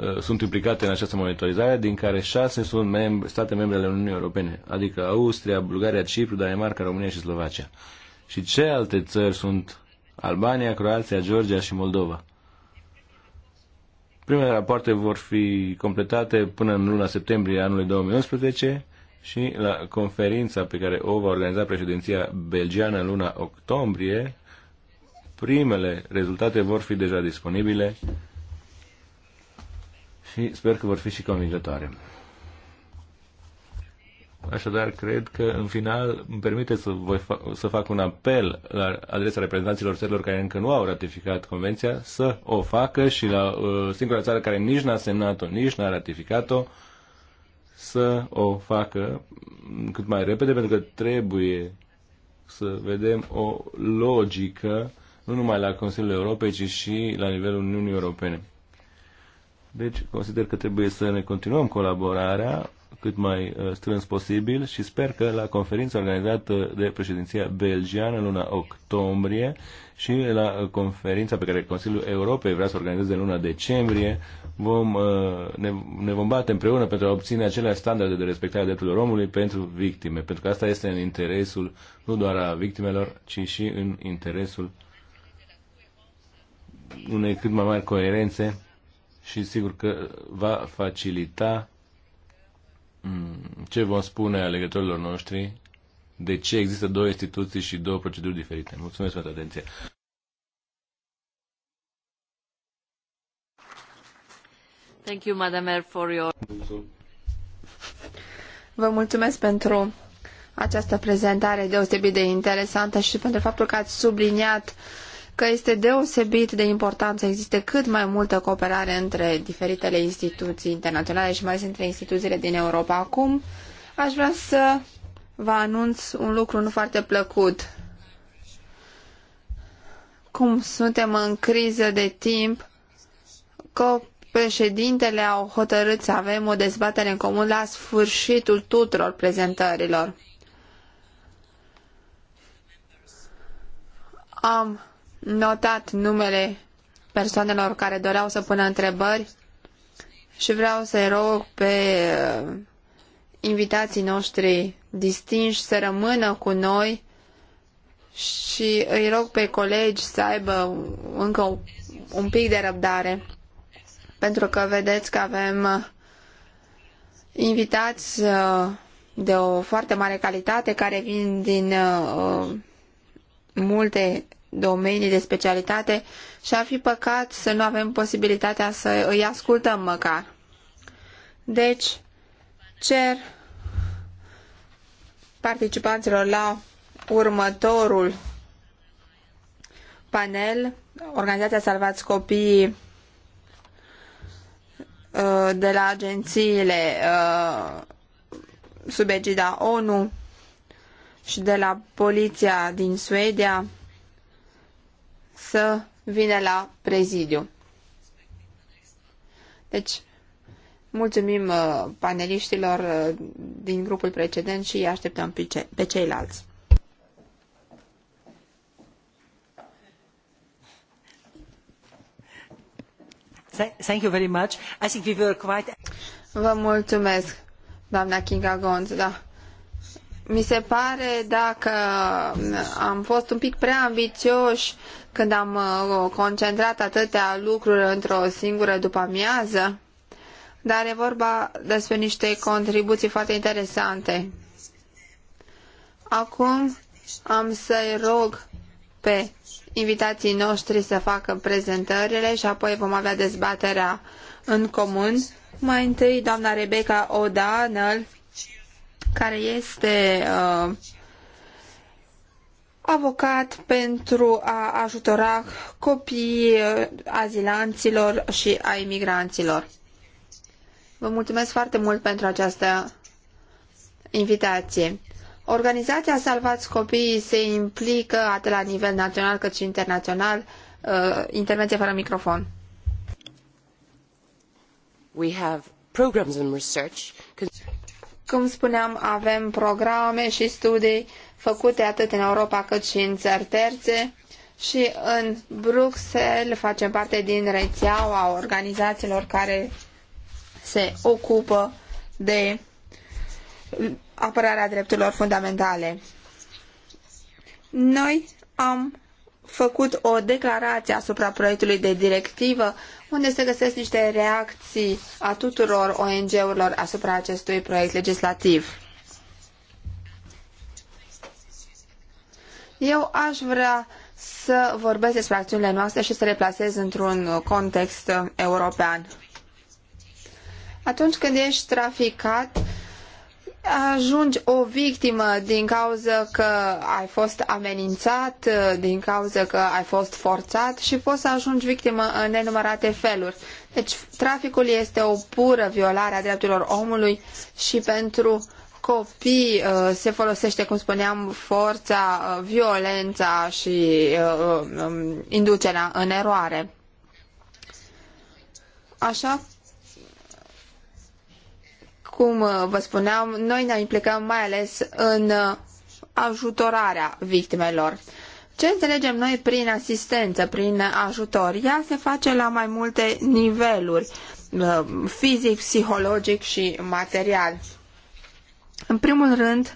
uh, sunt implicate în această monitorizare, din care șase sunt mem- state membre ale Uniunii Europene, adică Austria, Bulgaria, Cipru, Danemarca, România și Slovacia. Și ce alte țări sunt Albania, Croația, Georgia și Moldova. Primele rapoarte vor fi completate până în luna septembrie anului 2011 și la conferința pe care o va organiza președinția belgiană în luna octombrie, primele rezultate vor fi deja disponibile și sper că vor fi și convingătoare. Așadar, cred că, în final, îmi permite să, voi fa- să fac un apel la adresa reprezentanților țărilor care încă nu au ratificat convenția să o facă și la uh, singura țară care nici n-a semnat-o, nici n-a ratificat-o, să o facă cât mai repede, pentru că trebuie să vedem o logică, nu numai la Consiliul Europei, ci și la nivelul Uniunii Europene. Deci, consider că trebuie să ne continuăm colaborarea cât mai uh, strâns posibil și sper că la conferința organizată de președinția belgiană în luna octombrie și la uh, conferința pe care Consiliul Europei vrea să organizeze în luna decembrie vom, uh, ne, ne vom bate împreună pentru a obține aceleași standarde de respectare a drepturilor omului pentru victime, pentru că asta este în interesul nu doar a victimelor, ci și în interesul unei cât mai mari coerențe și sigur că va facilita Mm, ce vom spune alegătorilor noștri de ce există două instituții și două proceduri diferite. Mulțumesc pentru atenție. Thank you, Madam Mayor, for your... Vă mulțumesc pentru această prezentare deosebit de interesantă și pentru faptul că ați subliniat uh, că este deosebit de important să existe cât mai multă cooperare între diferitele instituții internaționale și mai ales între instituțiile din Europa. Acum aș vrea să vă anunț un lucru nu foarte plăcut. Cum suntem în criză de timp, că președintele au hotărât să avem o dezbatere în comun la sfârșitul tuturor prezentărilor. Am notat numele persoanelor care doreau să pună întrebări și vreau să-i rog pe uh, invitații noștri distinși să rămână cu noi și îi rog pe colegi să aibă încă un pic de răbdare pentru că vedeți că avem uh, invitați uh, de o foarte mare calitate care vin din multe domenii de specialitate și ar fi păcat să nu avem posibilitatea să îi ascultăm măcar. Deci, cer participanților la următorul panel, Organizația Salvați Copiii uh, de la agențiile uh, sub egida ONU și de la poliția din Suedia să vină la prezidiu. Deci, mulțumim uh, paneliștilor uh, din grupul precedent și așteptăm pe ceilalți. Thank you very much. I think we were quite... Vă mulțumesc, doamna Kinga Gonz, da. Mi se pare dacă am fost un pic prea ambițioși când am uh, concentrat atâtea lucruri într-o singură după amiază, dar e vorba despre niște contribuții foarte interesante. Acum am să-i rog pe invitații noștri să facă prezentările și apoi vom avea dezbaterea în comun. Mai întâi, doamna Rebecca O'Donnell, care este uh, avocat pentru a ajutora copiii azilanților și a imigranților. Vă mulțumesc foarte mult pentru această invitație. Organizația Salvați Copiii se implică atât la nivel național cât și internațional. Uh, intervenție fără microfon. We have programs and research. Cum spuneam, avem programe și studii făcute atât în Europa cât și în țări terțe și în Bruxelles facem parte din rețeaua organizațiilor care se ocupă de apărarea drepturilor fundamentale. Noi am făcut o declarație asupra proiectului de directivă unde se găsesc niște reacții a tuturor ONG-urilor asupra acestui proiect legislativ. Eu aș vrea să vorbesc despre acțiunile noastre și să le plasez într-un context european. Atunci când ești traficat, ajungi o victimă din cauza că ai fost amenințat, din cauza că ai fost forțat și poți să ajungi victimă în nenumărate feluri. Deci traficul este o pură violare a drepturilor omului și pentru copii uh, se folosește, cum spuneam, forța, uh, violența și uh, um, inducerea în eroare. Așa cum uh, vă spuneam, noi ne implicăm mai ales în uh, ajutorarea victimelor. Ce înțelegem noi prin asistență, prin ajutor? Ea se face la mai multe niveluri, uh, fizic, psihologic și material. În primul rând,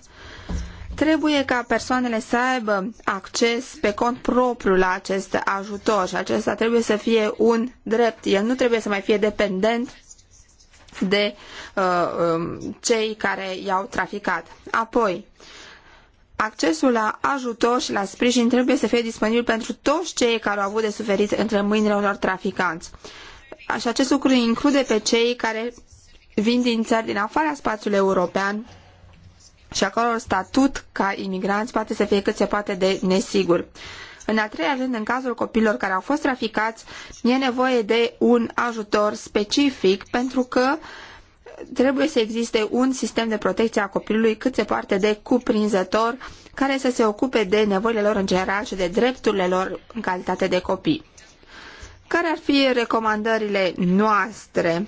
trebuie ca persoanele să aibă acces pe cont propriu la acest ajutor și acesta trebuie să fie un drept. El nu trebuie să mai fie dependent de uh, um, cei care i-au traficat. Apoi, accesul la ajutor și la sprijin trebuie să fie disponibil pentru toți cei care au avut de suferit între mâinile unor traficanți. Așa, acest lucru include pe cei care vin din țări din afara spațiului european și acolo statut ca imigranți poate să fie cât se poate de nesigur. În al treilea rând, în cazul copiilor care au fost traficați, e nevoie de un ajutor specific pentru că trebuie să existe un sistem de protecție a copilului cât se poate de cuprinzător care să se ocupe de nevoile lor în general și de drepturile lor în calitate de copii. Care ar fi recomandările noastre?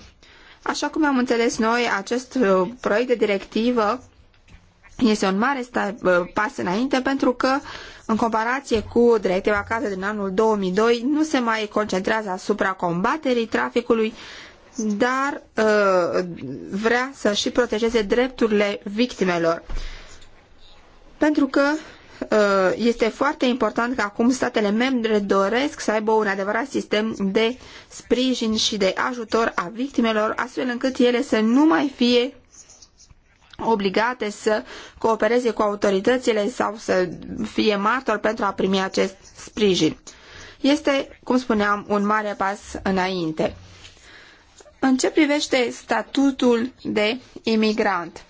Așa cum am înțeles noi, acest proiect de directivă este un mare pas înainte pentru că, în comparație cu directiva cadru din anul 2002, nu se mai concentrează asupra combaterii traficului, dar uh, vrea să și protejeze drepturile victimelor. Pentru că uh, este foarte important că acum statele membre doresc să aibă un adevărat sistem de sprijin și de ajutor a victimelor, astfel încât ele să nu mai fie obligate să coopereze cu autoritățile sau să fie martor pentru a primi acest sprijin. Este, cum spuneam, un mare pas înainte. În ce privește statutul de imigrant?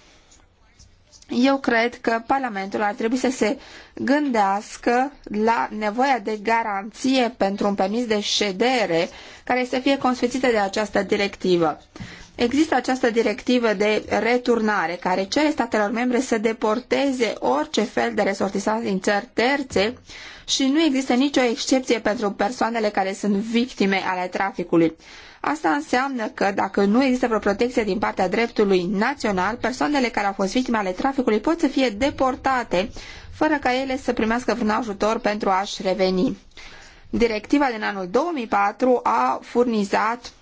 Eu cred că Parlamentul ar trebui să se gândească la nevoia de garanție pentru un permis de ședere care să fie consfințită de această directivă. Există această directivă de returnare care cere statelor membre să deporteze orice fel de resortisanți din țări terțe și nu există nicio excepție pentru persoanele care sunt victime ale traficului. Asta înseamnă că dacă nu există vreo protecție din partea dreptului național, persoanele care au fost victime ale traficului pot să fie deportate fără ca ele să primească vreun ajutor pentru a-și reveni. Directiva din anul 2004 a furnizat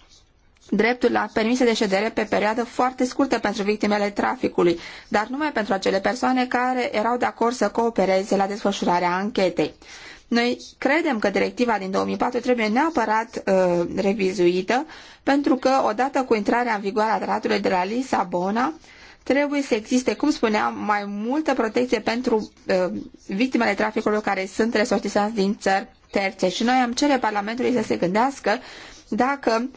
dreptul la permise de ședere pe perioadă foarte scurtă pentru victimele traficului, dar numai pentru acele persoane care erau de acord să coopereze la desfășurarea anchetei. Noi credem că directiva din 2004 trebuie neapărat uh, revizuită, pentru că odată cu intrarea în vigoare a tratatului de la Lisabona, trebuie să existe, cum spuneam, mai multă protecție pentru uh, victimele traficului care sunt resortisanți din țări terțe. Și noi am cere Parlamentului să se gândească dacă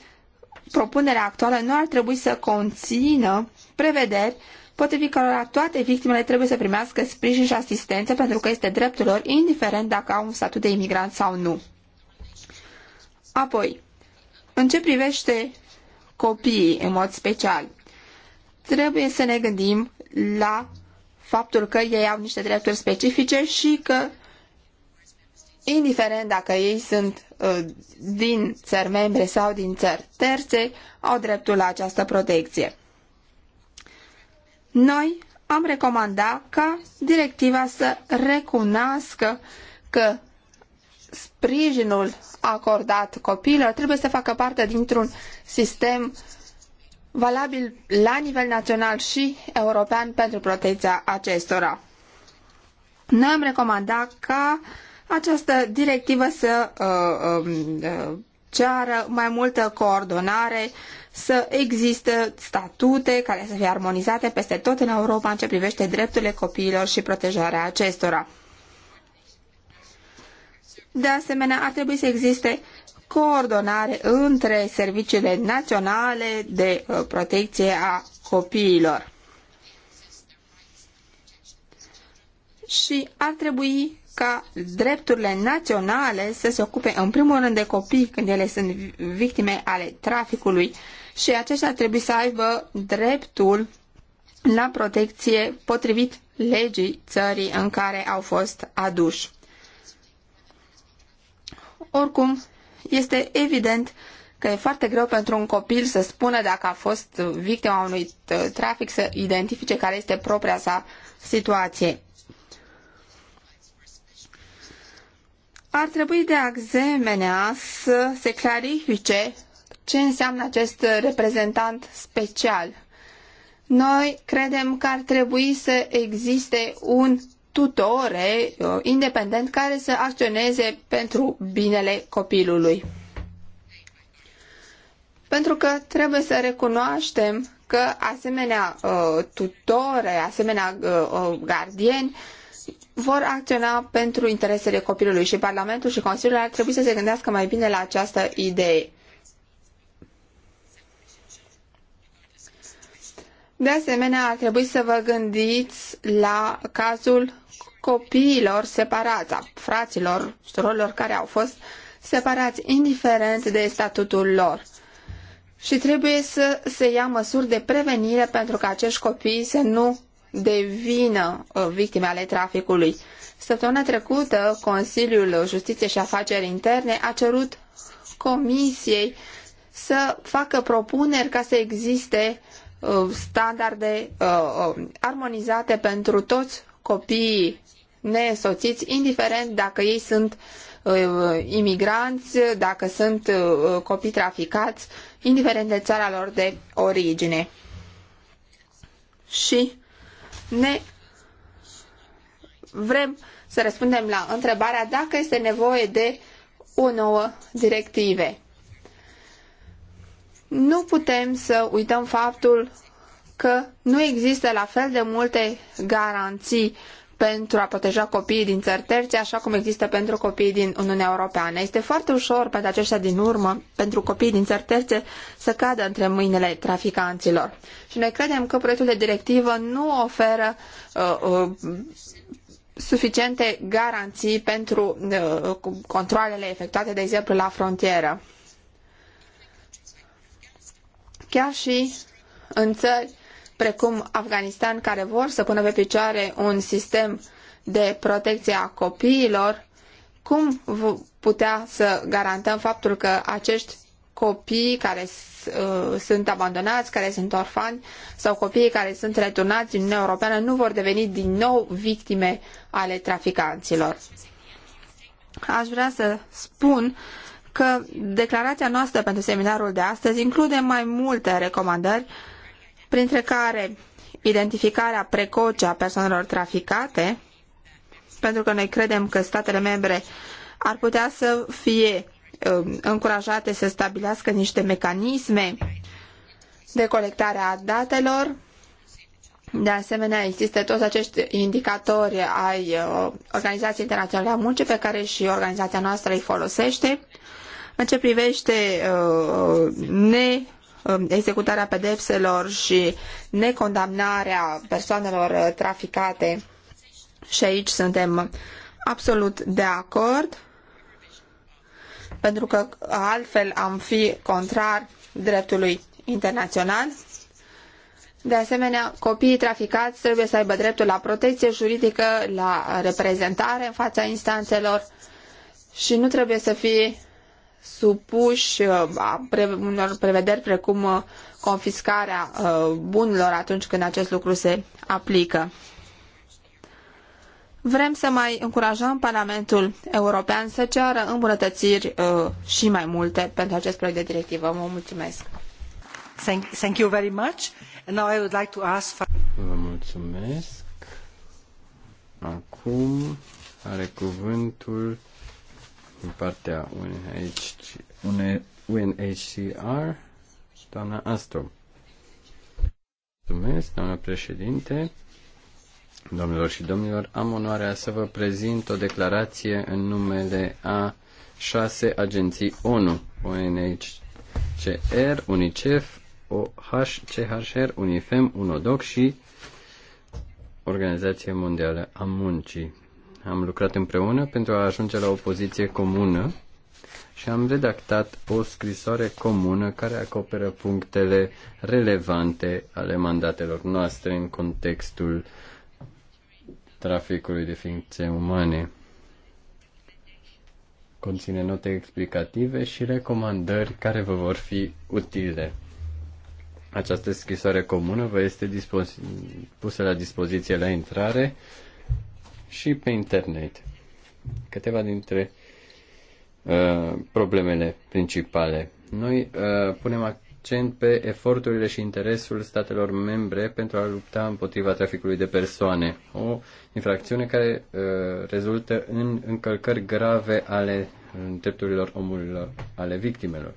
propunerea actuală nu ar trebui să conțină prevederi potrivit cărora toate victimele trebuie să primească sprijin și asistență pentru că este dreptul lor, indiferent dacă au un statut de imigrant sau nu. Apoi, în ce privește copiii în mod special, trebuie să ne gândim la faptul că ei au niște drepturi specifice și că, indiferent dacă ei sunt Uh, din țări membre sau din țări terțe au dreptul la această protecție. Noi am recomandat ca directiva să recunoască că sprijinul acordat copiilor trebuie să facă parte dintr-un sistem valabil la nivel național și european pentru protecția acestora. Noi am recomandat ca uh, această directivă să uh, um, uh, ceară mai multă coordonare, să existe statute care să fie armonizate peste tot în Europa în ce privește drepturile copiilor și protejarea acestora. De asemenea, ar trebui să existe coordonare între serviciile naționale de uh, protecție a copiilor. Și ar trebui ca drepturile naționale să se ocupe în primul rând de copii când ele sunt victime ale traficului și aceștia trebuie să aibă dreptul la protecție potrivit legii țării în care au fost aduși. Oricum, este evident că e foarte greu pentru un copil să spună dacă a fost victima unui trafic, să identifice care este propria sa situație. Ar trebui de asemenea să se clarifice ce înseamnă acest reprezentant special. Noi credem că ar trebui să existe un tutore uh, independent care să acționeze pentru binele copilului. Pentru că trebuie să recunoaștem că asemenea uh, tutore, asemenea uh, gardieni vor acționa pentru interesele copilului și Parlamentul și Consiliul ar trebui să se gândească mai bine la această idee. De asemenea, ar trebui să vă gândiți la cazul copiilor separați, a fraților, surorilor care au fost separați, indiferent de statutul lor. Și trebuie să se ia măsuri de prevenire pentru ca acești copii să nu devină uh, victime ale traficului. Săptămâna trecută, Consiliul Justiție și Afaceri Interne a cerut Comisiei să facă propuneri ca să existe uh, standarde uh, armonizate pentru toți copiii nesoțiți, indiferent dacă ei sunt imigranți, dacă sunt copii traficați, indiferent de țara lor de origine. Și ne vrem să răspundem la întrebarea dacă este nevoie de o nouă directive. Nu putem să uităm faptul că nu există la fel de multe garanții pentru a proteja copiii din țări terțe, așa cum există pentru copiii din Uniunea Europeană. Este foarte ușor pentru aceștia din urmă, pentru copiii din țări terțe, să cadă între mâinile traficanților. Și noi credem că proiectul de directivă nu oferă uh, uh, suficiente garanții pentru uh, controlele efectuate, de exemplu, la frontieră. Chiar și în țări precum Afganistan, care vor să pună pe picioare un sistem de protecție a copiilor, cum putea să garantăm faptul că acești copii care uh, sunt abandonați, care sunt orfani sau copiii care sunt returnați în Uniunea Europeană nu vor deveni din nou victime ale traficanților. Aș vrea să spun că declarația noastră pentru seminarul de astăzi include mai multe recomandări uh, printre care identificarea precoce a persoanelor traficate, pentru că noi credem că statele membre ar putea să fie um, încurajate să stabilească niște mecanisme de colectare a datelor. De asemenea, există toți acești indicatori ai uh, Organizației Internaționale a Muncii pe care și organizația noastră îi folosește. În ce privește uh, ne Um, executarea pedepselor și necondamnarea persoanelor traficate. Și aici suntem absolut de acord, pentru că altfel am fi contrar dreptului internațional. De asemenea, copiii traficați trebuie să aibă dreptul la protecție juridică, la reprezentare în fața instanțelor și nu trebuie să fie supuși uh, a pre- unor prevederi precum uh, confiscarea uh, bunurilor atunci când acest lucru se aplică. Vrem să mai încurajăm Parlamentul European să ceară îmbunătățiri și mai multe pentru acest proiect de directivă. Vă mulțumesc! Thank, you very much. And now I would like to ask... Vă mulțumesc. Acum are cuvântul din partea UNHCR, doamna Astro. Mulțumesc, doamna președinte. Domnilor și domnilor, am onoarea să vă prezint o declarație în numele a șase agenții ONU, UNHCR, UNICEF, OHCHR, UNIFEM, UNODOC și Organizația Mondială a Muncii. Am lucrat împreună pentru a ajunge la o poziție comună și am redactat o scrisoare comună care acoperă punctele relevante ale mandatelor noastre în contextul traficului de ființe umane. Conține note explicative și recomandări care vă vor fi utile. Această scrisoare comună vă este pusă la dispoziție la intrare și pe internet. Câteva dintre uh, problemele principale. Noi uh, punem accent pe eforturile și interesul statelor membre pentru a lupta împotriva traficului de persoane, o infracțiune care uh, rezultă în încălcări grave ale drepturilor omului ale victimelor.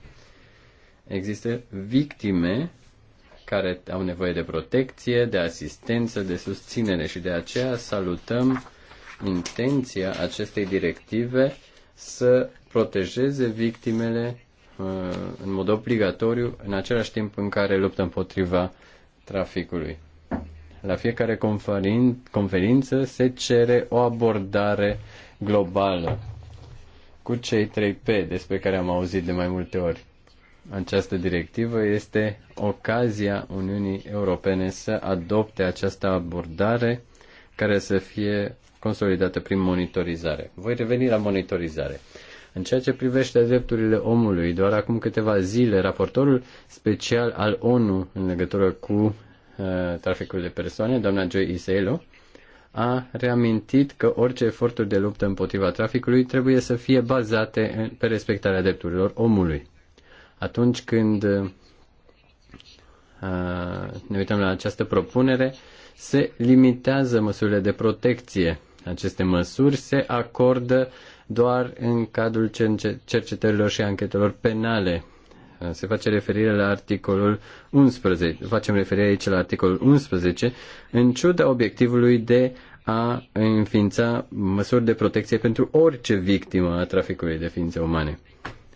Există victime care au nevoie de protecție, de asistență, de susținere și de aceea salutăm intenția acestei directive să protejeze victimele uh, în mod obligatoriu, în același timp în care luptă împotriva traficului. La fiecare conferință se cere o abordare globală cu cei 3 P despre care am auzit de mai multe ori. Această directivă este ocazia Uniunii Europene să adopte această abordare care să fie consolidată prin monitorizare. Voi reveni la monitorizare. În ceea ce privește drepturile omului, doar acum câteva zile, raportorul special al ONU în legătură cu uh, traficul de persoane, doamna Joy Iselo, a reamintit că orice eforturi de luptă împotriva traficului trebuie să fie bazate pe respectarea drepturilor omului. Atunci când uh, ne uităm la această propunere, se limitează măsurile de protecție aceste măsuri se acordă doar în cadrul cercetărilor și anchetelor penale. Se face referire la articolul 11. Facem referire aici la articolul 11, în ciuda obiectivului de a înființa măsuri de protecție pentru orice victimă a traficului de ființe umane.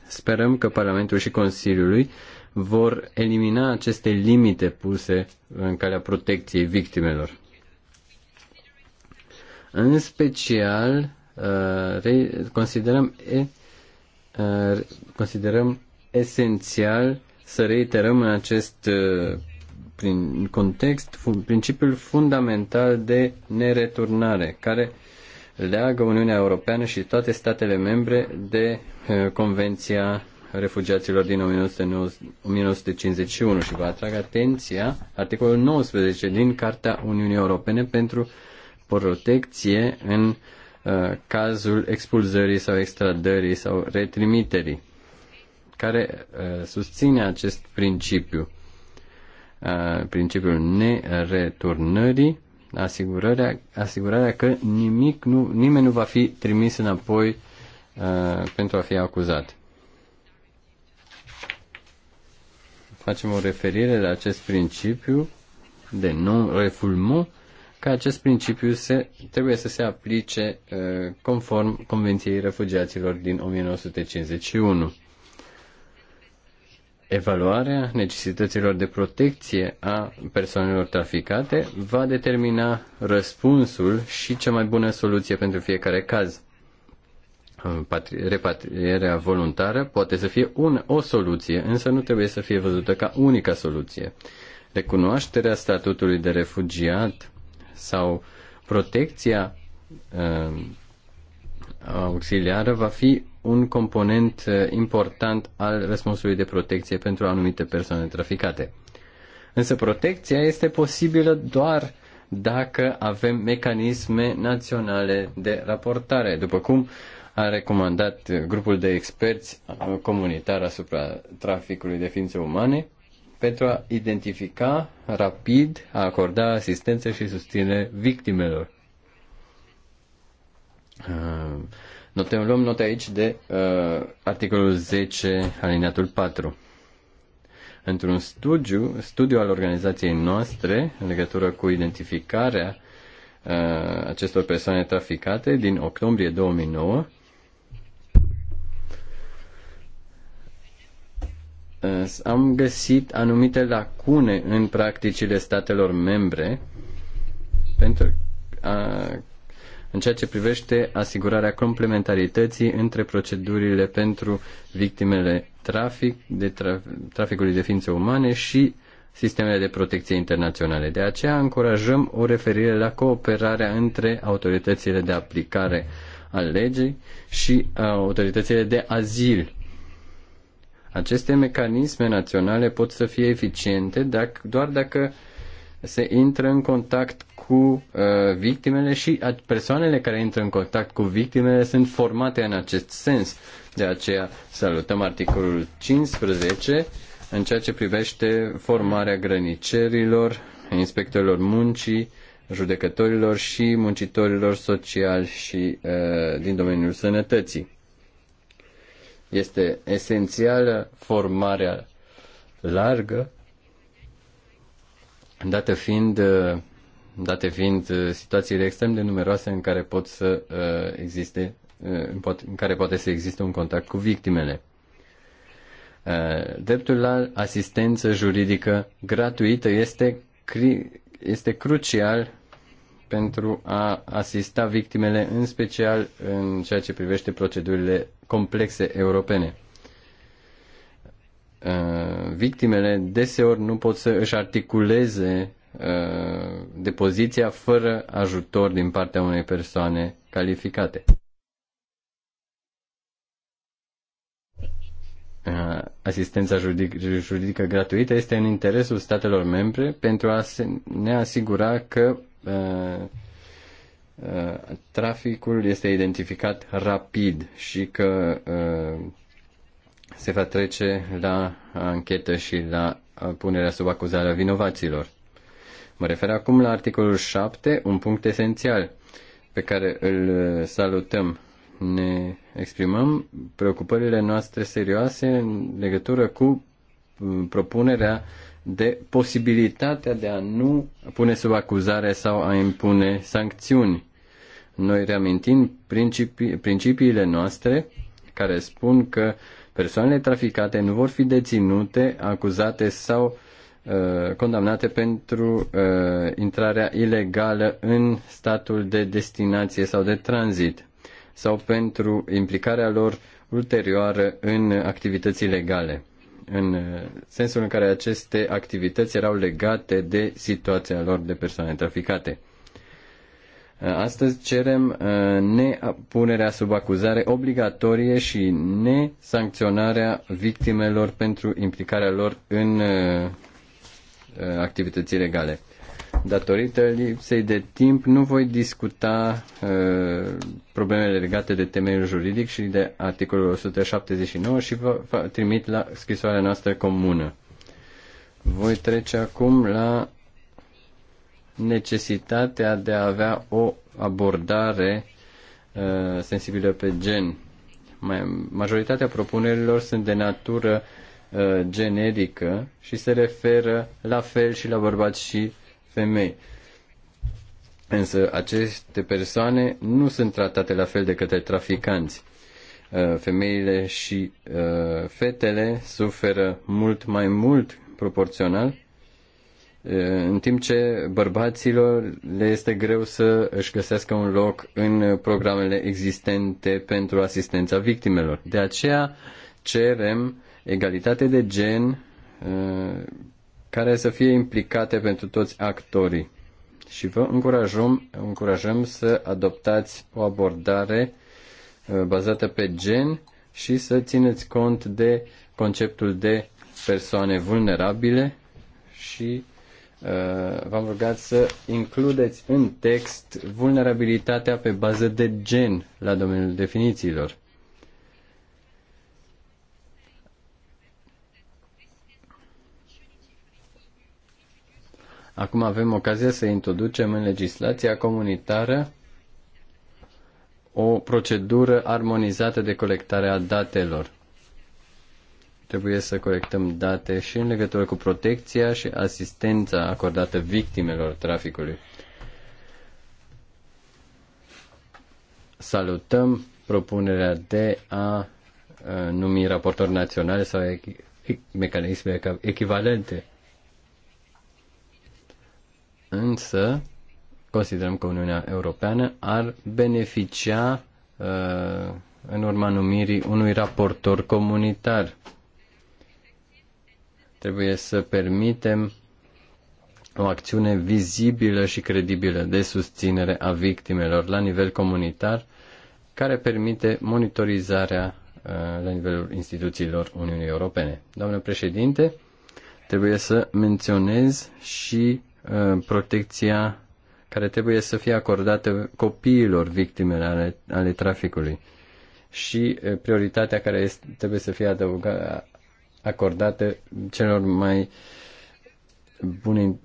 Sperăm că Parlamentul și Consiliului vor elimina aceste limite puse în calea protecției victimelor. În special, uh, considerăm, uh, considerăm esențial să reiterăm în acest uh, prin context principiul fundamental de nereturnare, care leagă Uniunea Europeană și toate statele membre de Convenția refugiaților din 1951 și vă atrag atenția articolul 19 din Carta Uniunii Europene pentru protecție în uh, cazul expulzării sau extradării sau retrimiterii, care uh, susține acest principiu, uh, principiul nereturnării, asigurarea, asigurarea că nimic nu, nimeni nu va fi trimis înapoi pentru a fi acuzat. Facem o referire la acest principiu de non-refoulement că acest principiu se, trebuie să se aplice uh, conform Convenției Refugiaților din 1951. Evaluarea necesităților de protecție a persoanelor traficate va determina răspunsul și cea mai bună soluție pentru fiecare caz. Repatrierea voluntară poate să fie un, o soluție, însă nu trebuie să fie văzută ca unica soluție. Recunoașterea statutului de refugiat sau protecția um, auxiliară va fi un component uh, important al răspunsului de protecție pentru anumite persoane traficate. Însă protecția este posibilă doar dacă avem mecanisme naționale de raportare, după cum a recomandat grupul de experți uh, comunitar asupra traficului de ființe umane, pentru a identifica rapid, a acorda asistență și susține victimelor. Uh, Notăm, luăm note aici de uh, articolul 10, alineatul 4. Într-un studiu, studiu al organizației noastre în legătură cu identificarea uh, acestor persoane traficate din octombrie 2009, am găsit anumite lacune în practicile statelor membre pentru a, în ceea ce privește asigurarea complementarității între procedurile pentru victimele trafic, de traf- traficului de ființe umane și sistemele de protecție internaționale. De aceea încurajăm o referire la cooperarea între autoritățile de aplicare a legii și autoritățile de azil aceste mecanisme naționale pot să fie eficiente dacă, doar dacă se intră în contact cu uh, victimele și persoanele care intră în contact cu victimele sunt formate în acest sens. De aceea salutăm articolul 15 în ceea ce privește formarea grănicerilor, inspectorilor muncii, judecătorilor și muncitorilor sociali și uh, din domeniul sănătății. Este esențială formarea largă, date fiind, date fiind uh, situațiile extrem de numeroase în care pot să uh, existe uh, în care poate să existe un contact cu victimele. Dreptul la asistență juridică gratuită este, este crucial pentru a asista victimele, în special în ceea ce privește procedurile complexe europene. Uh, victimele deseori nu pot să își articuleze uh, depoziția fără ajutor din partea unei persoane calificate. Uh, asistența juridică, juridică gratuită este în interesul statelor membre pentru a ne asigura că uh, Uh, traficul este identificat rapid și că uh, se va trece la anchetă și la uh, punerea sub acuzare a vinovaților. Mă refer acum la articolul 7, un punct esențial pe care îl salutăm. Ne exprimăm preocupările noastre serioase în legătură cu propunerea de posibilitatea de a nu pune sub acuzare sau a impune sancțiuni. Noi reamintim principi, principiile noastre care spun că persoanele traficate nu vor fi deținute, acuzate sau uh, condamnate pentru uh, intrarea ilegală în statul de destinație sau de tranzit sau pentru implicarea lor ulterioară în activități ilegale în uh, sensul în care aceste activități erau legate de situația lor de persoane traficate. Uh, astăzi cerem uh, nepunerea sub acuzare obligatorie și nesancționarea victimelor pentru implicarea lor în activități ilegale. Datorită lipsei de timp, nu voi discuta uh, problemele legate de temeiul juridic și de articolul 179 și vă, vă trimit la scrisoarea noastră comună. Voi trece acum la necesitatea de a avea o abordare uh, sensibilă pe gen. Mai, majoritatea propunerilor sunt de natură uh, generică și se referă la fel și la bărbați și femei. Însă aceste persoane nu sunt tratate la fel de către traficanți. Uh, femeile și uh, fetele suferă mult mai mult proporțional, uh, în timp ce bărbaților le este greu să își găsească un loc în programele existente pentru asistența victimelor. De aceea cerem egalitate de gen care să fie implicate pentru toți actorii. Și vă încurajăm, încurajăm să adoptați o abordare uh, bazată pe gen și să țineți cont de conceptul de persoane vulnerabile și uh, v-am rugat să includeți în text vulnerabilitatea pe bază de gen la domeniul definițiilor. Acum avem ocazia să introducem în legislația comunitară o procedură armonizată de colectare a datelor. Trebuie să colectăm date și în legătură cu protecția și asistența acordată victimelor traficului. Salutăm propunerea de a numi raportori naționale sau mecanisme echivalente însă considerăm că Uniunea Europeană ar beneficia uh, în urma numirii unui raportor comunitar. Trebuie să permitem o acțiune vizibilă și credibilă de susținere a victimelor la nivel comunitar, care permite monitorizarea uh, la nivelul instituțiilor Uniunii Europene. Doamnă președinte, trebuie să menționez și Uh, protecția care trebuie să fie acordată copiilor victimele ale, ale traficului și uh, prioritatea care este, trebuie să fie adăugată, acordată celor mai bune uh,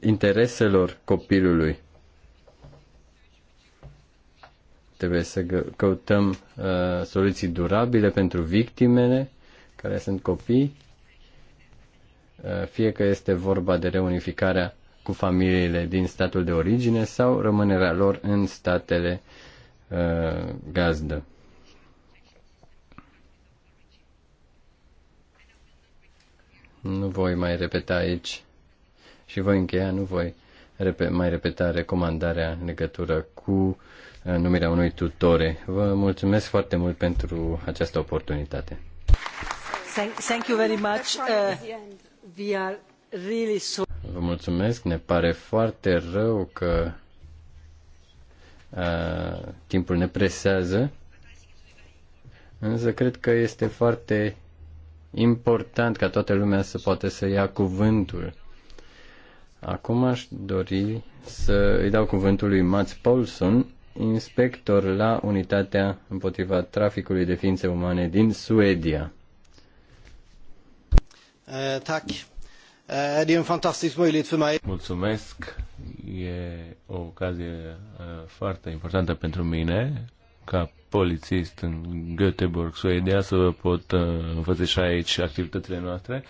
intereselor copilului. Trebuie să căutăm uh, soluții durabile pentru victimele care sunt copii, uh, fie că este vorba de reunificarea cu familiile din statul de origine sau rămânerea lor în statele uh, gazdă. Nu voi mai repeta aici și voi încheia, nu voi rep- mai repeta recomandarea în legătură cu uh, numirea unui tutore. Vă mulțumesc foarte mult pentru această oportunitate. Thank, thank you very much. Uh, we are really so Vă mulțumesc. Ne pare foarte rău că a, timpul ne presează, însă cred că este foarte important ca toată lumea să poată să ia cuvântul. Acum aș dori să îi dau cuvântul lui Mats Paulson, inspector la Unitatea împotriva traficului de ființe umane din Suedia. Uh, tack. Eh, det är en fantastisk möjlighet för mig. Mulțumesc. E o ocazie eh, foarte importantă pentru mine ca polițist în Göteborg, Suedia, să vă pot eh, înfățișa aici activitățile noastre.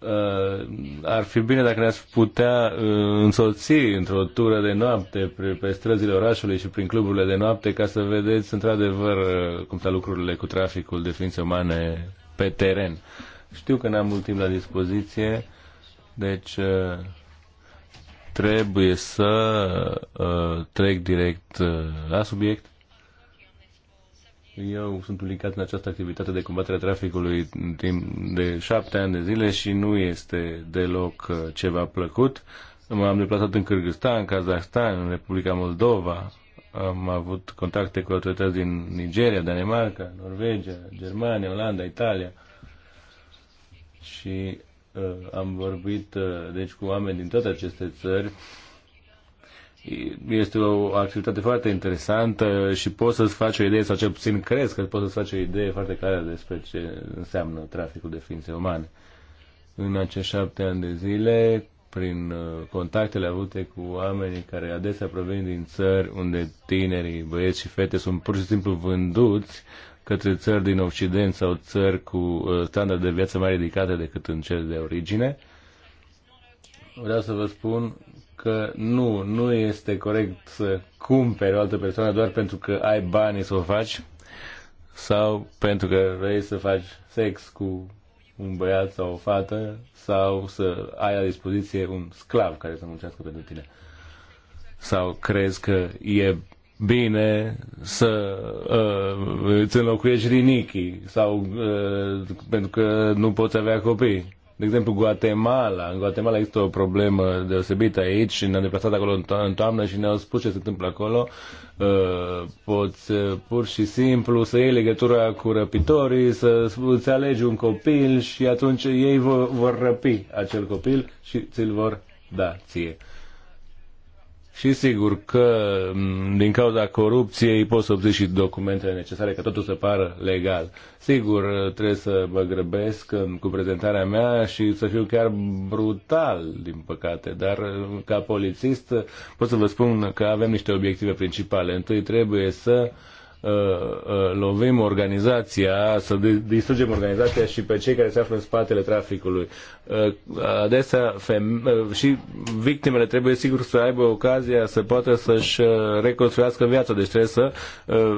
Uh, ar fi bine dacă ne-ați putea uh, însoți într-o tură de noapte pe, pe străzile orașului și prin cluburile de noapte ca să vedeți într-adevăr uh, cum stau lucrurile cu traficul de ființe umane pe teren. Uh, știu că n-am mult timp la dispoziție, deci uh, trebuie să uh, trec direct uh, la subiect. Eu sunt implicat în această activitate de combatere a traficului timp de șapte ani de zile și nu este deloc ceva plăcut. M-am deplasat în Kyrgyzstan, în în Republica Moldova. Am avut contacte cu autorități din Nigeria, Danemarca, Norvegia, Germania, Olanda, Italia. Uh, și uh, am vorbit uh, deci cu oameni din toate aceste țări. Este o activitate foarte interesantă și poți să-ți faci o idee, sau cel puțin crezi că poți să-ți faci o idee foarte clară despre ce înseamnă traficul de ființe umane. În acești șapte ani de zile, prin uh, contactele avute cu oamenii care adesea provin din țări unde tinerii, băieți și fete sunt pur și simplu vânduți către țări din Occident sau țări cu uh, standarde de viață mai ridicate decât în cele de origine. Vreau să vă spun că nu, nu este corect să cumperi o altă persoană doar pentru că ai banii să o faci sau pentru că vrei să faci sex cu un băiat sau o fată sau să ai la dispoziție un sclav care să muncească pentru tine. Sau crezi că e bine să uh, îți înlocuiești rinichii sau uh, pentru că nu poți avea copii. De exemplu, Guatemala. În Guatemala există o problemă deosebită aici și ne-am deplasat acolo în, to- în toamnă și ne-au spus ce se întâmplă acolo. Uh, poți uh, pur și simplu să iei legătura cu răpitorii, să îți alegi un copil și atunci ei vor, vor răpi acel copil și ți-l vor da ție. Uh, și sigur că din cauza corupției pot să obții și documentele necesare ca totul să pară legal. Sigur, trebuie să mă grăbesc cu prezentarea mea și să fiu chiar brutal, din păcate, dar ca polițist pot să vă spun că avem niște obiective principale. Întâi trebuie să uh, Uh, uh, lovim organizația, să distrugem organizația și pe cei care se află în spatele traficului. Uh, adesea feme- uh, și victimele trebuie sigur să aibă ocazia să poată să-și uh, reconstruiască viața, deci trebuie să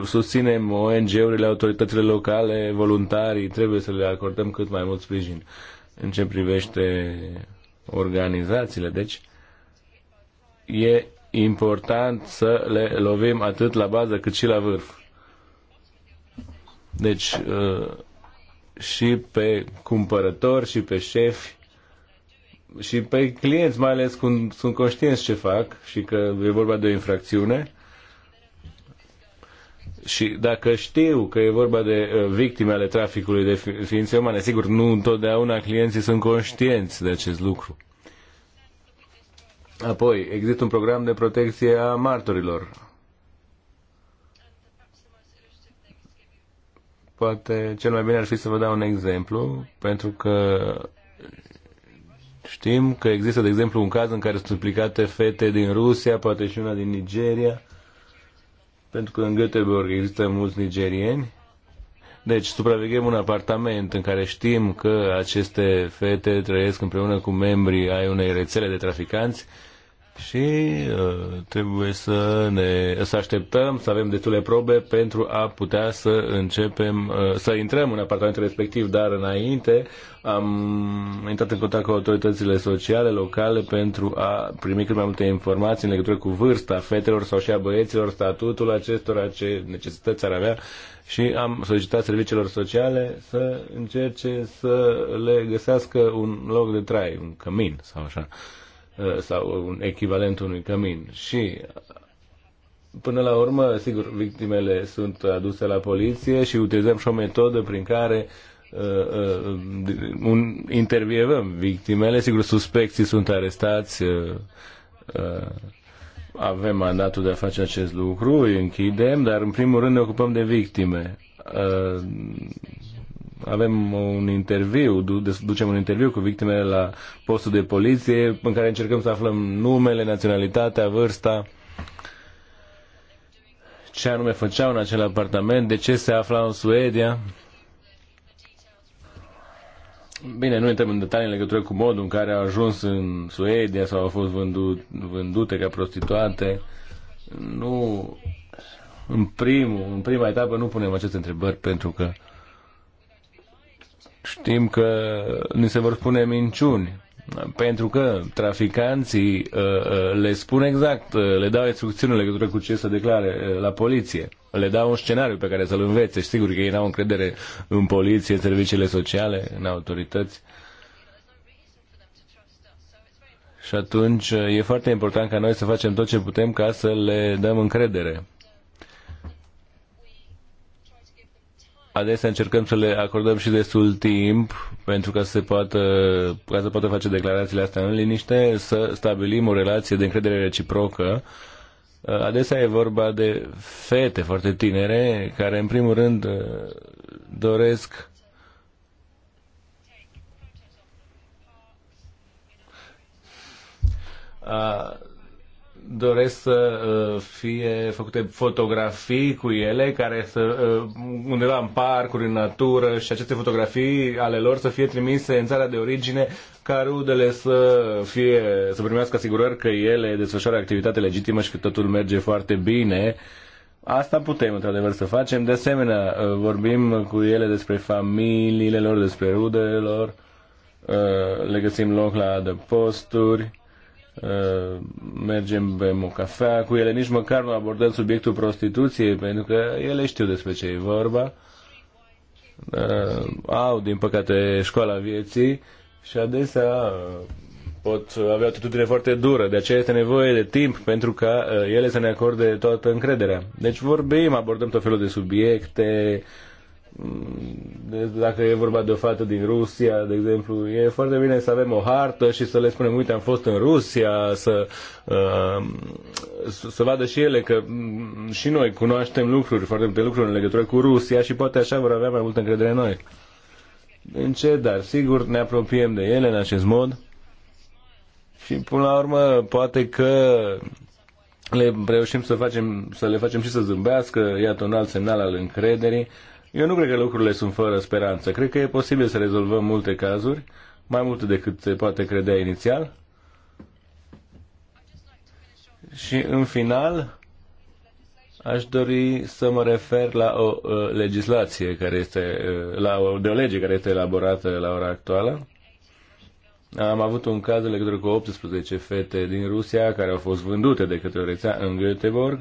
susținem ONG-urile, autoritățile locale, voluntarii, trebuie să le acordăm cât mai mult sprijin în ce privește organizațiile. Deci, e important să le lovim atât la bază cât și la vârf. Deci, uh, și pe cumpărători, și pe șefi, și pe clienți, mai ales când sunt conștienți ce fac și că e vorba de o infracțiune. Și dacă știu că e vorba de uh, victime ale traficului de ființe umane, sigur, nu întotdeauna clienții sunt conștienți de acest lucru. Apoi, există un program de protecție a martorilor. Poate cel mai bine ar fi să vă dau un exemplu, pentru că știm că există, de exemplu, un caz în care sunt implicate fete din Rusia, poate și una din Nigeria, pentru că în Göteborg există mulți nigerieni. Deci supraveghem un apartament în care știm că aceste fete trăiesc împreună cu membrii ai unei rețele de traficanți și uh, trebuie să ne să așteptăm să avem destule probe pentru a putea să începem uh, să intrăm în apartamentul respectiv, dar înainte am intrat în contact cu autoritățile sociale locale pentru a primi cât mai multe informații în legătură cu vârsta fetelor sau și a băieților, statutul acestora, ce necesități ar avea și am solicitat serviciilor sociale să încerce să le găsească un loc de trai, un cămin sau așa. Uh, Uh, sau un echivalent unui cămin. Și până la urmă, sigur, victimele sunt aduse la poliție și utilizăm și o metodă prin care uh, uh, un, intervievăm victimele. Sigur, suspecții sunt arestați, uh, uh, avem mandatul de a face acest lucru, îi închidem, dar în primul rând ne ocupăm de victime. Uh, avem un interviu, ducem un interviu cu victimele la postul de poliție în care încercăm să aflăm numele, naționalitatea, vârsta, ce anume făceau în acel apartament, de ce se afla în Suedia. Bine, nu intrăm în detalii în legătură cu modul în care au ajuns în Suedia sau au fost vândut, vândute ca prostituate. Nu, în, primul, în prima etapă nu punem aceste întrebări pentru că Știm că ni se vor spune minciuni, pentru că traficanții uh, uh, le spun exact, uh, le dau instrucțiuni în legătură cu ce să declare la poliție. Le dau un scenariu pe care să-l învețe. Și sigur că ei n-au încredere în poliție, în serviciile sociale, în autorități. Și atunci e foarte important ca noi să facem tot ce putem ca să le dăm încredere. adesea încercăm să le acordăm și destul timp pentru ca să se poată, ca să poată face declarațiile astea în liniște, să stabilim o relație de încredere reciprocă. Adesea e vorba de fete foarte tinere care, în primul rând, doresc a doresc să uh, fie făcute fotografii cu ele care să uh, undeva în parcuri, în natură și aceste fotografii ale lor să fie trimise în țara de origine ca rudele să fie să primească asigurări că ele desfășoară activitate legitimă și că totul merge foarte bine. Asta putem, într-adevăr, să facem. De asemenea, uh, vorbim cu ele despre familiile lor, despre rudele lor, le găsim loc la adăposturi, posturi Uh, mergem, bem o cafea cu ele, nici măcar nu abordăm subiectul prostituției, pentru că ele știu despre ce e vorba. Uh, au, din păcate, școala vieții și adesea uh, pot avea o atitudine foarte dură. De aceea este nevoie de timp pentru ca ele să ne acorde toată încrederea. Deci vorbim, abordăm tot felul de subiecte, uh, dacă e vorba de o fată din Rusia, de exemplu, e foarte bine să avem o hartă și să le spunem, uite, am fost în Rusia, să, uh, să vadă și ele că mm, și noi cunoaștem lucruri, foarte multe lucruri în legătură cu Rusia și poate așa vor avea mai multă încredere în noi. Încet, dar sigur, ne apropiem de ele în acest mod și până la urmă poate că le reușim să, facem, să le facem și să zâmbească, iată un alt semnal al încrederii, eu nu cred că lucrurile sunt fără speranță. Cred că e posibil să rezolvăm multe cazuri, mai multe decât se poate credea inițial. Și în final, aș dori să mă refer la o uh, legislație care este, uh, la o, de o lege care este elaborată la ora actuală. Am avut un caz în legătură cu 18 fete din Rusia care au fost vândute de către o rețea în Göteborg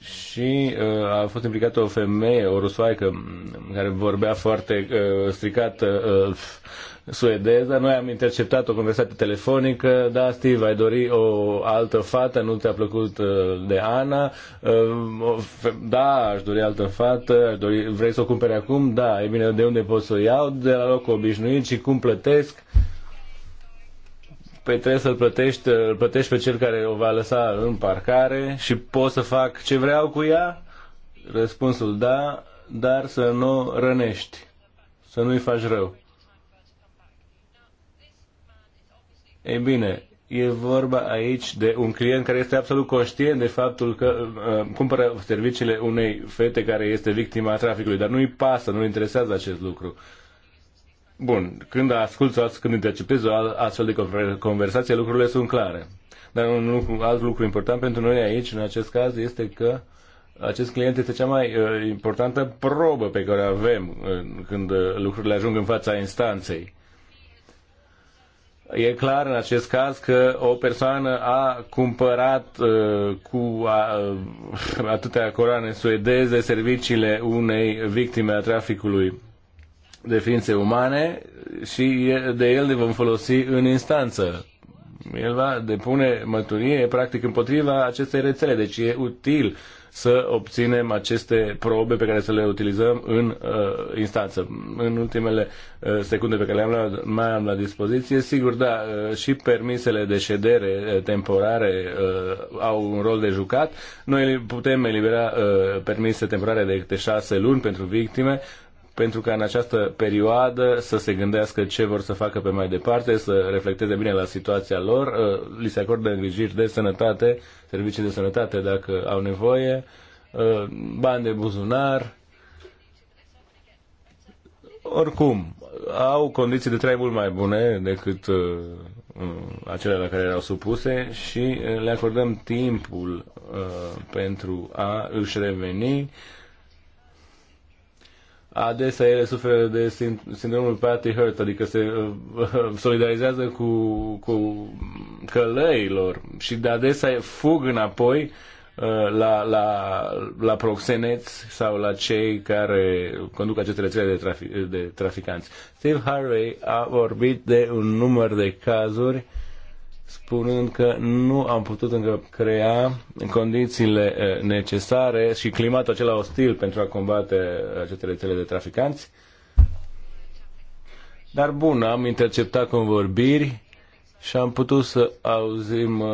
și uh, a fost implicată o femeie, o rusoaică, care vorbea foarte uh, stricată uh, suedeză. Noi am interceptat o conversație telefonică. Da, Steve, ai dori o altă fată? Nu ți-a plăcut uh, de Ana? Uh, da, aș dori altă fată. Aș dori... Vrei să o cumperi acum? Da, e bine, de unde pot să o iau? De la locul obișnuit și cum plătesc? pe trebuie să-l plătești, îl plătești pe cel care o va lăsa în parcare și pot să fac ce vreau cu ea? Răspunsul da, dar să nu rănești, să nu-i faci rău. Ei bine, e vorba aici de un client care este absolut conștient de faptul că uh, cumpără serviciile unei fete care este victima traficului, dar nu-i pasă, nu-i interesează acest lucru. Uh, Bun, când asculți, când interceptezi o astfel de conversație, lucrurile sunt clare. Dar un lucru, alt lucru important pentru noi aici, în acest caz, este că acest client este cea mai uh, importantă probă pe care o avem uh, când uh, lucrurile ajung în fața instanței. E clar în acest caz că o persoană a cumpărat uh, cu a, uh, atâtea coroane suedeze serviciile unei victime a traficului de ființe umane și de el ne vom folosi în instanță. El va depune mărturie practic împotriva acestei rețele, deci e util să obținem aceste probe pe care să le utilizăm în uh, instanță. În ultimele uh, secunde pe care le-am la, mai am la dispoziție, sigur, da, uh, și permisele de ședere uh, temporare uh, au un rol de jucat. Noi putem elibera uh, permise temporare de câte șase luni pentru victime, pentru ca în această perioadă să se gândească ce vor să facă pe mai departe, să reflecteze bine la situația lor, uh, li se acordă îngrijiri de sănătate, servicii de sănătate dacă au nevoie, uh, bani de buzunar. Oricum, au condiții de trai mult mai bune decât uh, acele la care erau supuse și le acordăm timpul pentru a își reveni adesea ele suferă de sindromul Patty Hurt, adică se uh, solidarizează cu, cu călăilor și de adesea fug înapoi uh, la, la, la proxeneți sau la cei care conduc aceste rețele de, trafic, de traficanți. Steve Harvey a vorbit de un număr de cazuri uh, spunând că nu am putut încă crea condițiile necesare și climatul acela ostil pentru a combate aceste rețele de traficanți. Dar bun, am interceptat convorbiri și am putut să auzim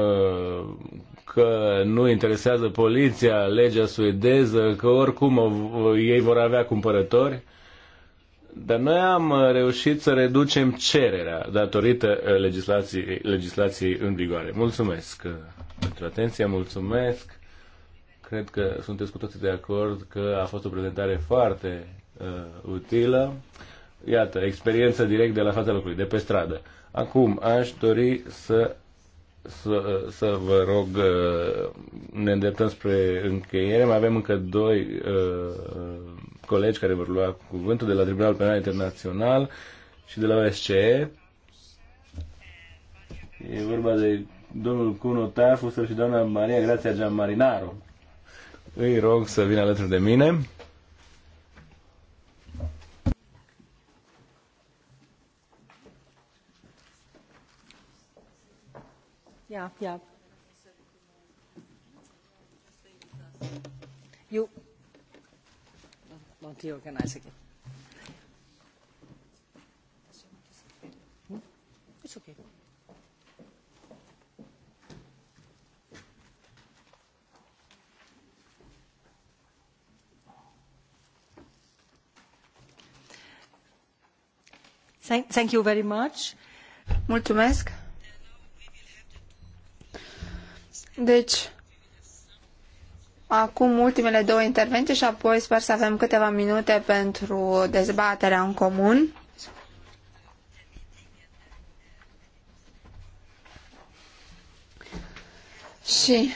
că nu interesează poliția, legea suedeză, că oricum ei vor avea cumpărători. Dar noi am uh, reușit să reducem cererea datorită uh, legislației, legislației în vigoare. Mulțumesc uh, pentru atenție, mulțumesc. Cred că sunteți cu toții de acord că a fost o prezentare foarte uh, utilă. Iată, experiență direct de la fața locului, de pe stradă. Acum, aș dori să, să, să vă rog, uh, ne îndreptăm spre încheiere. Mai avem încă doi uh, colegi care vor lua cuvântul de la Tribunal Penal Internațional și de la OSCE. E vorba de domnul Cuno Tafusă și doamna Maria Grația Gianmarinaro. Îi rog să vină alături de mine. Ia, ia. Eu. Hmm? It's okay. Thank, thank you very much. Mulțumesc. Deci, acum ultimele două intervenții și apoi sper să avem câteva minute pentru dezbaterea în comun. Și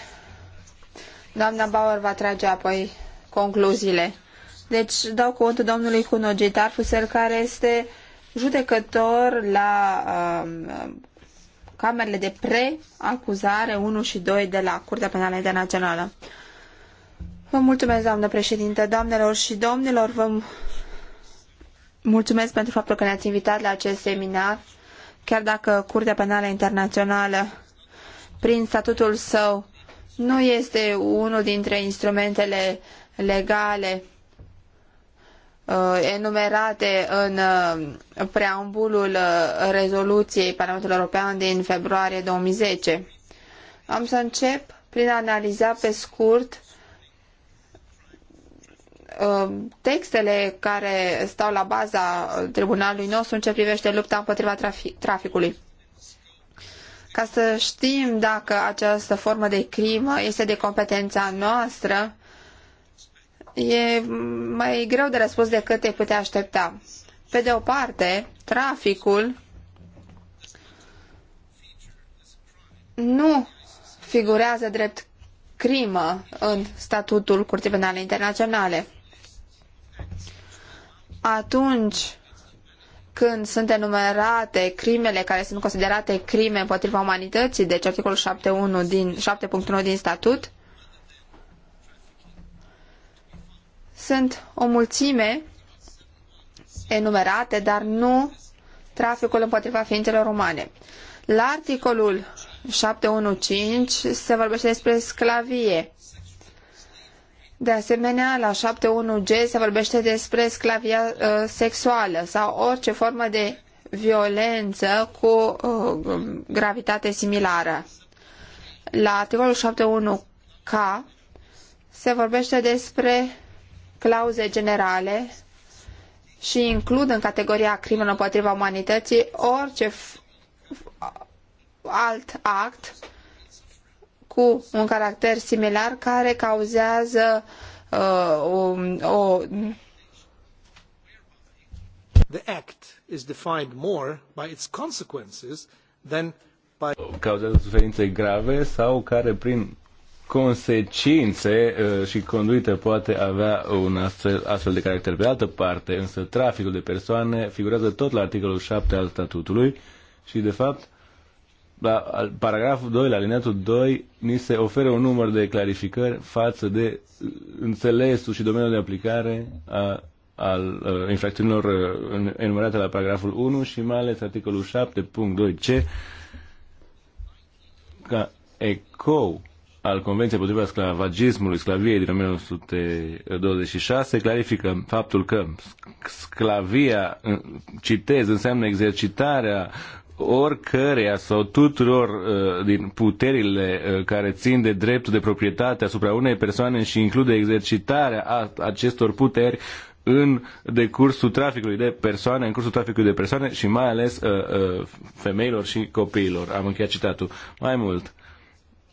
doamna Bauer va trage apoi concluziile. Deci dau cuvântul domnului Cunogit Arfusel, care este judecător la uh, camerele de preacuzare 1 și 2 de la Curtea Penală Internațională. Vă mulțumesc, doamnă președinte, doamnelor și domnilor, vă mulțumesc pentru faptul că ne-ați invitat la acest seminar, chiar dacă Curtea Penală Internațională, prin statutul său, nu este unul dintre instrumentele legale uh, enumerate în uh, preambulul uh, rezoluției Parlamentului European din februarie 2010. Am să încep prin a analiza pe scurt Um, textele care stau la baza tribunalului nostru în ce privește lupta împotriva traficului. Ca să știm dacă această formă de crimă este de competența noastră, e mai greu de răspuns decât te putea aștepta. Pe de o parte, traficul nu figurează drept crimă în statutul Curții Penale Internaționale atunci când sunt enumerate crimele care sunt considerate crime împotriva umanității, deci articolul 7.1 din 7.1 din statut, sunt o mulțime enumerate, dar nu traficul împotriva ființelor umane. La articolul 715 se vorbește despre sclavie. De asemenea, la 7.1G se vorbește despre sclavia uh, sexuală sau orice formă de violență cu uh, gravitate similară. La articolul 7.1K se vorbește despre clauze generale și includ în categoria crimelor împotriva umanității orice alt act cu un caracter similar care cauzează uh, o, um, o The act is defined more by its consequences than by cauzează suferințe grave sau care prin consecințe uh, și conduită poate avea un astfel, astfel de caracter. Pe altă parte, însă, traficul de persoane figurează tot la articolul 7 al statutului și, de fapt, la paragraful 2, la alineatul 2, ni se oferă un număr de clarificări față de uh, înțelesul și domeniul de aplicare a, al a, uh, infracțiunilor uh, enumerate la paragraful 1 și mai ales articolul 7.2c ca eco al Convenției potriva sclavagismului, sclaviei din 1926, clarifică faptul că sclavia, citez, înseamnă exercitarea oricăreia sau tuturor uh, din puterile uh, care țin de dreptul de proprietate asupra unei persoane și include exercitarea a, acestor puteri în decursul traficului de persoane, în cursul traficului de persoane și mai ales uh, uh, femeilor și copiilor. Am încheiat citatul. Mai mult,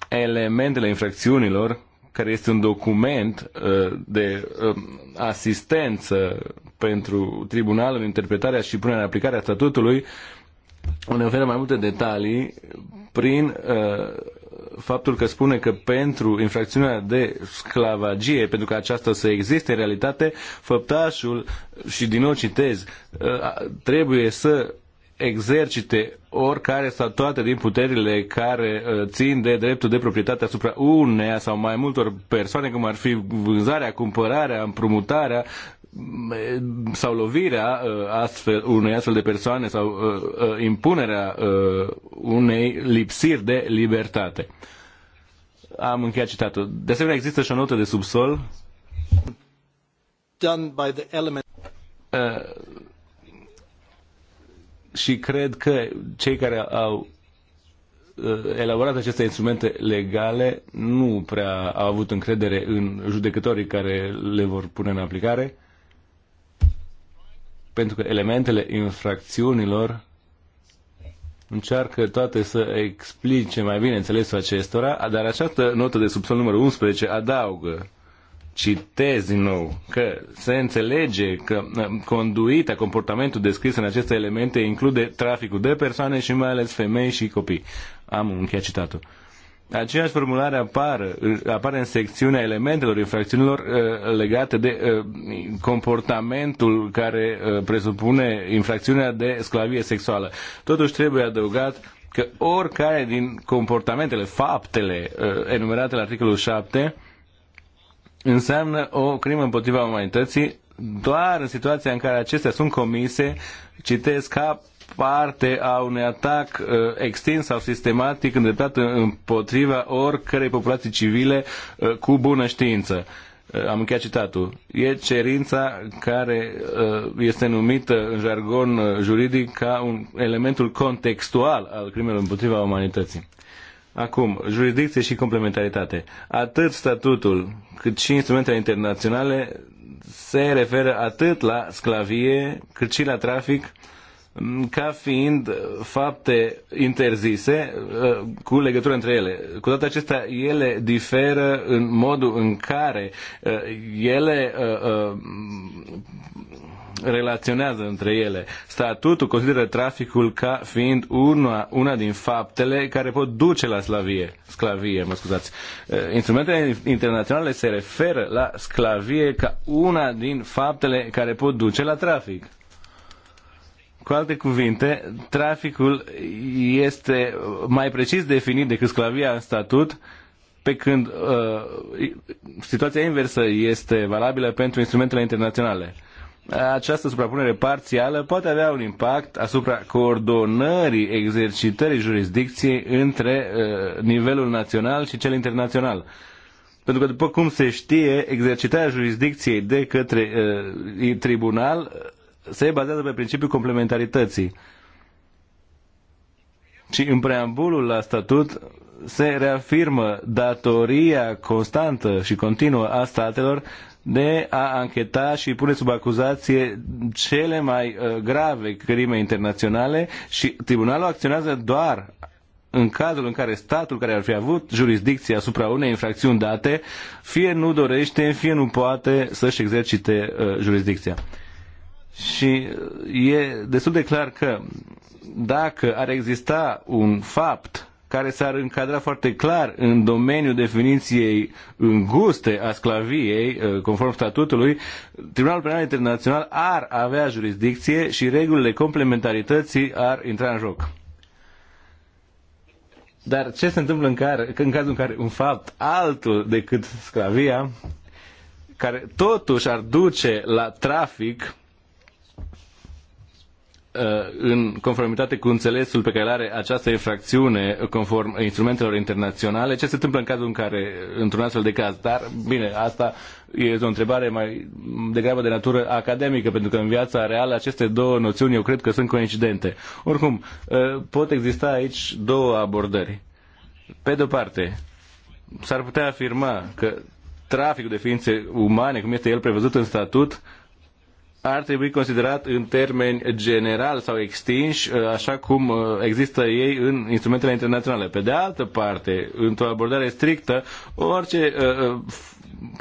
elementele infracțiunilor, care este un document uh, de uh, asistență pentru tribunal în interpretarea și punerea în aplicare a statutului, uh, ne oferă mai multe detalii prin uh, faptul că spune că pentru infracțiunea de sclavagie, pentru că aceasta să existe în realitate, făptașul, și din nou citez, uh, trebuie să exercite oricare sau toate din puterile care uh, țin de dreptul de proprietate asupra uneia sau mai multor persoane, cum ar fi vânzarea, cumpărarea, împrumutarea, sau lovirea uh, astfel, unei astfel de persoane sau uh, uh, impunerea unei lipsiri de libertate. Am încheiat citatul. De asemenea, există și o notă de subsol done by the element. Uh, și cred că cei care au uh, elaborat aceste instrumente legale nu prea au avut încredere în judecătorii care le vor pune în aplicare pentru că elementele infracțiunilor încearcă toate să explice mai bine înțelesul acestora, dar această notă de subsol numărul 11 adaugă citez din nou că se înțelege că ă, conduita, comportamentul descris în aceste elemente include traficul de persoane și mai ales femei și copii. Am încheiat citatul. Aceeași formulare apare, apare în secțiunea elementelor infracțiunilor uh, legate de uh, comportamentul care uh, presupune infracțiunea de sclavie sexuală. Totuși trebuie adăugat că oricare din comportamentele, faptele uh, enumerate la articolul 7 înseamnă o crimă împotriva umanității doar în situația în care acestea sunt comise, citesc ca parte a unui atac uh, extins sau sistematic îndreptat împotriva oricărei populații civile uh, cu bună știință. Uh, am încheiat citatul. E cerința care uh, este numită în jargon uh, juridic ca un elementul contextual al crimelor împotriva umanității. Acum, jurisdicție și complementaritate. Atât statutul cât și instrumentele internaționale se referă atât la sclavie cât și la trafic uh, ca fiind fapte interzise uh, cu legătură între ele. Cu toate acestea, ele diferă în modul în care uh, ele uh, relaționează între ele. Statutul consideră traficul ca fiind una, una din faptele care pot duce la slavie, sclavie. Mă scuzați. Instrumentele internaționale se referă la sclavie ca una din faptele care pot duce la trafic. Cu alte cuvinte, traficul este mai precis definit decât sclavia în statut, pe când uh, situația inversă este valabilă pentru instrumentele internaționale. Această suprapunere parțială poate avea un impact asupra coordonării exercitării jurisdicției între uh, nivelul național și cel internațional. Pentru că, după cum se știe, exercitarea jurisdicției de către uh, tribunal se bazează pe principiul complementarității. Și în preambulul la statut se reafirmă datoria constantă și continuă a statelor de a ancheta și pune sub acuzație cele mai uh, grave crime internaționale și tribunalul acționează doar în cazul în care statul care ar fi avut jurisdicție asupra unei infracțiuni date, fie nu dorește, fie nu poate să-și exercite uh, jurisdicția. Și uh, e destul de clar că dacă ar exista un fapt care s-ar încadra foarte clar în domeniul definiției înguste a sclaviei, uh, conform statutului, Tribunalul Penal Internațional ar avea jurisdicție și regulile complementarității ar intra în joc. Dar ce se întâmplă în, care, în cazul în care un fapt altul decât sclavia, care totuși ar duce la trafic, Uh, în conformitate cu înțelesul pe care îl are această infracțiune conform instrumentelor internaționale, ce se întâmplă în cazul în care, într-un astfel de caz, dar bine, asta e o întrebare mai degrabă de natură academică, pentru că în viața reală aceste două noțiuni eu cred că sunt coincidente. Oricum, uh, pot exista aici două abordări. Pe de-o parte, s-ar putea afirma că traficul de ființe umane, cum este el prevăzut în statut, uh, ar trebui considerat în termeni general sau extinși, uh, așa cum uh, există ei în instrumentele internaționale. Pe de altă parte, într-o abordare strictă, orice uh,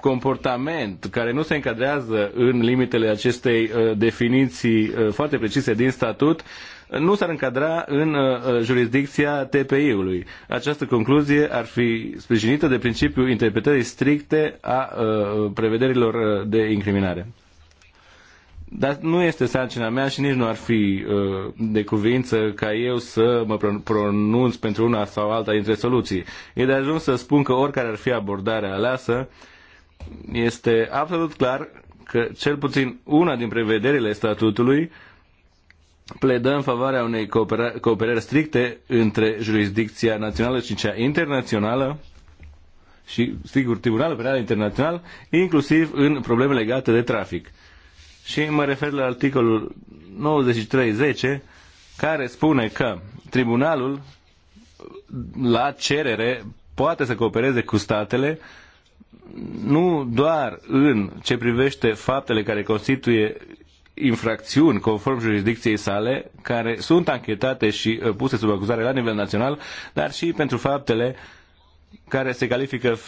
comportament care nu se încadrează în limitele acestei definiții foarte precise din statut, nu s-ar încadra în jurisdicția TPI-ului. Această concluzie ar fi sprijinită de principiul interpretării stricte a prevederilor de incriminare. Dar nu este sarcina mea și nici nu ar fi uh, de cuvință ca eu să mă pronunț pentru una sau alta dintre soluții. E de ajuns să spun că oricare ar fi abordarea aleasă, este absolut clar că cel puțin una din prevederile statutului pledă în favoarea unei cooperări, cooperări stricte între jurisdicția națională și cea internațională și, sigur, Tribunalul Penal Internațional, inclusiv în probleme legate de trafic. Și mă refer la articolul 93.10 care spune că tribunalul la cerere poate să coopereze cu statele nu doar în ce privește faptele care constituie infracțiuni conform jurisdicției sale, care sunt anchetate și uh, puse sub acuzare la nivel național, dar și pentru faptele care se califică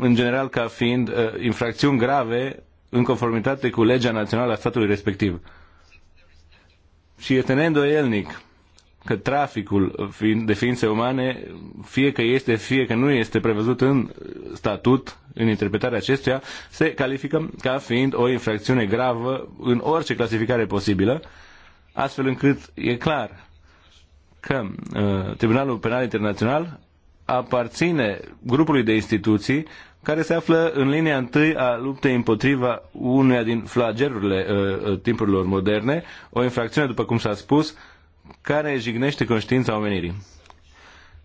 în general ca fiind uh, infracțiuni grave în conformitate cu legea națională a statului respectiv. Și este neîndoielnic că traficul de ființe umane, fie că este, fie că nu este prevăzut în statut, în interpretarea acestuia, se califică ca fiind o infracțiune gravă în orice clasificare posibilă, astfel încât e clar că uh, Tribunalul Penal Internațional aparține grupului de instituții care se află în linia întâi a luptei împotriva uneia din flagerurile uh, uh, timpurilor moderne, o infracțiune, după cum s-a spus, care jignește conștiința omenirii.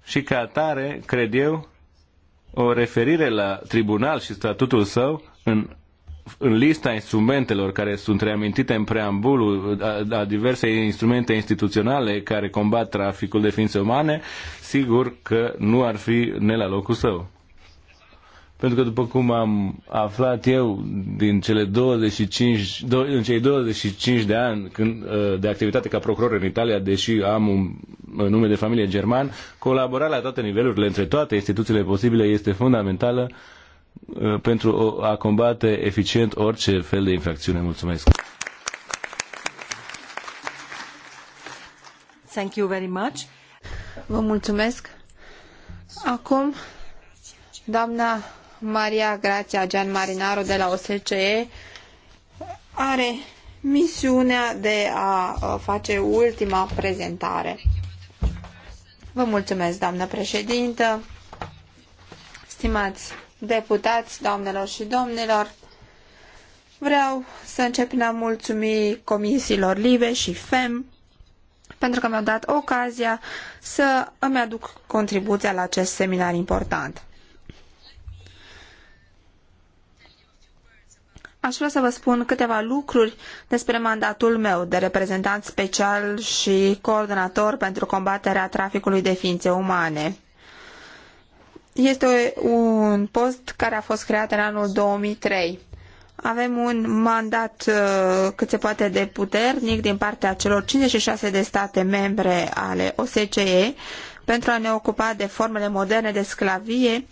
Și ca atare, cred eu, o referire la tribunal și statutul său în, în lista instrumentelor care sunt reamintite în preambulul a, a diverse instrumente instituționale care combat traficul de ființe umane, sigur că nu ar fi ne la locul său. Pentru că după cum am aflat eu din cele 25, do, în cei 25 de ani când, ă, de activitate ca procuror în Italia, deși am un ă, nume de familie german, colaborarea la toate nivelurile, între toate instituțiile posibile, este fundamentală ă, pentru a combate eficient orice fel de infracțiune. Mulțumesc! Thank you very much. Vă mulțumesc. Acum, doamna Maria Grația Gian de la OSCE are misiunea de a uh, face ultima prezentare. Vă mulțumesc, doamnă președintă, stimați deputați, doamnelor și domnilor. Vreau să încep prin a mulțumi comisiilor LIBE și FEM pentru că mi-au dat ocazia să îmi aduc contribuția la acest seminar important. aș vrea să vă spun câteva lucruri despre mandatul meu de reprezentant special și coordonator pentru combaterea traficului de ființe umane. Este un post care a fost creat în anul 2003. Avem un mandat uh, cât se poate de puternic din partea celor 56 de state membre ale OSCE pentru a ne ocupa de formele moderne de sclavie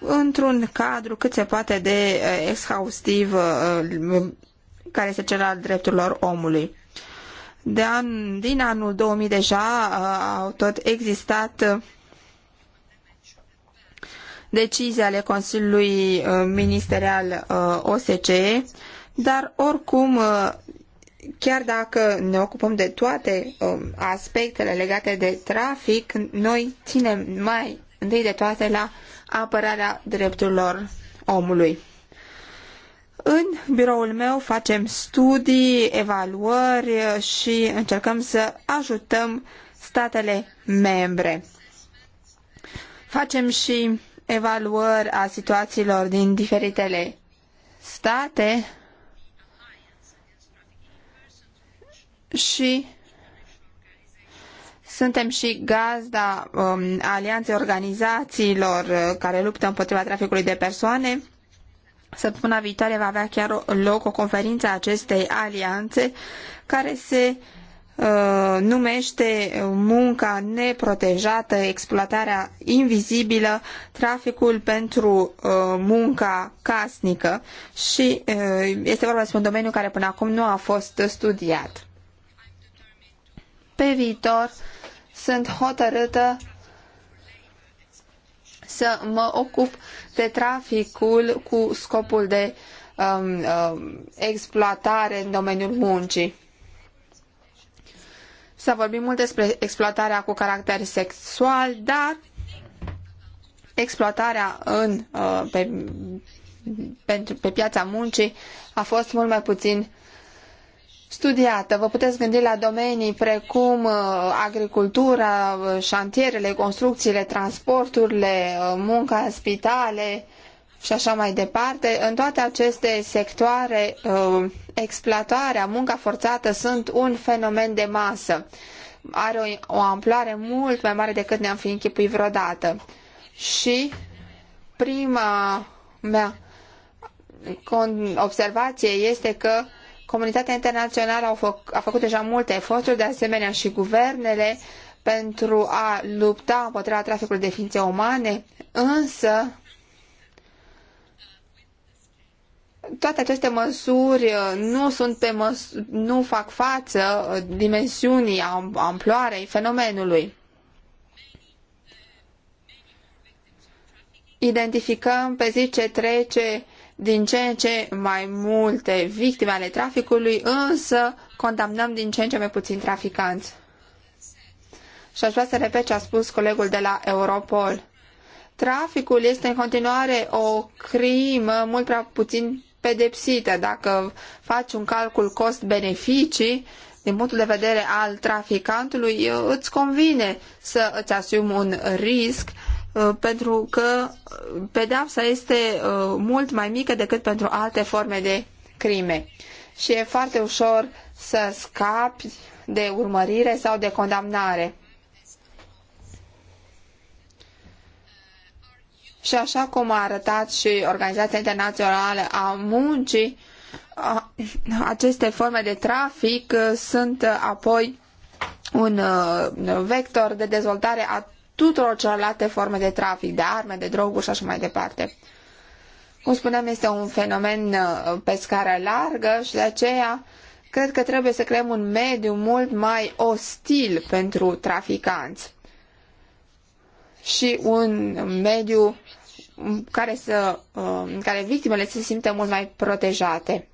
într-un cadru cât se poate de eh, exhaustiv eh, care este cel al drepturilor omului. De an, din anul 2000 deja eh, au tot existat decizii ale Consiliului Ministerial OSCE, dar oricum, chiar dacă ne ocupăm de toate aspectele legate de trafic, noi ținem mai întâi de toate la apărarea drepturilor omului. În biroul meu facem studii, evaluări și încercăm să ajutăm statele membre. Facem și evaluări a situațiilor din diferitele state și suntem și gazda um, alianței organizațiilor uh, care luptă împotriva traficului de persoane. Săptămâna viitoare va avea chiar loc o conferință a acestei alianțe care se uh, numește munca neprotejată, exploatarea invizibilă, traficul pentru uh, munca casnică și uh, este vorba despre un domeniu care până acum nu a fost studiat. Pe viitor, sunt hotărâtă să mă ocup de traficul cu scopul de um, um, exploatare în domeniul muncii. S-a vorbit mult despre exploatarea cu caracter sexual, dar exploatarea în, uh, pe, pentru, pe piața muncii a fost mult mai puțin studiată. Vă puteți gândi la domenii precum uh, agricultura, uh, șantierele, construcțiile, transporturile, uh, munca spitale și așa mai departe. În toate aceste sectoare, exploatarea, munca forțată sunt un fenomen de masă. Are o, o amploare mult mai mare decât ne-am fi închipuit vreodată. Și prima mea observație este că Comunitatea internațională a, făcut deja multe eforturi, de asemenea și guvernele, pentru a lupta împotriva traficului de ființe umane, însă toate aceste măsuri uh, nu, sunt pe măs- nu fac față uh, dimensiunii, amploarei fenomenului. Identificăm pe zi ce trece din ce în ce mai multe victime ale traficului, însă condamnăm din ce în ce mai puțin traficanți. Și aș vrea să repet ce a spus colegul de la Europol. Traficul este în continuare o crimă mult prea puțin pedepsită. Dacă faci un calcul cost-beneficii, din punctul de vedere al traficantului, îți convine să îți asumi un risc Uh, pentru că pedeapsa este uh, mult mai mică decât pentru alte forme de crime și e foarte ușor să scapi de urmărire sau de condamnare. Și așa cum a arătat și Organizația Internațională a Muncii, aceste forme de trafic uh, sunt apoi un vector de dezvoltare a tuturor celorlalte forme de trafic, de arme, de droguri și așa mai departe. Cum spuneam, este un fenomen uh, pe scară largă și de aceea cred că trebuie să creăm un mediu mult mai ostil pentru traficanți și un mediu care să, uh, în care victimele se simte mult mai protejate.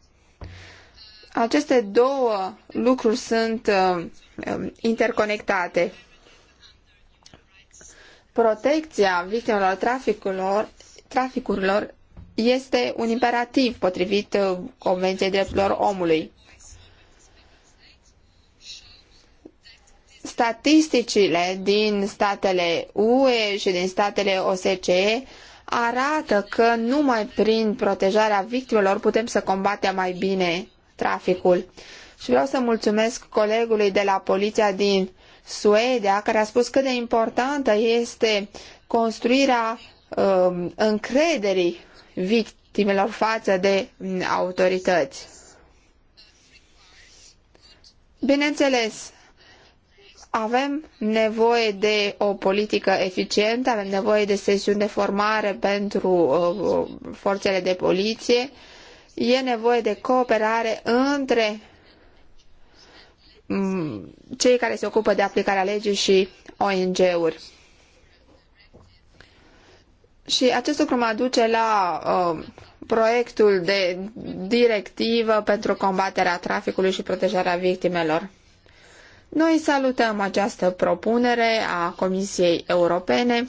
Aceste două lucruri sunt uh, interconectate. Protecția victimelor traficurilor, traficurilor este un imperativ potrivit uh, Convenției Drepturilor Omului. Statisticile din statele UE și din statele OSCE arată că numai prin protejarea victimelor putem să combatem mai bine traficul. Și vreau să mulțumesc colegului de la poliția din Suedia, care a spus cât de importantă este construirea uh, încrederii victimelor față de um, autorități. Bineînțeles, avem nevoie de o politică eficientă, avem nevoie de sesiuni de formare pentru uh, forțele de poliție, e nevoie de cooperare între Mm, cei care se ocupă de aplicarea legii și ONG-uri. Și acest lucru mă duce la uh, proiectul de directivă pentru combaterea traficului și protejarea victimelor. Noi salutăm această propunere a Comisiei Europene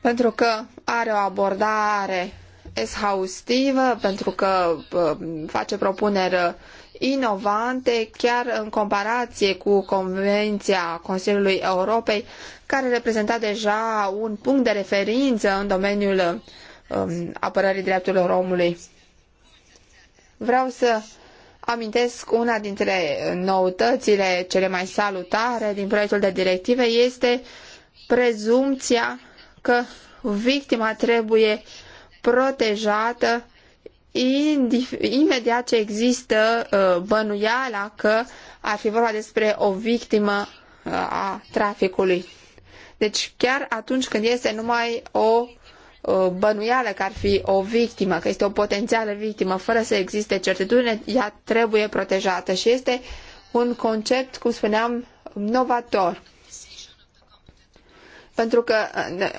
pentru că are o abordare exhaustivă, pentru că uh, face propuneri inovante chiar în comparație cu Convenția Consiliului Europei, care reprezenta deja un punct de referință în domeniul um, apărării drepturilor omului. Vreau să amintesc una dintre noutățile cele mai salutare din proiectul de directive este prezumția că victima trebuie protejată imediat ce există uh, bănuiala că ar fi vorba despre o victimă uh, a traficului. Deci chiar atunci când este numai o uh, bănuială că ar fi o victimă, că este o potențială victimă, fără să existe certitudine, ea trebuie protejată și este un concept, cum spuneam, novator pentru că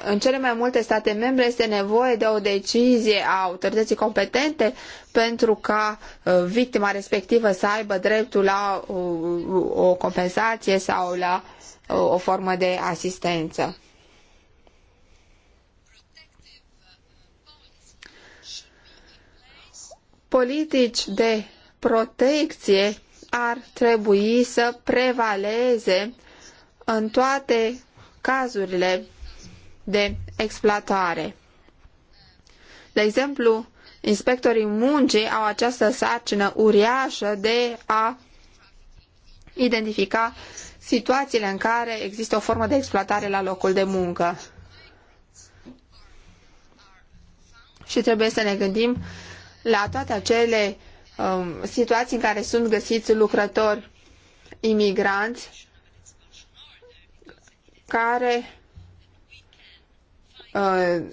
în cele mai multe state membre este nevoie de o decizie a autorității competente pentru ca uh, victima respectivă să aibă dreptul la uh, o compensație sau la uh, o formă de asistență. Politici de protecție ar trebui să prevaleze în toate cazurile de exploatare. De exemplu, inspectorii muncii au această sarcină uriașă de a identifica situațiile în care există o formă de exploatare la locul de muncă. Și trebuie să ne gândim la toate acele um, situații în care sunt găsiți lucrători imigranți care, uh,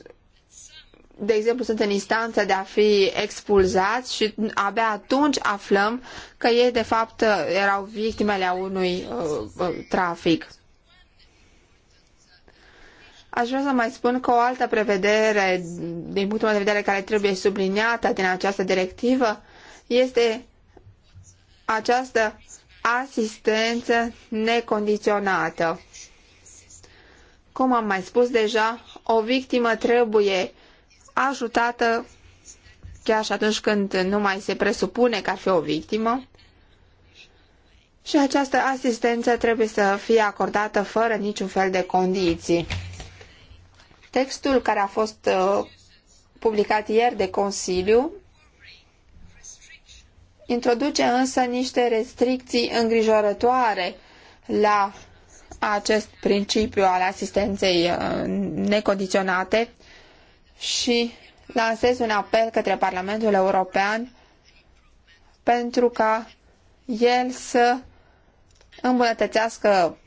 de exemplu, sunt în instanță de a fi expulzați și abia atunci aflăm că ei, de fapt, uh, erau victimele a unui uh, trafic. Aș vrea să mai spun că o altă prevedere, din punctul meu de vedere, care trebuie subliniată din această directivă, este această asistență necondiționată. Cum am mai spus deja, o victimă trebuie ajutată chiar și atunci când nu mai se presupune că ar fi o victimă. Și această asistență trebuie să fie acordată fără niciun fel de condiții. Textul care a fost uh, publicat ieri de Consiliu introduce însă niște restricții îngrijorătoare la acest principiu al asistenței uh, necondiționate și lansez un apel către Parlamentul European pentru ca el să îmbunătățească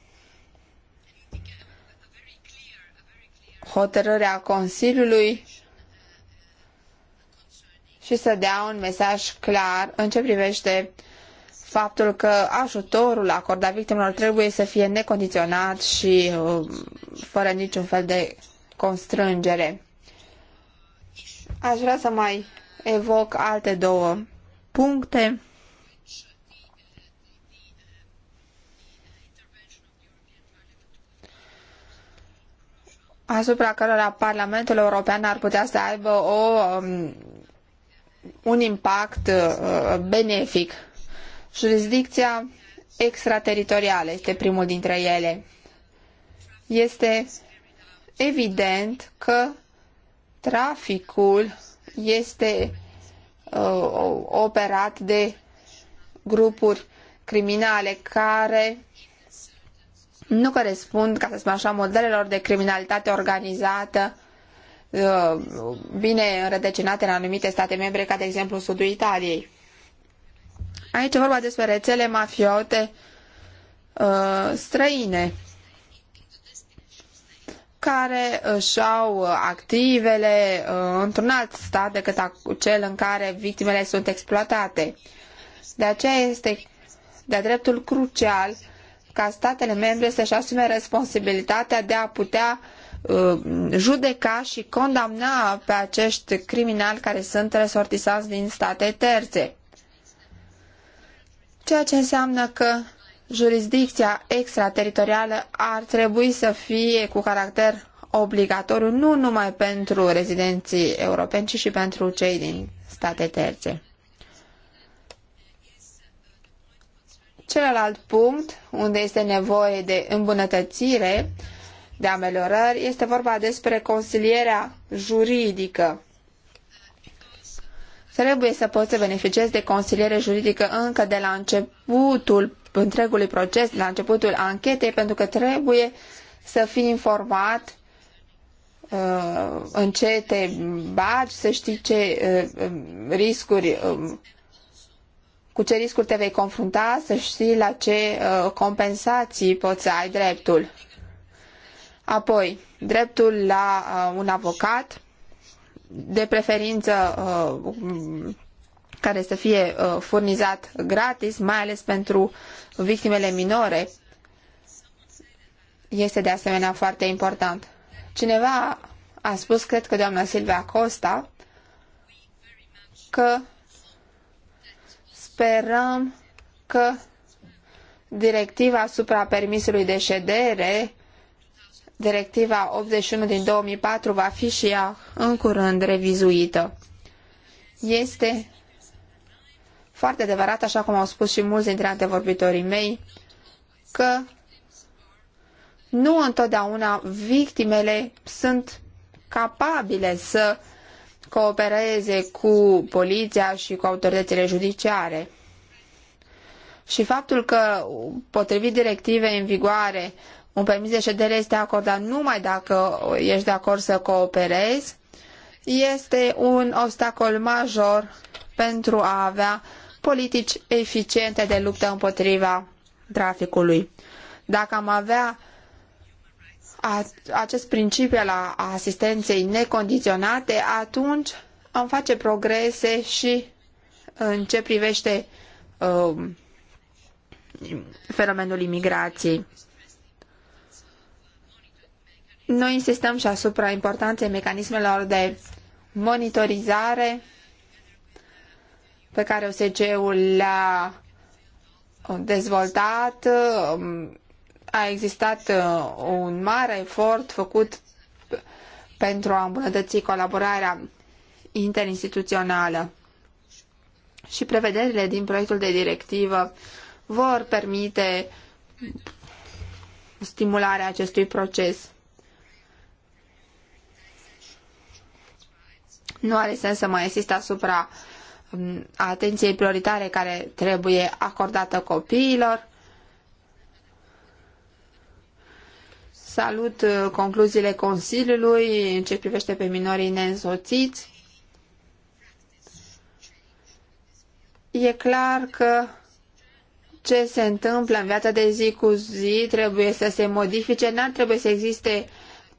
hotărârea Consiliului și să dea un mesaj clar în ce privește faptul că ajutorul acordat victimelor trebuie să fie necondiționat și uh, fără niciun fel de constrângere. Aș vrea să mai evoc alte două puncte. asupra cărora Parlamentul European ar putea să aibă o, um, un impact uh, benefic Jurisdicția extrateritorială este primul dintre ele. Este evident că traficul este uh, operat de grupuri criminale care nu corespund, ca să spun așa, modelelor de criminalitate organizată uh, bine înrădăcinate în anumite state membre, ca de exemplu sudul Italiei. Aici e vorba despre rețele mafiote uh, străine care își au activele uh, într-un alt stat decât cel în care victimele sunt exploatate. De aceea este de dreptul crucial ca statele membre să-și asume responsabilitatea de a putea uh, judeca și condamna pe acești criminali care sunt resortisați din state terțe ceea ce înseamnă că jurisdicția extrateritorială ar trebui să fie cu caracter obligatoriu nu numai pentru rezidenții europeni, ci și pentru cei din state terțe. Celălalt punct unde este nevoie de îmbunătățire, de ameliorări, este vorba despre consilierea juridică Trebuie să poți să beneficiezi de consiliere juridică încă de la începutul întregului proces, de la începutul anchetei, pentru că trebuie să fii informat uh, în ce te bagi, să știi ce uh, riscuri, uh, cu ce riscuri te vei confrunta, să știi la ce uh, compensații poți să ai dreptul. Apoi, dreptul la uh, un avocat, de preferință uh, care să fie uh, furnizat gratis, mai ales pentru victimele minore, este de asemenea foarte important. Cineva a spus, cred că doamna Silvia Costa, că sperăm că directiva asupra permisului de ședere Directiva 81 din 2004 va fi și ea în curând revizuită. Este foarte adevărat, așa cum au spus și mulți dintre antevorbitorii mei, că nu întotdeauna victimele sunt capabile să coopereze cu poliția și cu autoritățile judiciare. Și faptul că, potrivit directivei în vigoare, un permis de ședere este acordat numai dacă ești de acord să cooperezi. Este un obstacol major pentru a avea politici eficiente de luptă împotriva traficului. Dacă am avea acest principiu al asistenței necondiționate, atunci am face progrese și în ce privește uh, fenomenul imigrației. Noi insistăm și asupra importanței mecanismelor de monitorizare pe care OSCE-ul le-a uh, dezvoltat. Um, a existat uh, un mare efort făcut pentru a îmbunătăți colaborarea interinstituțională și prevederile din proiectul de directivă vor permite stimularea acestui proces. Nu are sens să mai insist asupra um, atenției prioritare care trebuie acordată copiilor. Salut uh, concluziile Consiliului în ce privește pe minorii neînsoțiți. E clar că ce se întâmplă în viața de zi cu zi trebuie să se modifice, n-ar trebui să existe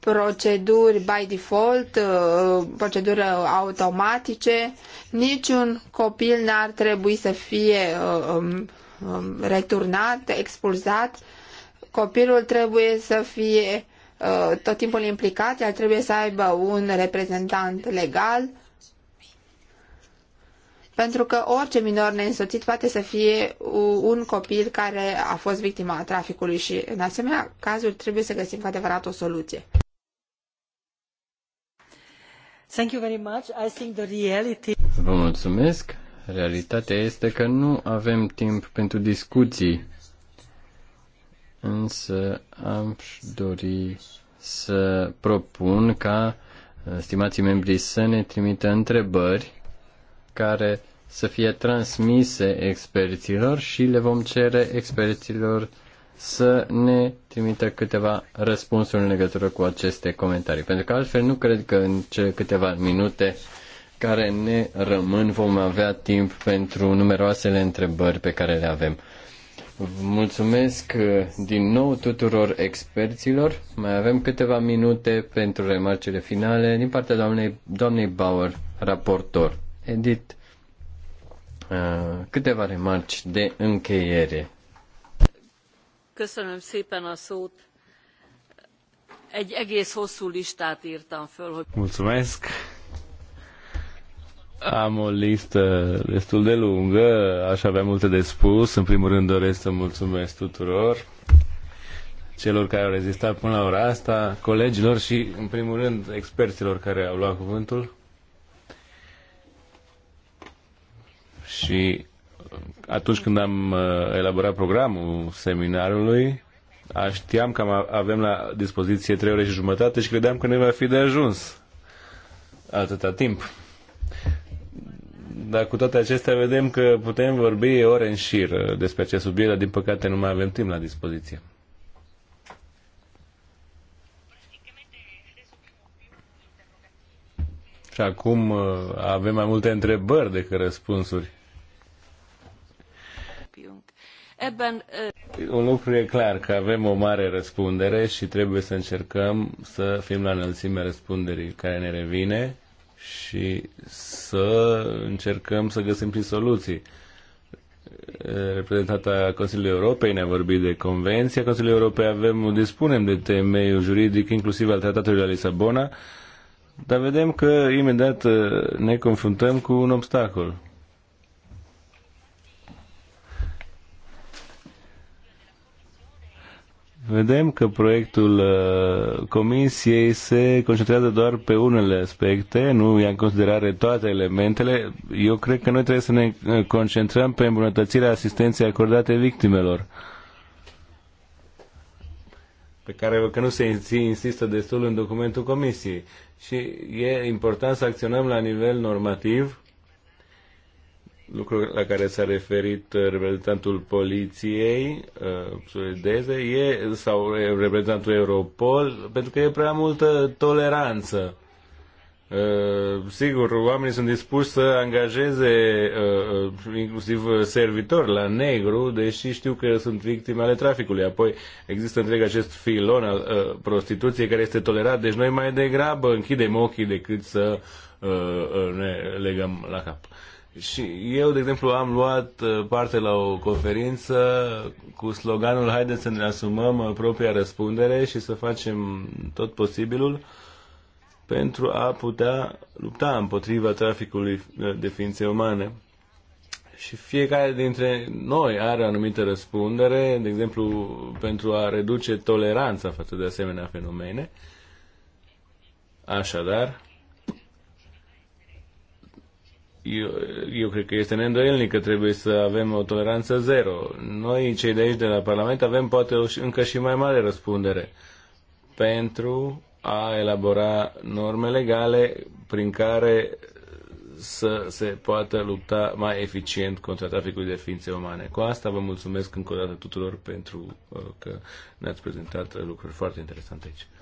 proceduri by default, uh, proceduri automatice, niciun copil n-ar trebui să fie uh, um, um, returnat, expulzat. Copilul trebuie să fie uh, tot timpul implicat, el trebuie să aibă un reprezentant legal, pentru că orice minor neînsoțit poate să fie un copil care a fost victima traficului și în asemenea cazuri trebuie să găsim cu adevărat o soluție. Vă mulțumesc. Realitatea este că nu avem timp pentru discuții, însă am dori să propun ca uh, stimații membri să ne trimită întrebări care să fie transmise experților și le vom cere experților să ne trimită câteva răspunsuri în legătură cu aceste comentarii, pentru că altfel nu cred că în cele câteva minute care ne rămân vom avea timp pentru numeroasele întrebări pe care le avem. Mulțumesc uh, din nou tuturor experților. Mai avem câteva minute pentru remarcele finale din partea doamnei, doamnei Bauer, raportor. Edit, uh, câteva remarci de încheiere Egy egész hosszú listát föl. Hogy... Mulțumesc. Am o listă destul de lungă, aș avea multe de spus. În primul rând doresc să mulțumesc tuturor celor care au rezistat până la ora asta, colegilor și, în primul rând, experților care au luat cuvântul. Și atunci când am uh, elaborat programul seminarului, știam că avem la dispoziție trei ore și jumătate și credeam că ne va fi de ajuns atâta timp. Dar cu toate acestea vedem că putem vorbi ore în șir uh, despre acest subiect, dar din păcate nu mai avem timp la dispoziție. Și acum uh, avem mai multe întrebări decât răspunsuri. Eben, Un lucru e clar, că avem o mare răspundere și trebuie să încercăm să fim la înălțimea răspunderii care ne revine și să încercăm să găsim și soluții. Reprezentata Consiliului Europei ne-a vorbit de Convenția Consiliului Europei, avem, dispunem de temeiul juridic, inclusiv al Tratatului de la Lisabona, dar vedem că imediat uh, ne confruntăm cu un obstacol. vedem că proiectul uh, Comisiei se concentrează doar pe unele aspecte, nu ia în considerare toate elementele. Eu cred că noi trebuie să ne uh, concentrăm pe îmbunătățirea asistenței acordate victimelor pe care că nu se insistă destul în documentul Comisiei. Și e important să acționăm la nivel normativ lucru la care s-a referit uh, reprezentantul poliției uh, suedeze e, sau uh, reprezentantul Europol, pentru că e prea multă toleranță. Uh, sigur, oamenii sunt dispuși să angajeze uh, inclusiv servitori la negru, deși știu că sunt victime ale traficului. Apoi există întreg acest filon al uh, prostituției care este tolerat, deci noi mai degrabă închidem ochii decât să uh, ne legăm la cap. Și eu, de exemplu, am luat uh, parte la o conferință cu sloganul Haideți să ne asumăm uh, propria răspundere și să facem tot posibilul pentru a putea lupta împotriva traficului uh, de ființe umane. Și fiecare dintre noi are o anumită răspundere, de exemplu, pentru a reduce toleranța față de asemenea fenomene. Așadar, eu, eu cred că este neîndoielnic că trebuie să avem o toleranță zero. Noi, cei de aici de la Parlament, avem poate o, încă și mai mare răspundere pentru a elabora norme legale prin care să se poată lupta mai eficient contra traficului de ființe umane. Cu asta vă mulțumesc încă o dată tuturor pentru uh, că ne-ați prezentat lucruri foarte interesante aici.